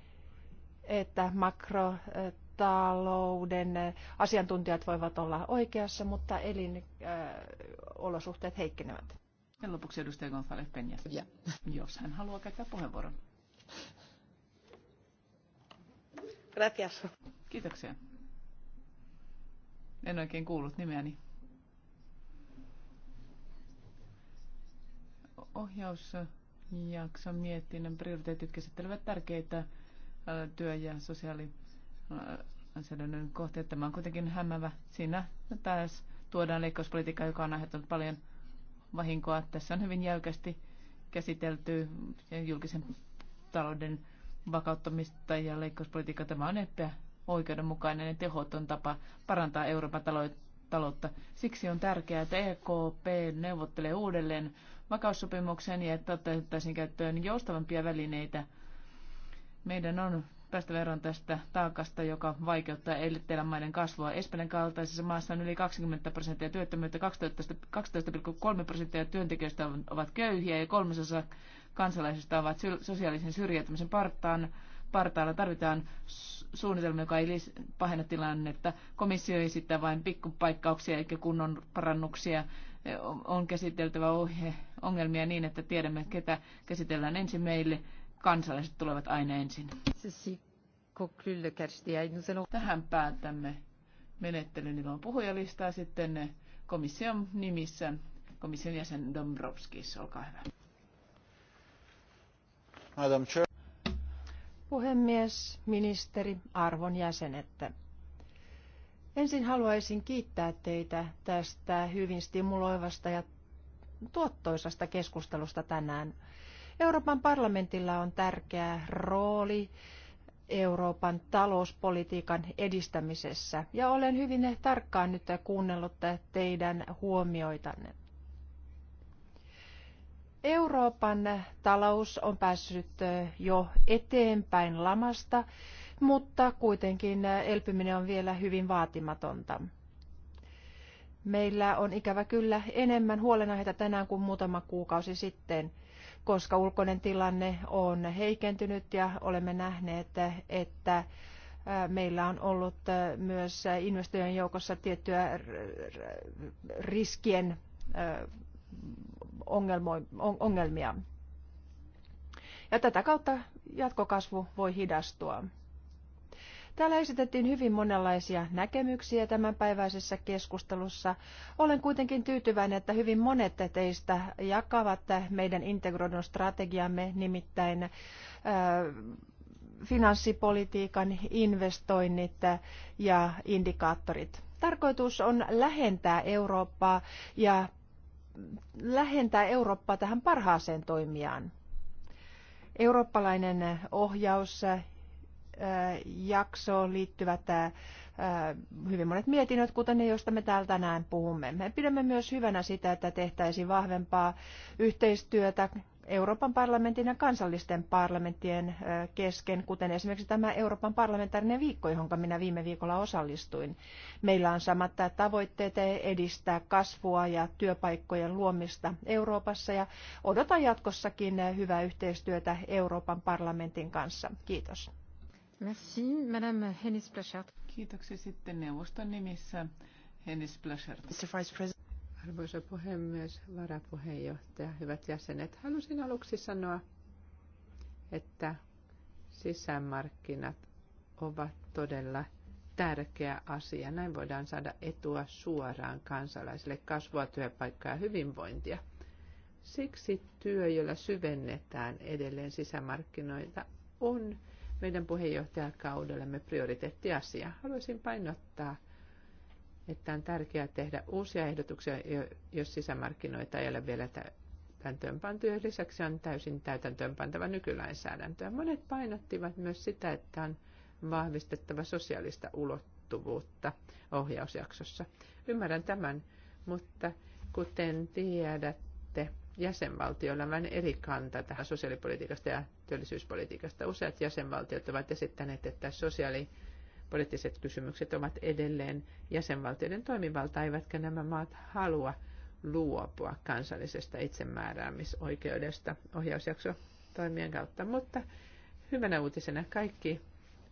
että makro talouden asiantuntijat voivat olla oikeassa, mutta elinolosuhteet äh, heikkenevät. Ja lopuksi edustaja González Peña, ja. jos hän haluaa käyttää puheenvuoron. Gracias. Kiitoksia. En oikein kuullut nimeäni. Ohjausjakson miettinen prioriteetit käsittelevät tärkeitä äh, työ- ja sosiaali- lainsäädännön kohteet. Tämä on kuitenkin hämmävä. Siinä taas tuodaan leikkauspolitiikka, joka on aiheuttanut paljon vahinkoa. Tässä on hyvin jäykästi käsitelty julkisen talouden vakauttamista ja leikkauspolitiikka. Tämä on oikeudenmukainen ja tehoton tapa parantaa Euroopan taloutta. Siksi on tärkeää, että EKP neuvottelee uudelleen vakaussopimuksen ja että otettaisiin käyttöön joustavampia välineitä. Meidän on päästä verran tästä taakasta, joka vaikeuttaa maiden kasvua. Espanjan kaltaisessa maassa on yli 20 prosenttia työttömyyttä, 12,3 prosenttia työntekijöistä ovat köyhiä ja kolmasosa kansalaisista ovat sosiaalisen syrjäytymisen partaan. Partaalla tarvitaan suunnitelma, joka ei pahenna tilannetta. Komissio esittää vain pikkupaikkauksia eikä kunnon parannuksia. On käsiteltävä ohje ongelmia niin, että tiedämme, ketä käsitellään ensin meille kansalaiset tulevat aina ensin. Tähän päätämme menettelyn ilman puhujalistaa sitten komission nimissä. Komission jäsen Dombrovskis, olkaa hyvä. Madam Chair. Puhemies, ministeri, arvon jäsenet. Ensin haluaisin kiittää teitä tästä hyvin stimuloivasta ja tuottoisasta keskustelusta tänään. Euroopan parlamentilla on tärkeä rooli Euroopan talouspolitiikan edistämisessä ja olen hyvin tarkkaan nyt kuunnellut teidän huomioitanne. Euroopan talous on päässyt jo eteenpäin lamasta, mutta kuitenkin elpyminen on vielä hyvin vaatimatonta. Meillä on ikävä kyllä enemmän huolenaiheita tänään kuin muutama kuukausi sitten – koska ulkoinen tilanne on heikentynyt ja olemme nähneet, että äh, meillä on ollut äh, myös investoijien joukossa tiettyä riskien äh, ongelmia. Ja tätä kautta jatkokasvu voi hidastua. Täällä esitettiin hyvin monenlaisia näkemyksiä tämänpäiväisessä keskustelussa. Olen kuitenkin tyytyväinen, että hyvin monet teistä jakavat meidän integroidun strategiamme, nimittäin finanssipolitiikan investoinnit ja indikaattorit. Tarkoitus on lähentää Eurooppaa ja lähentää Eurooppaa tähän parhaaseen toimijaan. Eurooppalainen ohjaus jaksoon liittyvät hyvin monet mietinnöt, kuten ne, joista me täällä tänään puhumme. Me pidämme myös hyvänä sitä, että tehtäisiin vahvempaa yhteistyötä Euroopan parlamentin ja kansallisten parlamenttien kesken, kuten esimerkiksi tämä Euroopan parlamentaarinen viikko, johon minä viime viikolla osallistuin. Meillä on samat tavoitteet edistää kasvua ja työpaikkojen luomista Euroopassa ja odotan jatkossakin hyvää yhteistyötä Euroopan parlamentin kanssa. Kiitos. Merci, Madame Hennis Kiitoksia sitten neuvoston nimissä, Hennis Plashert. Mr. Vice President. Arvoisa puhemies, varapuheenjohtaja, hyvät jäsenet. Halusin aluksi sanoa, että sisämarkkinat ovat todella tärkeä asia. Näin voidaan saada etua suoraan kansalaisille, kasvua, työpaikkaa ja hyvinvointia. Siksi työ, jolla syvennetään edelleen sisämarkkinoita, on meidän puheenjohtajakaudellemme prioriteettiasia. Haluaisin painottaa, että on tärkeää tehdä uusia ehdotuksia, jos sisämarkkinoita ei ole vielä täytäntöönpantuja. Lisäksi on täysin täytäntöönpantava nykylainsäädäntöä. Monet painottivat myös sitä, että on vahvistettava sosiaalista ulottuvuutta ohjausjaksossa. Ymmärrän tämän, mutta kuten tiedätte, jäsenvaltioilla vähän eri kanta tähän sosiaalipolitiikasta ja työllisyyspolitiikasta. Useat jäsenvaltiot ovat esittäneet, että sosiaalipoliittiset kysymykset ovat edelleen jäsenvaltioiden toimivalta, eivätkä nämä maat halua luopua kansallisesta itsemääräämisoikeudesta ohjausjakso toimien kautta. Mutta hyvänä uutisena kaikki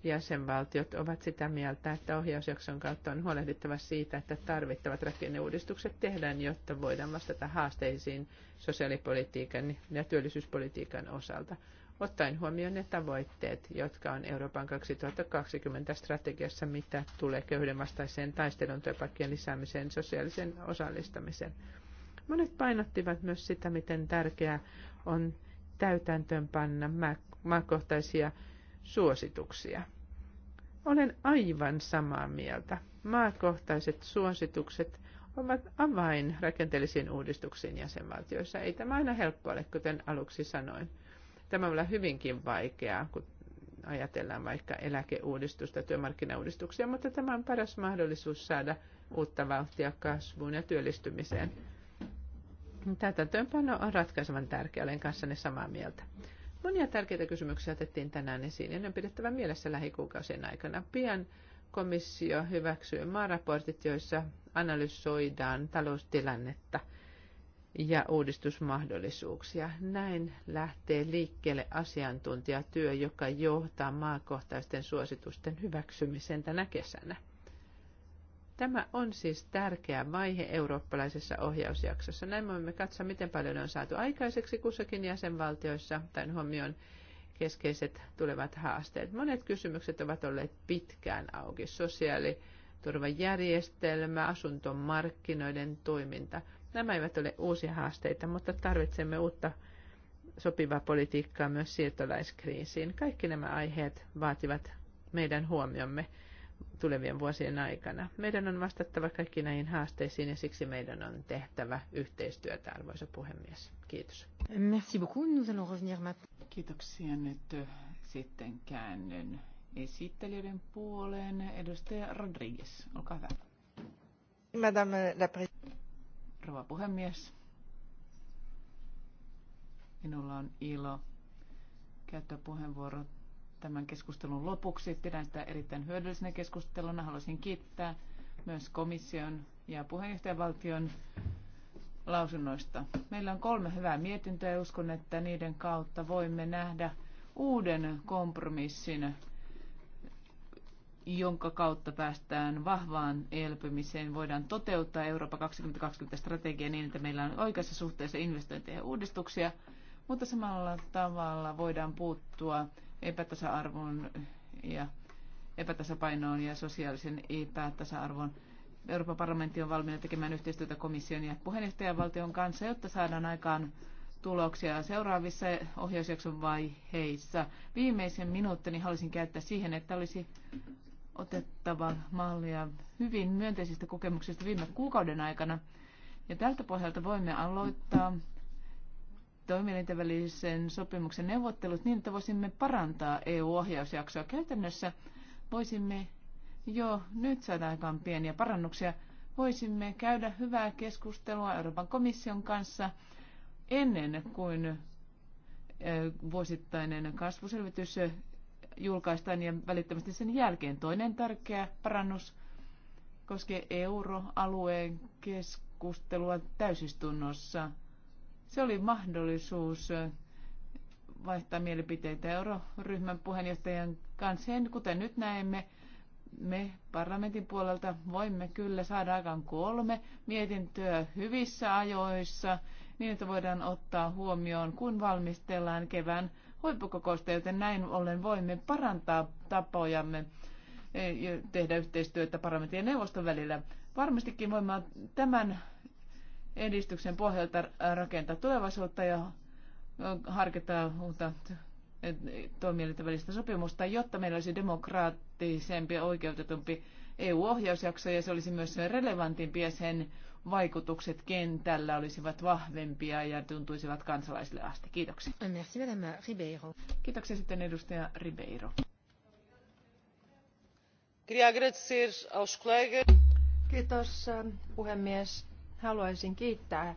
jäsenvaltiot ovat sitä mieltä, että ohjausjakson kautta on huolehdittava siitä, että tarvittavat rakenneuudistukset tehdään, jotta voidaan vastata haasteisiin sosiaalipolitiikan ja työllisyyspolitiikan osalta, ottaen huomioon ne tavoitteet, jotka on Euroopan 2020 strategiassa, mitä tulee köyhdenvastaiseen taistelun työpaikkien lisäämiseen sosiaalisen osallistamiseen. Monet painottivat myös sitä, miten tärkeää on täytäntöönpanna maakohtaisia suosituksia. Olen aivan samaa mieltä. Maakohtaiset suositukset ovat avain rakenteellisiin uudistuksiin jäsenvaltioissa. Ei tämä aina helppo ole, kuten aluksi sanoin. Tämä on olla hyvinkin vaikeaa, kun ajatellaan vaikka eläkeuudistusta, työmarkkinauudistuksia, mutta tämä on paras mahdollisuus saada uutta vauhtia kasvuun ja työllistymiseen. Täytäntöönpano on ratkaisevan tärkeä, olen kanssani samaa mieltä. Monia tärkeitä kysymyksiä otettiin tänään esiin ja ne on pidettävä mielessä lähikuukausien aikana. Pian komissio hyväksyy maaraportit, joissa analysoidaan taloustilannetta ja uudistusmahdollisuuksia. Näin lähtee liikkeelle asiantuntijatyö, joka johtaa maakohtaisten suositusten hyväksymisen tänä kesänä. Tämä on siis tärkeä vaihe eurooppalaisessa ohjausjaksossa. Näin voimme katsoa, miten paljon on saatu aikaiseksi kussakin jäsenvaltioissa, tai huomioon keskeiset tulevat haasteet. Monet kysymykset ovat olleet pitkään auki. Sosiaaliturvajärjestelmä, asuntomarkkinoiden toiminta. Nämä eivät ole uusia haasteita, mutta tarvitsemme uutta sopivaa politiikkaa myös siirtolaiskriisiin. Kaikki nämä aiheet vaativat meidän huomiomme tulevien vuosien aikana. Meidän on vastattava kaikki näihin haasteisiin ja siksi meidän on tehtävä yhteistyötä, arvoisa puhemies. Kiitos. Merci beaucoup. Nous allons revenir Kiitoksia. Nyt sitten käännyn esittelijöiden puoleen. Edustaja Rodriguez, olkaa hyvä. Madame la Rouva puhemies, minulla on ilo käyttää puheenvuoro tämän keskustelun lopuksi. Pidän sitä erittäin hyödyllisenä keskusteluna. Haluaisin kiittää myös komission ja puheenjohtajavaltion lausunnoista. Meillä on kolme hyvää mietintöä ja uskon, että niiden kautta voimme nähdä uuden kompromissin, jonka kautta päästään vahvaan elpymiseen. Voidaan toteuttaa Eurooppa 2020-strategia niin, että meillä on oikeassa suhteessa investointeja ja uudistuksia, mutta samalla tavalla voidaan puuttua epätasa-arvoon ja epätasapainoon ja sosiaalisen epätasa-arvoon. Euroopan parlamentti on valmiina tekemään yhteistyötä komission ja puheenjohtajavaltion kanssa, jotta saadaan aikaan tuloksia seuraavissa ohjausjakson vaiheissa. Viimeisen minuuttini haluaisin käyttää siihen, että olisi otettava mallia hyvin myönteisistä kokemuksista viime kuukauden aikana. Ja tältä pohjalta voimme aloittaa toimielinten välisen sopimuksen neuvottelut niin, että voisimme parantaa EU-ohjausjaksoa. Käytännössä voisimme jo nyt saada aikaan pieniä parannuksia. Voisimme käydä hyvää keskustelua Euroopan komission kanssa ennen kuin vuosittainen kasvuselvitys julkaistaan ja välittömästi sen jälkeen toinen tärkeä parannus koskee euroalueen keskustelua täysistunnossa – se oli mahdollisuus vaihtaa mielipiteitä euroryhmän puheenjohtajan kanssa. ja kuten nyt näemme, me parlamentin puolelta voimme kyllä saada aikaan kolme mietintöä hyvissä ajoissa, niin että voidaan ottaa huomioon, kun valmistellaan kevään huippukokousta, joten näin ollen voimme parantaa tapojamme tehdä yhteistyötä parlamentin ja neuvoston välillä. Varmastikin voimme tämän edistyksen pohjalta rakentaa tulevaisuutta ja harkita uutta toimielintä välistä sopimusta, jotta meillä olisi demokraattisempi ja oikeutetumpi EU-ohjausjakso ja se olisi myös relevantimpi ja sen vaikutukset kentällä olisivat vahvempia ja tuntuisivat kansalaisille asti. Kiitoksia. Merci, Madame Ribeiro. Kiitoksia sitten edustaja Ribeiro. Kiitos äh, puhemies haluaisin kiittää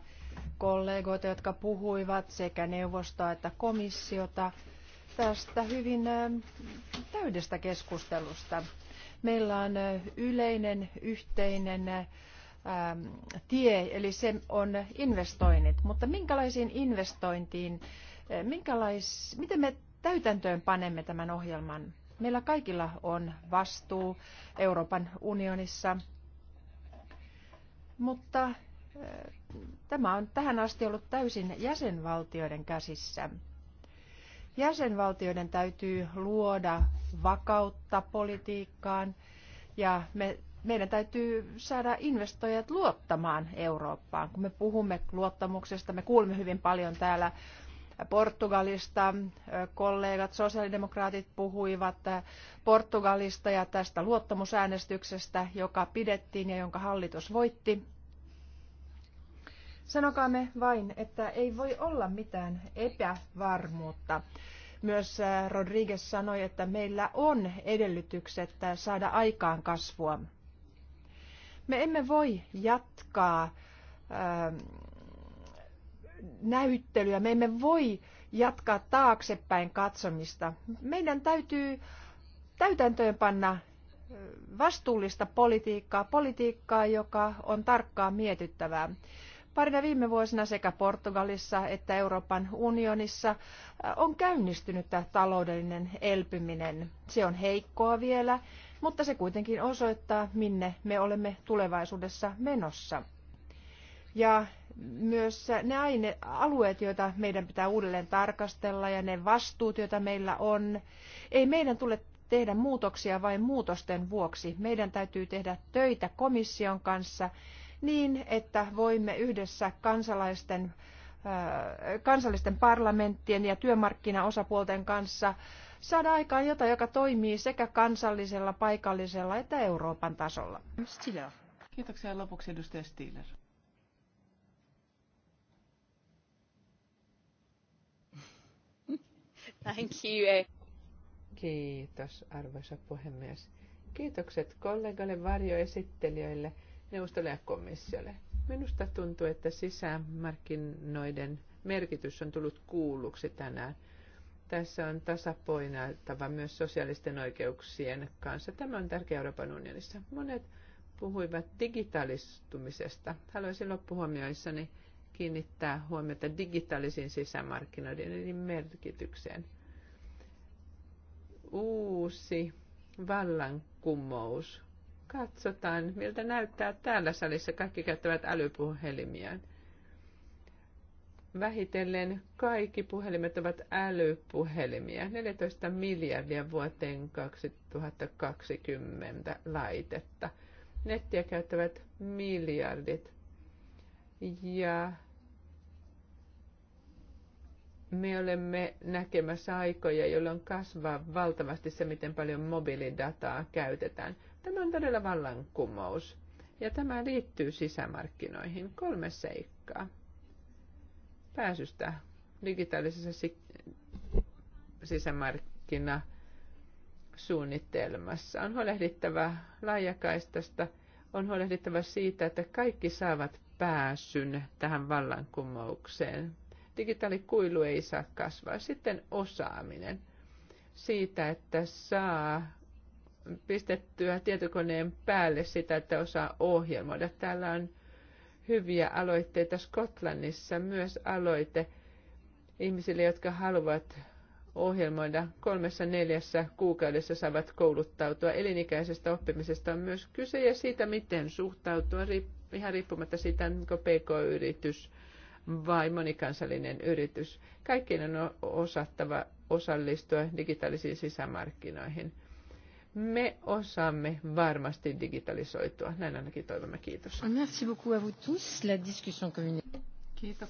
kollegoita, jotka puhuivat sekä neuvostoa että komissiota tästä hyvin täydestä keskustelusta. Meillä on yleinen, yhteinen tie, eli se on investoinnit. Mutta minkälaisiin investointiin, minkälais, miten me täytäntöön panemme tämän ohjelman? Meillä kaikilla on vastuu Euroopan unionissa, mutta tämä on tähän asti ollut täysin jäsenvaltioiden käsissä. Jäsenvaltioiden täytyy luoda vakautta politiikkaan ja me, meidän täytyy saada investoijat luottamaan Eurooppaan. Kun me puhumme luottamuksesta, me kuulemme hyvin paljon täällä Portugalista. Kollegat, sosiaalidemokraatit puhuivat Portugalista ja tästä luottamusäänestyksestä, joka pidettiin ja jonka hallitus voitti Sanokaamme vain, että ei voi olla mitään epävarmuutta. Myös äh, Rodriguez sanoi, että meillä on edellytykset äh, saada aikaan kasvua. Me emme voi jatkaa ää, ähm, näyttelyä, me emme voi jatkaa taaksepäin katsomista. Meidän täytyy täytäntöön panna äh, vastuullista politiikkaa, politiikkaa, joka on tarkkaan mietittävää. Parina viime vuosina sekä Portugalissa että Euroopan unionissa äh, on käynnistynyt tämä taloudellinen elpyminen. Se on heikkoa vielä, mutta se kuitenkin osoittaa, minne me olemme tulevaisuudessa menossa. Ja myös ne aine, alueet, joita meidän pitää uudelleen tarkastella ja ne vastuut, joita meillä on. Ei meidän tule tehdä muutoksia vain muutosten vuoksi. Meidän täytyy tehdä töitä komission kanssa niin, että voimme yhdessä kansalaisten, äh, kansallisten parlamenttien ja työmarkkinaosapuolten kanssa saada aikaan jotain, joka toimii sekä kansallisella, paikallisella että Euroopan tasolla. Stiller. Kiitoksia lopuksi edustaja Stiller. Thank you. Eh. Kiitos, arvoisa puhemies. Kiitokset kollegalle, varjoesittelijöille neuvostolle Minusta tuntuu, että sisämarkkinoiden merkitys on tullut kuulluksi tänään. Tässä on tasapoinaltava myös sosiaalisten oikeuksien kanssa. Tämä on tärkeä Euroopan unionissa. Monet puhuivat digitalistumisesta. Haluaisin loppuhuomioissani kiinnittää huomiota digitaalisiin sisämarkkinoiden eli merkitykseen. Uusi vallankumous Katsotaan, miltä näyttää täällä salissa. Kaikki käyttävät älypuhelimiaan. Vähitellen kaikki puhelimet ovat älypuhelimia. 14 miljardia vuoteen 2020 laitetta. Nettiä käyttävät miljardit. Ja me olemme näkemässä aikoja, jolloin kasvaa valtavasti se, miten paljon mobiilidataa käytetään. Tämä on todella vallankumous. Ja tämä liittyy sisämarkkinoihin. Kolme seikkaa. Pääsystä digitaalisessa sisämarkkina suunnitelmassa. On huolehdittava laajakaistasta, on huolehdittava siitä, että kaikki saavat pääsyn tähän vallankumoukseen, digitaalikuilu ei saa kasvaa. Sitten osaaminen siitä, että saa pistettyä tietokoneen päälle sitä, että osaa ohjelmoida. Täällä on hyviä aloitteita Skotlannissa, myös aloite ihmisille, jotka haluavat ohjelmoida kolmessa neljässä kuukaudessa saavat kouluttautua. Elinikäisestä oppimisesta on myös kyse ja siitä, miten suhtautua, ihan riippumatta siitä, onko pk-yritys vai monikansallinen yritys. Kaikkien on osattava osallistua digitaalisiin sisämarkkinoihin. Me osaamme varmasti digitalisoitua. Näin ainakin toivomme. Kiitos. Merci beaucoup à vous tous. La discussion communique. Kiitos.